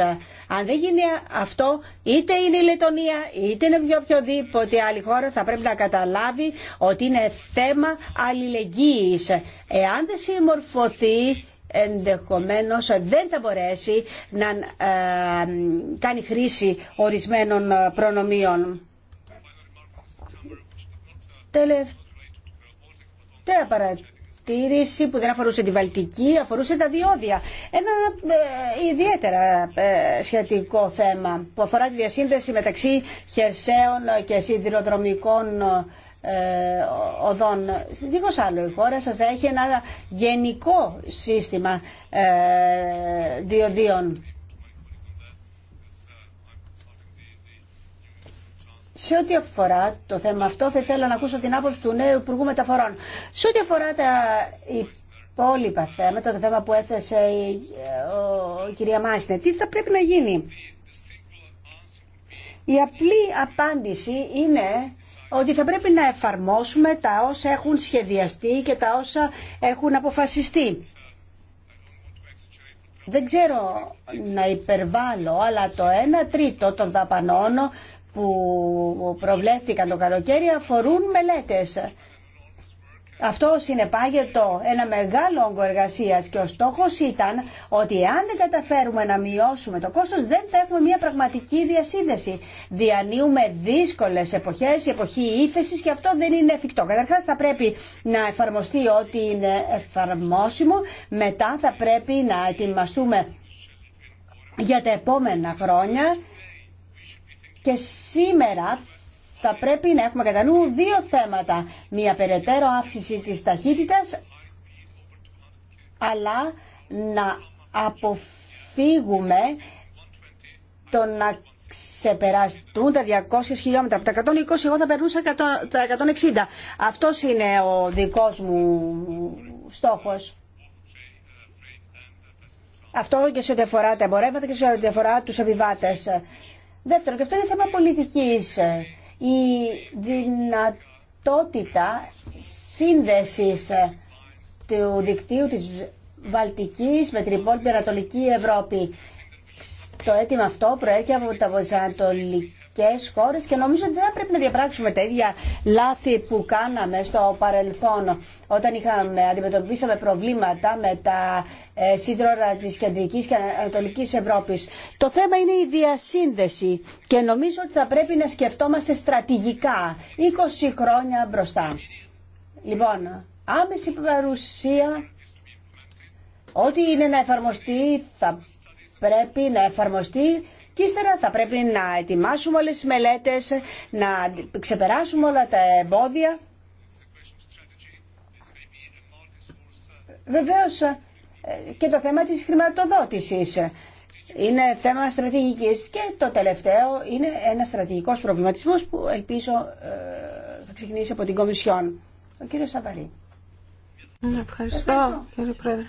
Αν δεν γίνει αυτό, είτε είναι η Λετωνία, είτε είναι οποιοδήποτε άλλη χώρα, θα πρέπει να καταλάβει ότι είναι θέμα αλληλεγγύης. Εάν δεν συμμορφωθεί ενδεχομένως δεν θα μπορέσει να ε, κάνει χρήση ορισμένων ε, προνομίων. Τελευταία παρατήρηση που δεν αφορούσε τη Βαλτική, αφορούσε τα διόδια. Ένα ε, ιδιαίτερα σχετικό θέμα που αφορά τη διασύνδεση μεταξύ χερσαίων και σιδηροδρομικών ε, οδών. Δίχως άλλο η χώρα σας θα έχει ένα γενικό σύστημα ε, διοδίων. Σε ό,τι αφορά το θέμα αυτό, θα ήθελα να ακούσω την άποψη του νέου Υπουργού Μεταφορών. Σε ό,τι αφορά τα υπόλοιπα θέματα, το θέμα που έθεσε η, ε, ο, κυρία Μάσινε, τι θα πρέπει να γίνει. Η απλή απάντηση είναι ότι θα πρέπει να εφαρμόσουμε τα όσα έχουν σχεδιαστεί και τα όσα έχουν αποφασιστεί. Δεν ξέρω να υπερβάλλω, αλλά το 1 τρίτο των δαπανών που προβλέφθηκαν το καλοκαίρι αφορούν μελέτες. Αυτό συνεπάγεται ένα μεγάλο όγκο εργασία και ο στόχο ήταν ότι αν δεν καταφέρουμε να μειώσουμε το κόστο, δεν θα έχουμε μια πραγματική διασύνδεση. Διανύουμε δύσκολε εποχέ, εποχή ύφεση και αυτό δεν είναι εφικτό. Καταρχά θα πρέπει να εφαρμοστεί ό,τι είναι εφαρμόσιμο, μετά θα πρέπει να ετοιμαστούμε για τα επόμενα χρόνια και σήμερα θα πρέπει να έχουμε κατά νου δύο θέματα. Μία περαιτέρω αύξηση της ταχύτητας, αλλά να αποφύγουμε το να ξεπεραστούν τα 200 χιλιόμετρα. Από τα 120 εγώ θα περνούσα τα 160. Αυτός είναι ο δικός μου στόχος. Αυτό και σε ό,τι αφορά τα εμπορεύματα και σε ό,τι αφορά τους επιβάτες. Δεύτερον, και αυτό είναι θέμα πολιτικής η δυνατότητα σύνδεσης ε, του δικτύου της Βαλτικής με την υπόλοιπη Ανατολική Ευρώπη. Το αίτημα αυτό προέρχεται από τα βορειοανατολικά και νομίζω ότι δεν πρέπει να διαπράξουμε τα ίδια λάθη που κάναμε στο παρελθόν όταν είχαμε, αντιμετωπίσαμε προβλήματα με τα ε, σύντρορα της Κεντρικής και Ανατολική Ευρώπης. Το θέμα είναι η διασύνδεση και νομίζω ότι θα πρέπει να σκεφτόμαστε στρατηγικά 20 χρόνια μπροστά. Λοιπόν, άμεση παρουσία, ό,τι είναι να εφαρμοστεί θα πρέπει να εφαρμοστεί και ύστερα θα πρέπει να ετοιμάσουμε όλες τις μελέτες, να ξεπεράσουμε όλα τα εμπόδια. Βεβαίως ε, και το θέμα της χρηματοδότησης είναι θέμα στρατηγικής και το τελευταίο είναι ένα στρατηγικός προβληματισμός που ελπίζω ε, θα ξεκινήσει από την Κομισιόν. Ο κύριος Σαβαρή. Ευχαριστώ. κύριε Πρόεδρε.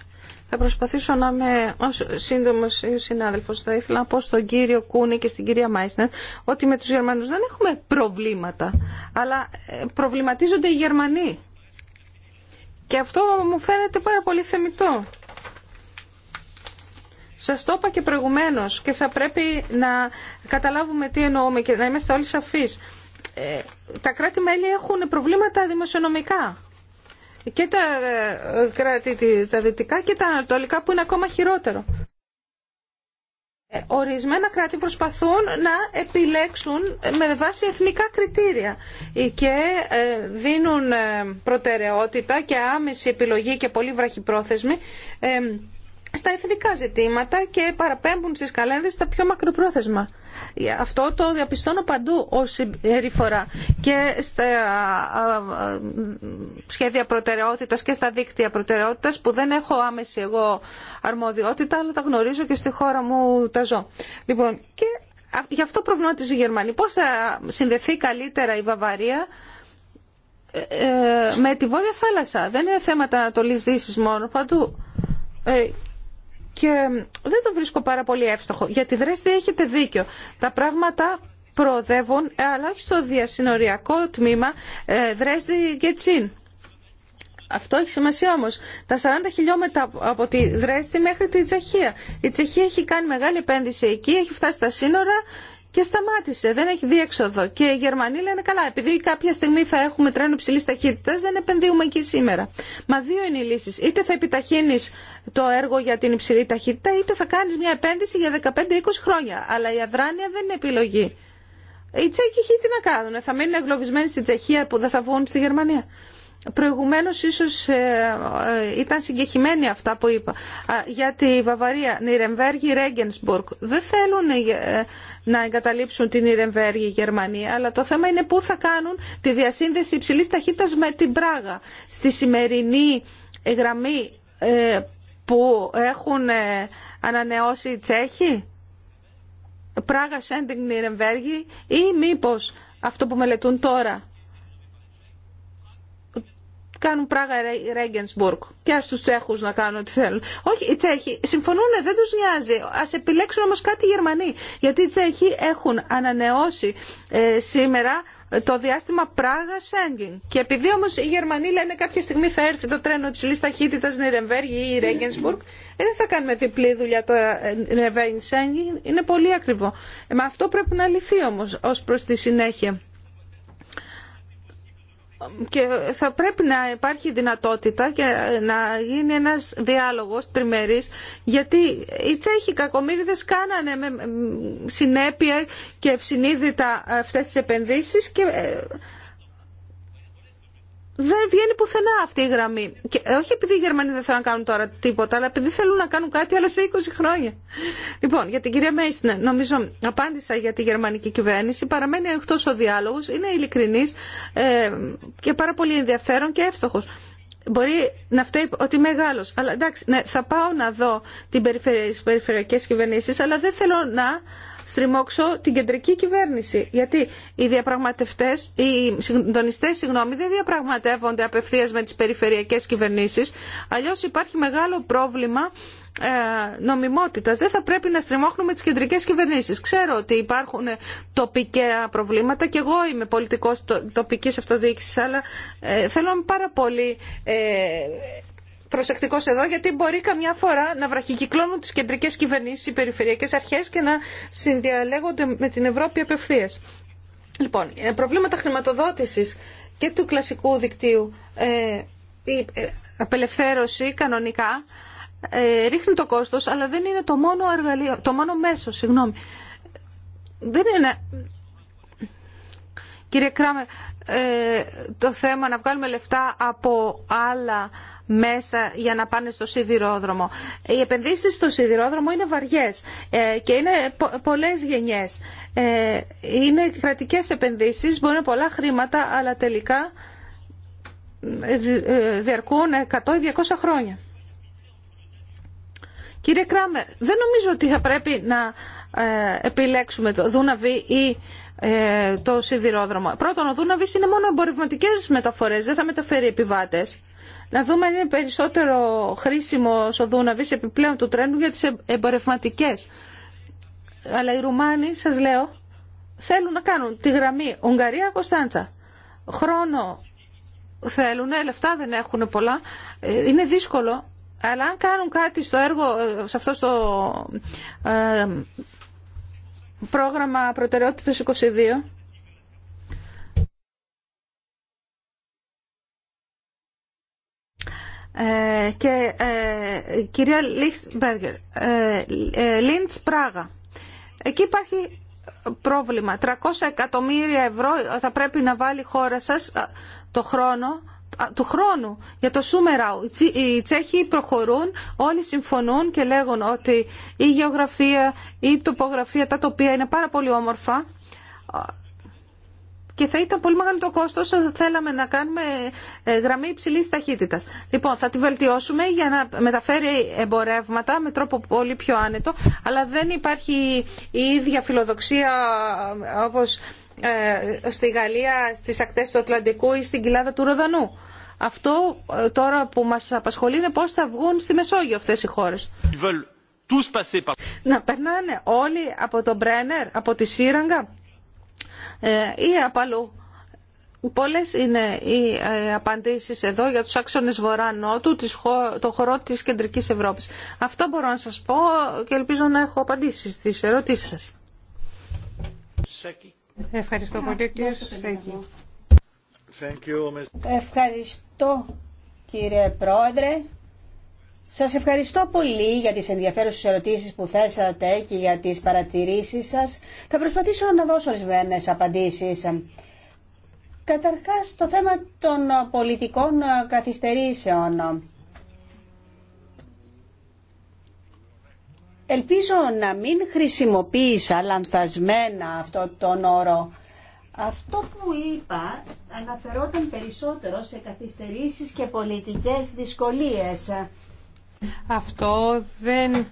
Θα προσπαθήσω να είμαι σύντομο συνάδελφο. Θα ήθελα να πω στον κύριο Κούνη και στην κυρία Μάισνερ ότι με του Γερμανού δεν έχουμε προβλήματα, αλλά ε, προβληματίζονται οι Γερμανοί. Και αυτό μου φαίνεται πάρα πολύ θεμητό. Σας το είπα και προηγουμένως και θα πρέπει να καταλάβουμε τι εννοούμε και να είμαστε όλοι σαφείς. Ε, τα κράτη-μέλη έχουν προβλήματα δημοσιονομικά και τα ε, κράτη τα δυτικά και τα ανατολικά που είναι ακόμα χειρότερο. Ε, ορισμένα κράτη προσπαθούν να επιλέξουν με βάση εθνικά κριτήρια ε, και δίνουν προτεραιότητα και άμεση επιλογή και πολύ βραχυπρόθεσμη στα εθνικά ζητήματα και παραπέμπουν στις καλένδες τα πιο μακροπρόθεσμα. Αυτό το διαπιστώνω παντού ως συμπεριφορά και στα σχέδια προτεραιότητας και στα δίκτυα προτεραιότητας που δεν έχω άμεση εγώ αρμοδιότητα αλλά τα γνωρίζω και στη χώρα μου τα ζω. Λοιπόν, και γι' αυτό προβληματίζει η Γερμανία. Πώς θα συνδεθεί καλύτερα η Βαβαρία ε, ε, με τη Βόρεια Θάλασσα. Δεν είναι θέματα Ανατολής Δύσης μόνο παντού ε, και δεν το βρίσκω πάρα πολύ εύστοχο. Για τη Δρέστη έχετε δίκιο. Τα πράγματα προοδεύουν, αλλά όχι στο διασυνοριακό τμήμα ε, Δρέστη και Τσίν. Αυτό έχει σημασία όμως. Τα 40 χιλιόμετρα από τη Δρέστη μέχρι τη Τσεχία. Η Τσεχία έχει κάνει μεγάλη επένδυση εκεί, έχει φτάσει στα σύνορα και σταμάτησε. Δεν έχει διέξοδο. Και οι Γερμανοί λένε καλά, επειδή κάποια στιγμή θα έχουμε τρένο υψηλή ταχύτητα, δεν επενδύουμε εκεί σήμερα. Μα δύο είναι οι λύσει. Είτε θα επιταχύνει το έργο για την υψηλή ταχύτητα, είτε θα κάνει μια επένδυση για 15-20 χρόνια. Αλλά η αδράνεια δεν είναι επιλογή. Οι Τσέχοι τι να κάνουν, θα μείνουν εγκλωβισμένοι στην Τσεχία που δεν θα βγουν στη Γερμανία. Προηγουμένω ίσω ε, ε, ήταν συγκεχημένοι αυτά που είπα. Α, για τη Βαβαρία, Νιρεμβέργη, Ρέγγενσμπουργκ. Δεν θέλουν ε, να εγκαταλείψουν την Ιρεμβέργη η Γερμανία, αλλά το θέμα είναι πού θα κάνουν τη διασύνδεση υψηλή ταχύτητα με την Πράγα. Στη σημερινή γραμμή ε, που έχουν ε, ανανεώσει οι Τσέχοι, Πράγα, Σέντινγκ, Νιρεμβέργη ή μήπως αυτό που μελετούν τώρα κάνουν Πράγα Ρέγγενσμπουργκ. Και α του Τσέχου να κάνουν ό,τι θέλουν. Όχι, οι Τσέχοι συμφωνούν, ε, δεν του νοιάζει. Α επιλέξουν όμω κάτι οι Γερμανοί. Γιατί οι Τσέχοι έχουν ανανεώσει ε, σήμερα ε, το διάστημα Σέγγιν. Και επειδή όμω οι Γερμανοί λένε κάποια στιγμή θα έρθει το τρένο υψηλή ταχύτητα Νιρεμβέργη ή Ρέγγενσμπουργκ, ε, δεν θα κάνουμε διπλή δουλειά τώρα ε, Σέγγιν. Είναι πολύ ακριβό. Ε, μα αυτό πρέπει να λυθεί όμω ω προ τη συνέχεια και θα πρέπει να υπάρχει δυνατότητα και να γίνει ένας διάλογος τριμερής γιατί οι Τσέχοι κακομύριδες κάνανε με συνέπεια και ευσυνείδητα αυτές τις επενδύσεις και ε, δεν βγαίνει πουθενά αυτή η γραμμή. Και όχι επειδή οι Γερμανοί δεν θέλουν να κάνουν τώρα τίποτα, αλλά επειδή θέλουν να κάνουν κάτι άλλα σε 20 χρόνια. Λοιπόν, για την κυρία Μέισνερ, νομίζω απάντησα για τη γερμανική κυβέρνηση. Παραμένει ανοιχτό ο διάλογο, είναι ειλικρινή ε, και πάρα πολύ ενδιαφέρον και εύστοχο. Μπορεί να φταίει ότι μεγάλο. Αλλά εντάξει, ναι, θα πάω να δω τι περιφερειακέ κυβερνήσει, αλλά δεν θέλω να στριμώξω την κεντρική κυβέρνηση. Γιατί οι διαπραγματευτές, οι συντονιστές συγγνώμη, δεν διαπραγματεύονται απευθεία με τι περιφερειακές κυβερνήσει. Αλλιώς υπάρχει μεγάλο πρόβλημα ε, νομιμότητας. Δεν θα πρέπει να στριμώχνουμε τις κεντρικές κυβερνήσει. Ξέρω ότι υπάρχουν τοπικά προβλήματα και εγώ είμαι πολιτικός τοπική αυτοδιοίκηση, αλλά ε, θέλω πάρα πολύ ε, προσεκτικός εδώ γιατί μπορεί καμιά φορά να βραχικυκλώνουν τις κεντρικές κυβερνήσεις, οι περιφερειακές αρχές και να συνδιαλέγονται με την Ευρώπη απευθεία. Λοιπόν, ε, προβλήματα χρηματοδότησης και του κλασικού δικτύου. Ε, η ε, απελευθέρωση κανονικά ρίχνει το κόστος, αλλά δεν είναι το μόνο, εργαλείο, το μόνο μέσο. Συγγνώμη. Δεν είναι... Κύριε Κράμε, το θέμα να βγάλουμε λεφτά από άλλα μέσα για να πάνε στο σιδηρόδρομο. Οι επενδύσεις στο σιδηρόδρομο είναι βαριές ε, και είναι πολλές γενιές. Ε, είναι κρατικές επενδύσεις, μπορεί να είναι πολλά χρήματα, αλλά τελικά ε, διαρκούν 100-200 χρόνια. Κύριε Κράμερ, δεν νομίζω ότι θα πρέπει να επιλέξουμε το Δούναβι ή το σιδηρόδρομο. Πρώτον, ο Δούναβις είναι μόνο εμπορευματικές μεταφορές, δεν θα μεταφέρει επιβάτες να δούμε αν είναι περισσότερο χρήσιμο ο δούναβη επιπλέον του τρένου για τι εμπορευματικέ. Αλλά οι Ρουμάνοι, σας λέω, θέλουν να κάνουν τη γραμμή Ουγγαρία-Κωνσταντσα. Χρόνο θέλουν, λεφτά δεν έχουν πολλά. Είναι δύσκολο, αλλά αν κάνουν κάτι στο έργο, σε αυτό το ε, πρόγραμμα προτεραιότητας 22, Ε, και ε, κυρία Λίχτμπεργκερ, ε, ε, Λίντς Πράγα. Εκεί υπάρχει πρόβλημα. 300 εκατομμύρια ευρώ θα πρέπει να βάλει η χώρα σας το χρόνο του χρόνου για το Σούμεραου. Οι Τσέχοι προχωρούν, όλοι συμφωνούν και λέγουν ότι η γεωγραφία, η τοπογραφία, τα τοπία είναι πάρα πολύ όμορφα και θα ήταν πολύ μεγάλο το κόστος αν θέλαμε να κάνουμε ε, γραμμή υψηλή ταχύτητας. Λοιπόν, θα τη βελτιώσουμε για να μεταφέρει εμπορεύματα με τρόπο πολύ πιο άνετο, αλλά δεν υπάρχει η ίδια φιλοδοξία ε, όπως ε, στη Γαλλία, στι ακτέ του Ατλαντικού ή στην κοιλάδα του Ροδανού. Αυτό τώρα που μας απασχολεί είναι πώς θα βγουν στη Μεσόγειο αυτέ οι χώρε. Να περνάνε όλοι από τον Μπρένερ, από τη Σύραγγα ε, ή απαλού. Πολλές είναι οι ε, απαντήσεις εδώ για τους άξονες βορρά-νότου το χώρο της Κεντρικής Ευρώπης. Αυτό μπορώ να σας πω και ελπίζω να έχω απαντήσει στις ερωτήσεις σας. Ευχαριστώ πολύ ε, κύριε Ευχαριστώ κύριε Πρόεδρε. Σας ευχαριστώ πολύ για τις ενδιαφέρουσες ερωτήσεις που θέσατε και για τις παρατηρήσεις σας. Θα προσπαθήσω να δώσω ορισμένε απαντήσεις. Καταρχάς, το θέμα των πολιτικών καθυστερήσεων. Ελπίζω να μην χρησιμοποίησα λανθασμένα αυτό τον όρο. Αυτό που είπα αναφερόταν περισσότερο σε καθυστερήσεις και πολιτικές δυσκολίες. Αυτό δεν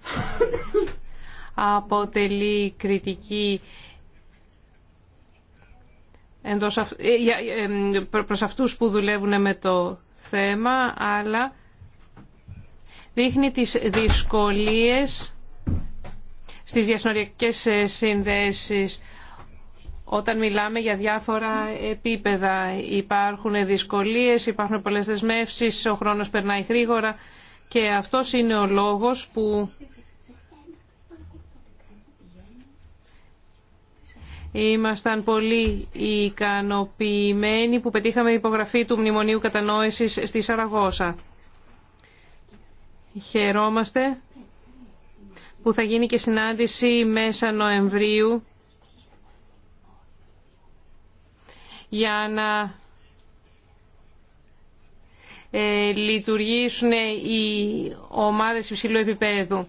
αποτελεί κριτική εντός, ε, ε, ε, προς αυτούς που δουλεύουν με το θέμα, αλλά δείχνει τις δυσκολίες στις διασυνοριακές συνδέσεις. Όταν μιλάμε για διάφορα επίπεδα υπάρχουν δυσκολίες, υπάρχουν πολλές δεσμεύσεις, ο χρόνος περνάει γρήγορα και αυτός είναι ο λόγος που Ήμασταν πολύ ικανοποιημένοι που πετύχαμε υπογραφή του Μνημονίου Κατανόησης στη Σαραγώσα. Χαιρόμαστε που θα γίνει και συνάντηση μέσα Νοεμβρίου για να ε, λειτουργήσουν οι ομάδες υψηλού επίπεδου.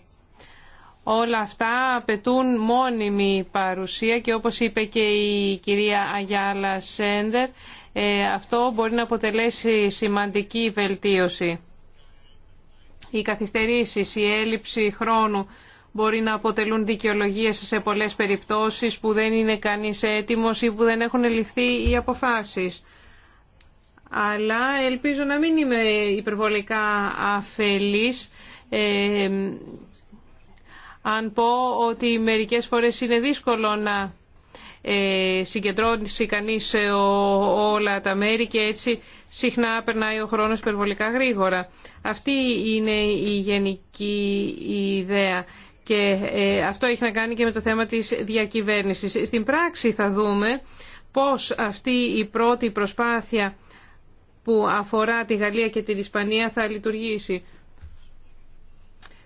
Όλα αυτά απαιτούν μόνιμη παρουσία και όπως είπε και η κυρία Αγιάλα Σέντερ, ε, αυτό μπορεί να αποτελέσει σημαντική βελτίωση. Οι καθυστερήσεις, η έλλειψη χρόνου μπορεί να αποτελούν δικαιολογίε σε πολλές περιπτώσεις που δεν είναι κανείς έτοιμος ή που δεν έχουν ληφθεί οι αποφάσεις αλλά ελπίζω να μην είμαι υπερβολικά αφελής ε, αν πω ότι μερικές φορές είναι δύσκολο να ε, συγκεντρώνει κανείς ε, όλα τα μέρη και έτσι συχνά περνάει ο χρόνος υπερβολικά γρήγορα. Αυτή είναι η γενική ιδέα και ε, αυτό έχει να κάνει και με το θέμα της διακυβέρνησης. Στην πράξη θα δούμε πώς αυτή η πρώτη προσπάθεια που αφορά τη Γαλλία και την Ισπανία θα λειτουργήσει.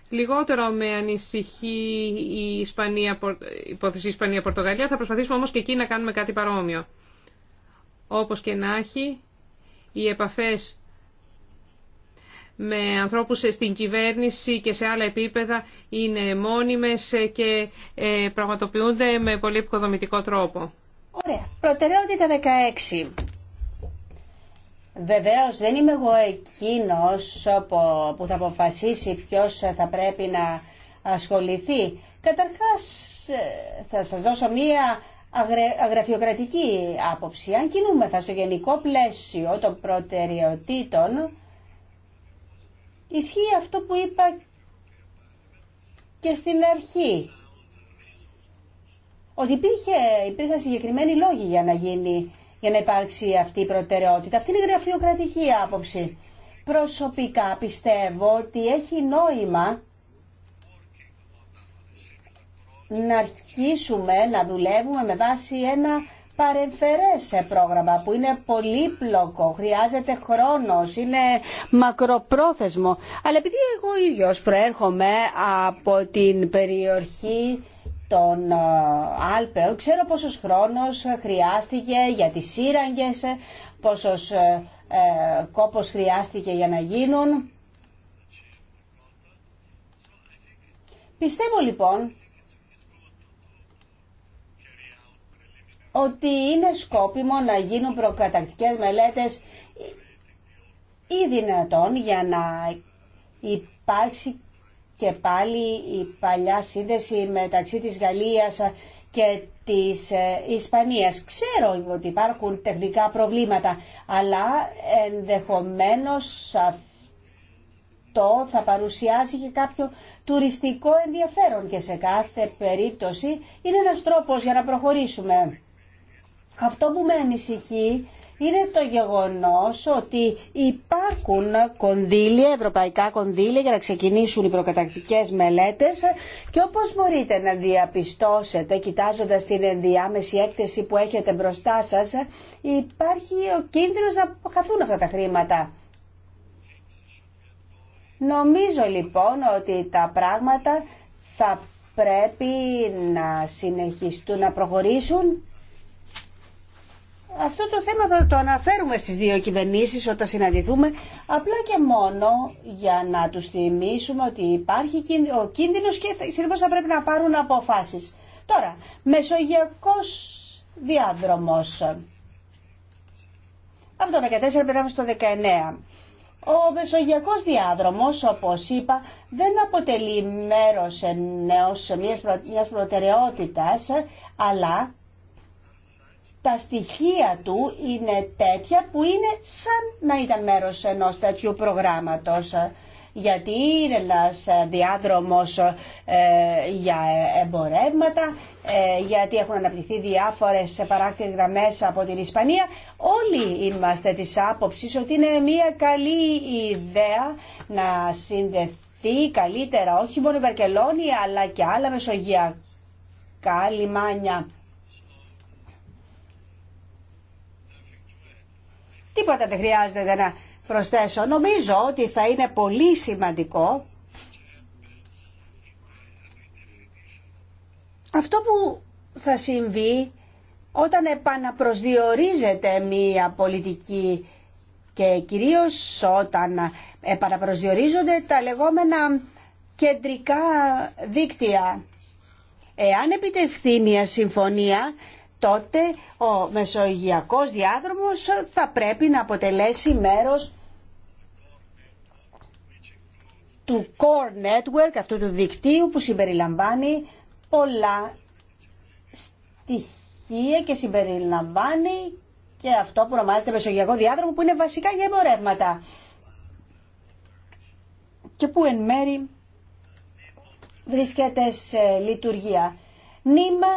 Λιγότερο με ανησυχεί η Ισπανία, υπόθεση Ισπανία-Πορτογαλία. Θα προσπαθήσουμε όμως και εκεί να κάνουμε κάτι παρόμοιο. Όπως και να έχει, οι επαφές με ανθρώπους στην κυβέρνηση και σε άλλα επίπεδα είναι μόνιμες και ε, πραγματοποιούνται με πολύ επικοδομητικό τρόπο. Ωραία. Προτεραιότητα 16. Βεβαίω δεν είμαι εγώ εκείνο που θα αποφασίσει ποιο θα πρέπει να ασχοληθεί. Καταρχά ε, θα σας δώσω μία αγραφειοκρατική άποψη. Αν κινούμεθα στο γενικό πλαίσιο των προτεραιοτήτων, ισχύει αυτό που είπα και στην αρχή. Ότι υπήρχε, υπήρχαν συγκεκριμένοι λόγοι για να γίνει για να υπάρξει αυτή η προτεραιότητα. Αυτή είναι η γραφειοκρατική άποψη. Προσωπικά πιστεύω ότι έχει νόημα να αρχίσουμε να δουλεύουμε με βάση ένα παρεμφερές πρόγραμμα που είναι πολύπλοκο, χρειάζεται χρόνος, είναι μακροπρόθεσμο. Αλλά επειδή εγώ ίδιος προέρχομαι από την περιοχή των ε, Άλπαιων. Ξέρω πόσος χρόνος χρειάστηκε για τις σύραγγες, πόσος ε, ε, κόπος χρειάστηκε για να γίνουν. Πιστεύω λοιπόν ότι είναι σκόπιμο να γίνουν προκατακτικές μελέτες ή δυνατόν για να υπάρξει και πάλι η παλιά σύνδεση μεταξύ της Γαλλίας και της ε, Ισπανίας. Ξέρω ότι υπάρχουν τεχνικά προβλήματα, αλλά ενδεχομένως αυτό θα παρουσιάσει και κάποιο τουριστικό ενδιαφέρον και σε κάθε περίπτωση είναι ένας τρόπος για να προχωρήσουμε. Αυτό που με ανησυχεί είναι το γεγονός ότι υπάρχουν κονδύλια, ευρωπαϊκά κονδύλια για να ξεκινήσουν οι προκατακτικές μελέτες και όπως μπορείτε να διαπιστώσετε κοιτάζοντας την ενδιάμεση έκθεση που έχετε μπροστά σας υπάρχει ο κίνδυνος να χαθούν αυτά τα χρήματα. Νομίζω λοιπόν ότι τα πράγματα θα πρέπει να συνεχιστούν, να προχωρήσουν αυτό το θέμα θα το αναφέρουμε στις δύο κυβερνήσεις όταν συναντηθούμε, απλά και μόνο για να τους θυμίσουμε ότι υπάρχει ο κίνδυνος και συνήθως θα πρέπει να πάρουν αποφάσεις. Τώρα, μεσογειακός διάδρομος. Από το 14 περάμε στο 19. Ο μεσογειακός διάδρομος, όπως είπα, δεν αποτελεί μέρος ενός μιας προτεραιότητας, αλλά τα στοιχεία του είναι τέτοια που είναι σαν να ήταν μέρος ενός τέτοιου προγράμματος γιατί είναι ένας διάδρομος ε, για εμπορεύματα, ε, γιατί έχουν αναπτυχθεί διάφορες παράκτηρες γραμμές από την Ισπανία. Όλοι είμαστε της άποψης ότι είναι μια καλή ιδέα να συνδεθεί καλύτερα όχι μόνο η Βαρκελόνη αλλά και άλλα μεσογειακά λιμάνια. Τίποτα δεν χρειάζεται να προσθέσω. Νομίζω ότι θα είναι πολύ σημαντικό αυτό που θα συμβεί όταν επαναπροσδιορίζεται μία πολιτική και κυρίως όταν επαναπροσδιορίζονται τα λεγόμενα κεντρικά δίκτυα. Εάν επιτευχθεί μια συμφωνία τότε ο μεσογειακός διάδρομος θα πρέπει να αποτελέσει μέρος του core network, αυτού του δικτύου που συμπεριλαμβάνει πολλά στοιχεία και συμπεριλαμβάνει και αυτό που ονομάζεται μεσογειακό διάδρομο που είναι βασικά για εμπορεύματα και που εν μέρη βρίσκεται σε λειτουργία. Νίμα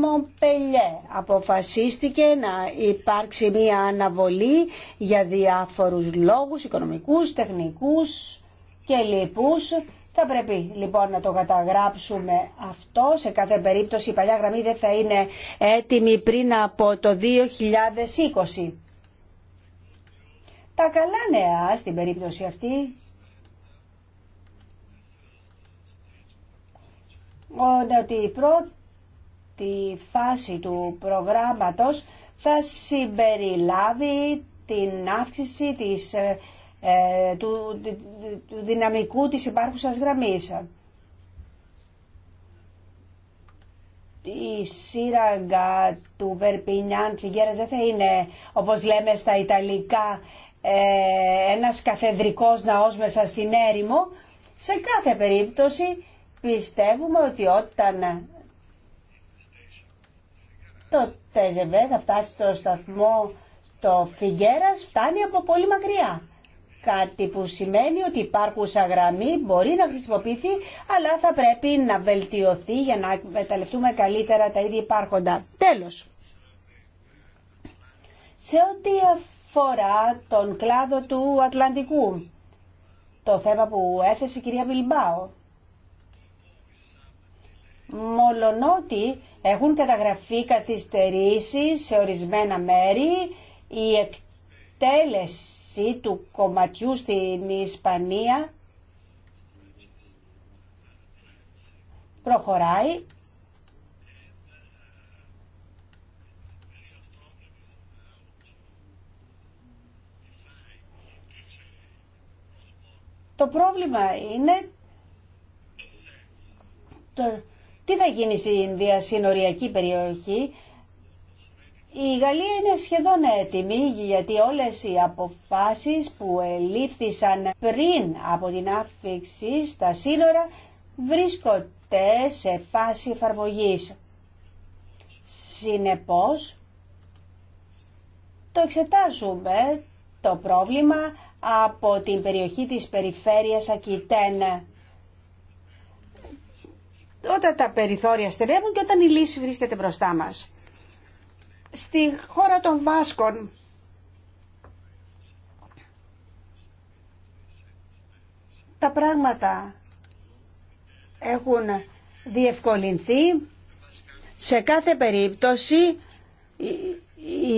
Μοπελιέ αποφασίστηκε να υπάρξει μία αναβολή για διάφορους λόγους, οικονομικούς, τεχνικούς και λοιπούς. Θα πρέπει λοιπόν να το καταγράψουμε αυτό. Σε κάθε περίπτωση η παλιά γραμμή δεν θα είναι έτοιμη πριν από το 2020. Τα καλά νέα στην περίπτωση αυτή ότι η πρώτη φάση του προγράμματος θα συμπεριλάβει την αύξηση της, ε, ε, του, δυναμικού της υπάρχουσας γραμμής. η σύραγγα του Περπινιάν Φιγέρας δεν θα είναι, όπως λέμε στα Ιταλικά, ε, ένας καθεδρικός ναός μέσα στην έρημο. Σε κάθε περίπτωση Πιστεύουμε ότι όταν το τζεβέ θα φτάσει στο σταθμό το Φιγέρας φτάνει από πολύ μακριά. Κάτι που σημαίνει ότι υπάρχουσα γραμμή μπορεί να χρησιμοποιηθεί, αλλά θα πρέπει να βελτιωθεί για να εκμεταλλευτούμε καλύτερα τα ίδια υπάρχοντα. Τέλος. Σε ό,τι αφορά τον κλάδο του Ατλαντικού, το θέμα που έθεσε η κυρία Μιλμπάο, μολονότι έχουν καταγραφεί καθυστερήσει σε ορισμένα μέρη, η εκτέλεση του κομματιού στην Ισπανία προχωράει Το πρόβλημα είναι το τι θα γίνει στην διασυνοριακή περιοχή. Η Γαλλία είναι σχεδόν έτοιμη γιατί όλες οι αποφάσεις που ελήφθησαν πριν από την άφηξη στα σύνορα βρίσκονται σε φάση εφαρμογής. Συνεπώς, το εξετάζουμε το πρόβλημα από την περιοχή της περιφέρειας Ακιτένα όταν τα περιθώρια στερεύουν και όταν η λύση βρίσκεται μπροστά μας. Στη χώρα των Βάσκων τα πράγματα έχουν διευκολυνθεί. Σε κάθε περίπτωση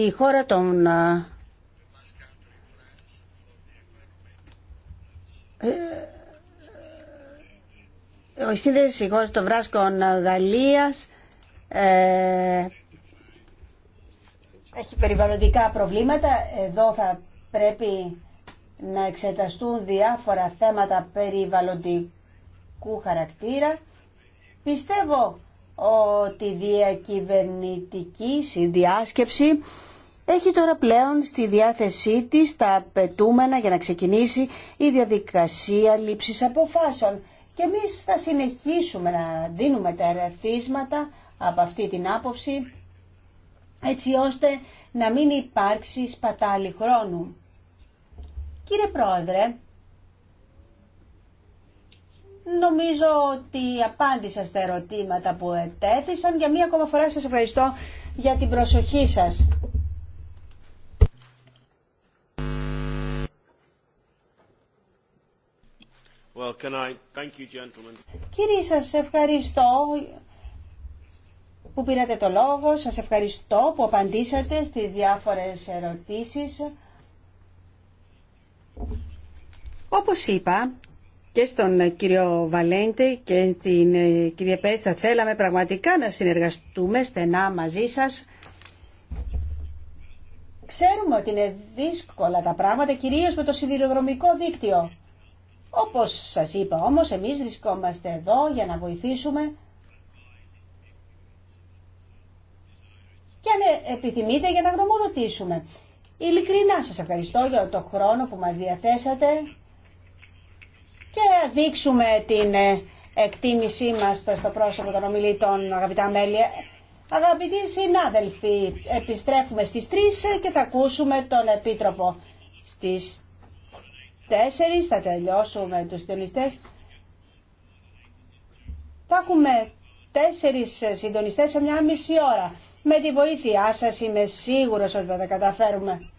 η χώρα των ε, ο σύνδεση των Βράσκων Γαλλίας ε, έχει περιβαλλοντικά προβλήματα. Εδώ θα πρέπει να εξεταστούν διάφορα θέματα περιβαλλοντικού χαρακτήρα. Πιστεύω ότι η διακυβερνητική συνδιάσκεψη έχει τώρα πλέον στη διάθεσή της τα απαιτούμενα για να ξεκινήσει η διαδικασία λήψης αποφάσεων. Και εμείς θα συνεχίσουμε να δίνουμε τα ερεθίσματα από αυτή την άποψη, έτσι ώστε να μην υπάρξει σπατάλη χρόνου. Κύριε Πρόεδρε, νομίζω ότι απάντησα στα ερωτήματα που ετέθησαν. Για μία ακόμα φορά σας ευχαριστώ για την προσοχή σας. Well, can I... σας ευχαριστώ που πήρατε το λόγο. Σας ευχαριστώ που απαντήσατε στις διάφορες ερωτήσεις. Όπως είπα και στον κύριο Βαλέντε και την ε, κυρία Πέστα, θέλαμε πραγματικά να συνεργαστούμε στενά μαζί σας. Ξέρουμε ότι είναι δύσκολα τα πράγματα, κυρίως με το σιδηροδρομικό δίκτυο. Όπως σας είπα όμως, εμείς βρισκόμαστε εδώ για να βοηθήσουμε και αν ε, επιθυμείτε για να γνωμοδοτήσουμε. Ειλικρινά σας ευχαριστώ για το χρόνο που μας διαθέσατε και ας δείξουμε την ε, εκτίμησή μας στο πρόσωπο των ομιλητών, αγαπητά μέλη. Αγαπητοί συνάδελφοι, επιστρέφουμε στις 3 και θα ακούσουμε τον Επίτροπο στις τέσσερις, θα τελειώσουμε τους συντονιστές. Θα έχουμε τέσσερις συντονιστές σε μια μισή ώρα. Με τη βοήθειά σας είμαι σίγουρος ότι θα τα καταφέρουμε.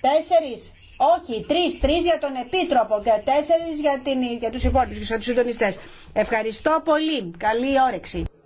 Τέσσερις. Όχι, τρεις, τρεις για τον Επίτροπο και τέσσερις για, την, για τους υπόλοιπους και του συντονιστέ. Ευχαριστώ πολύ. Καλή όρεξη.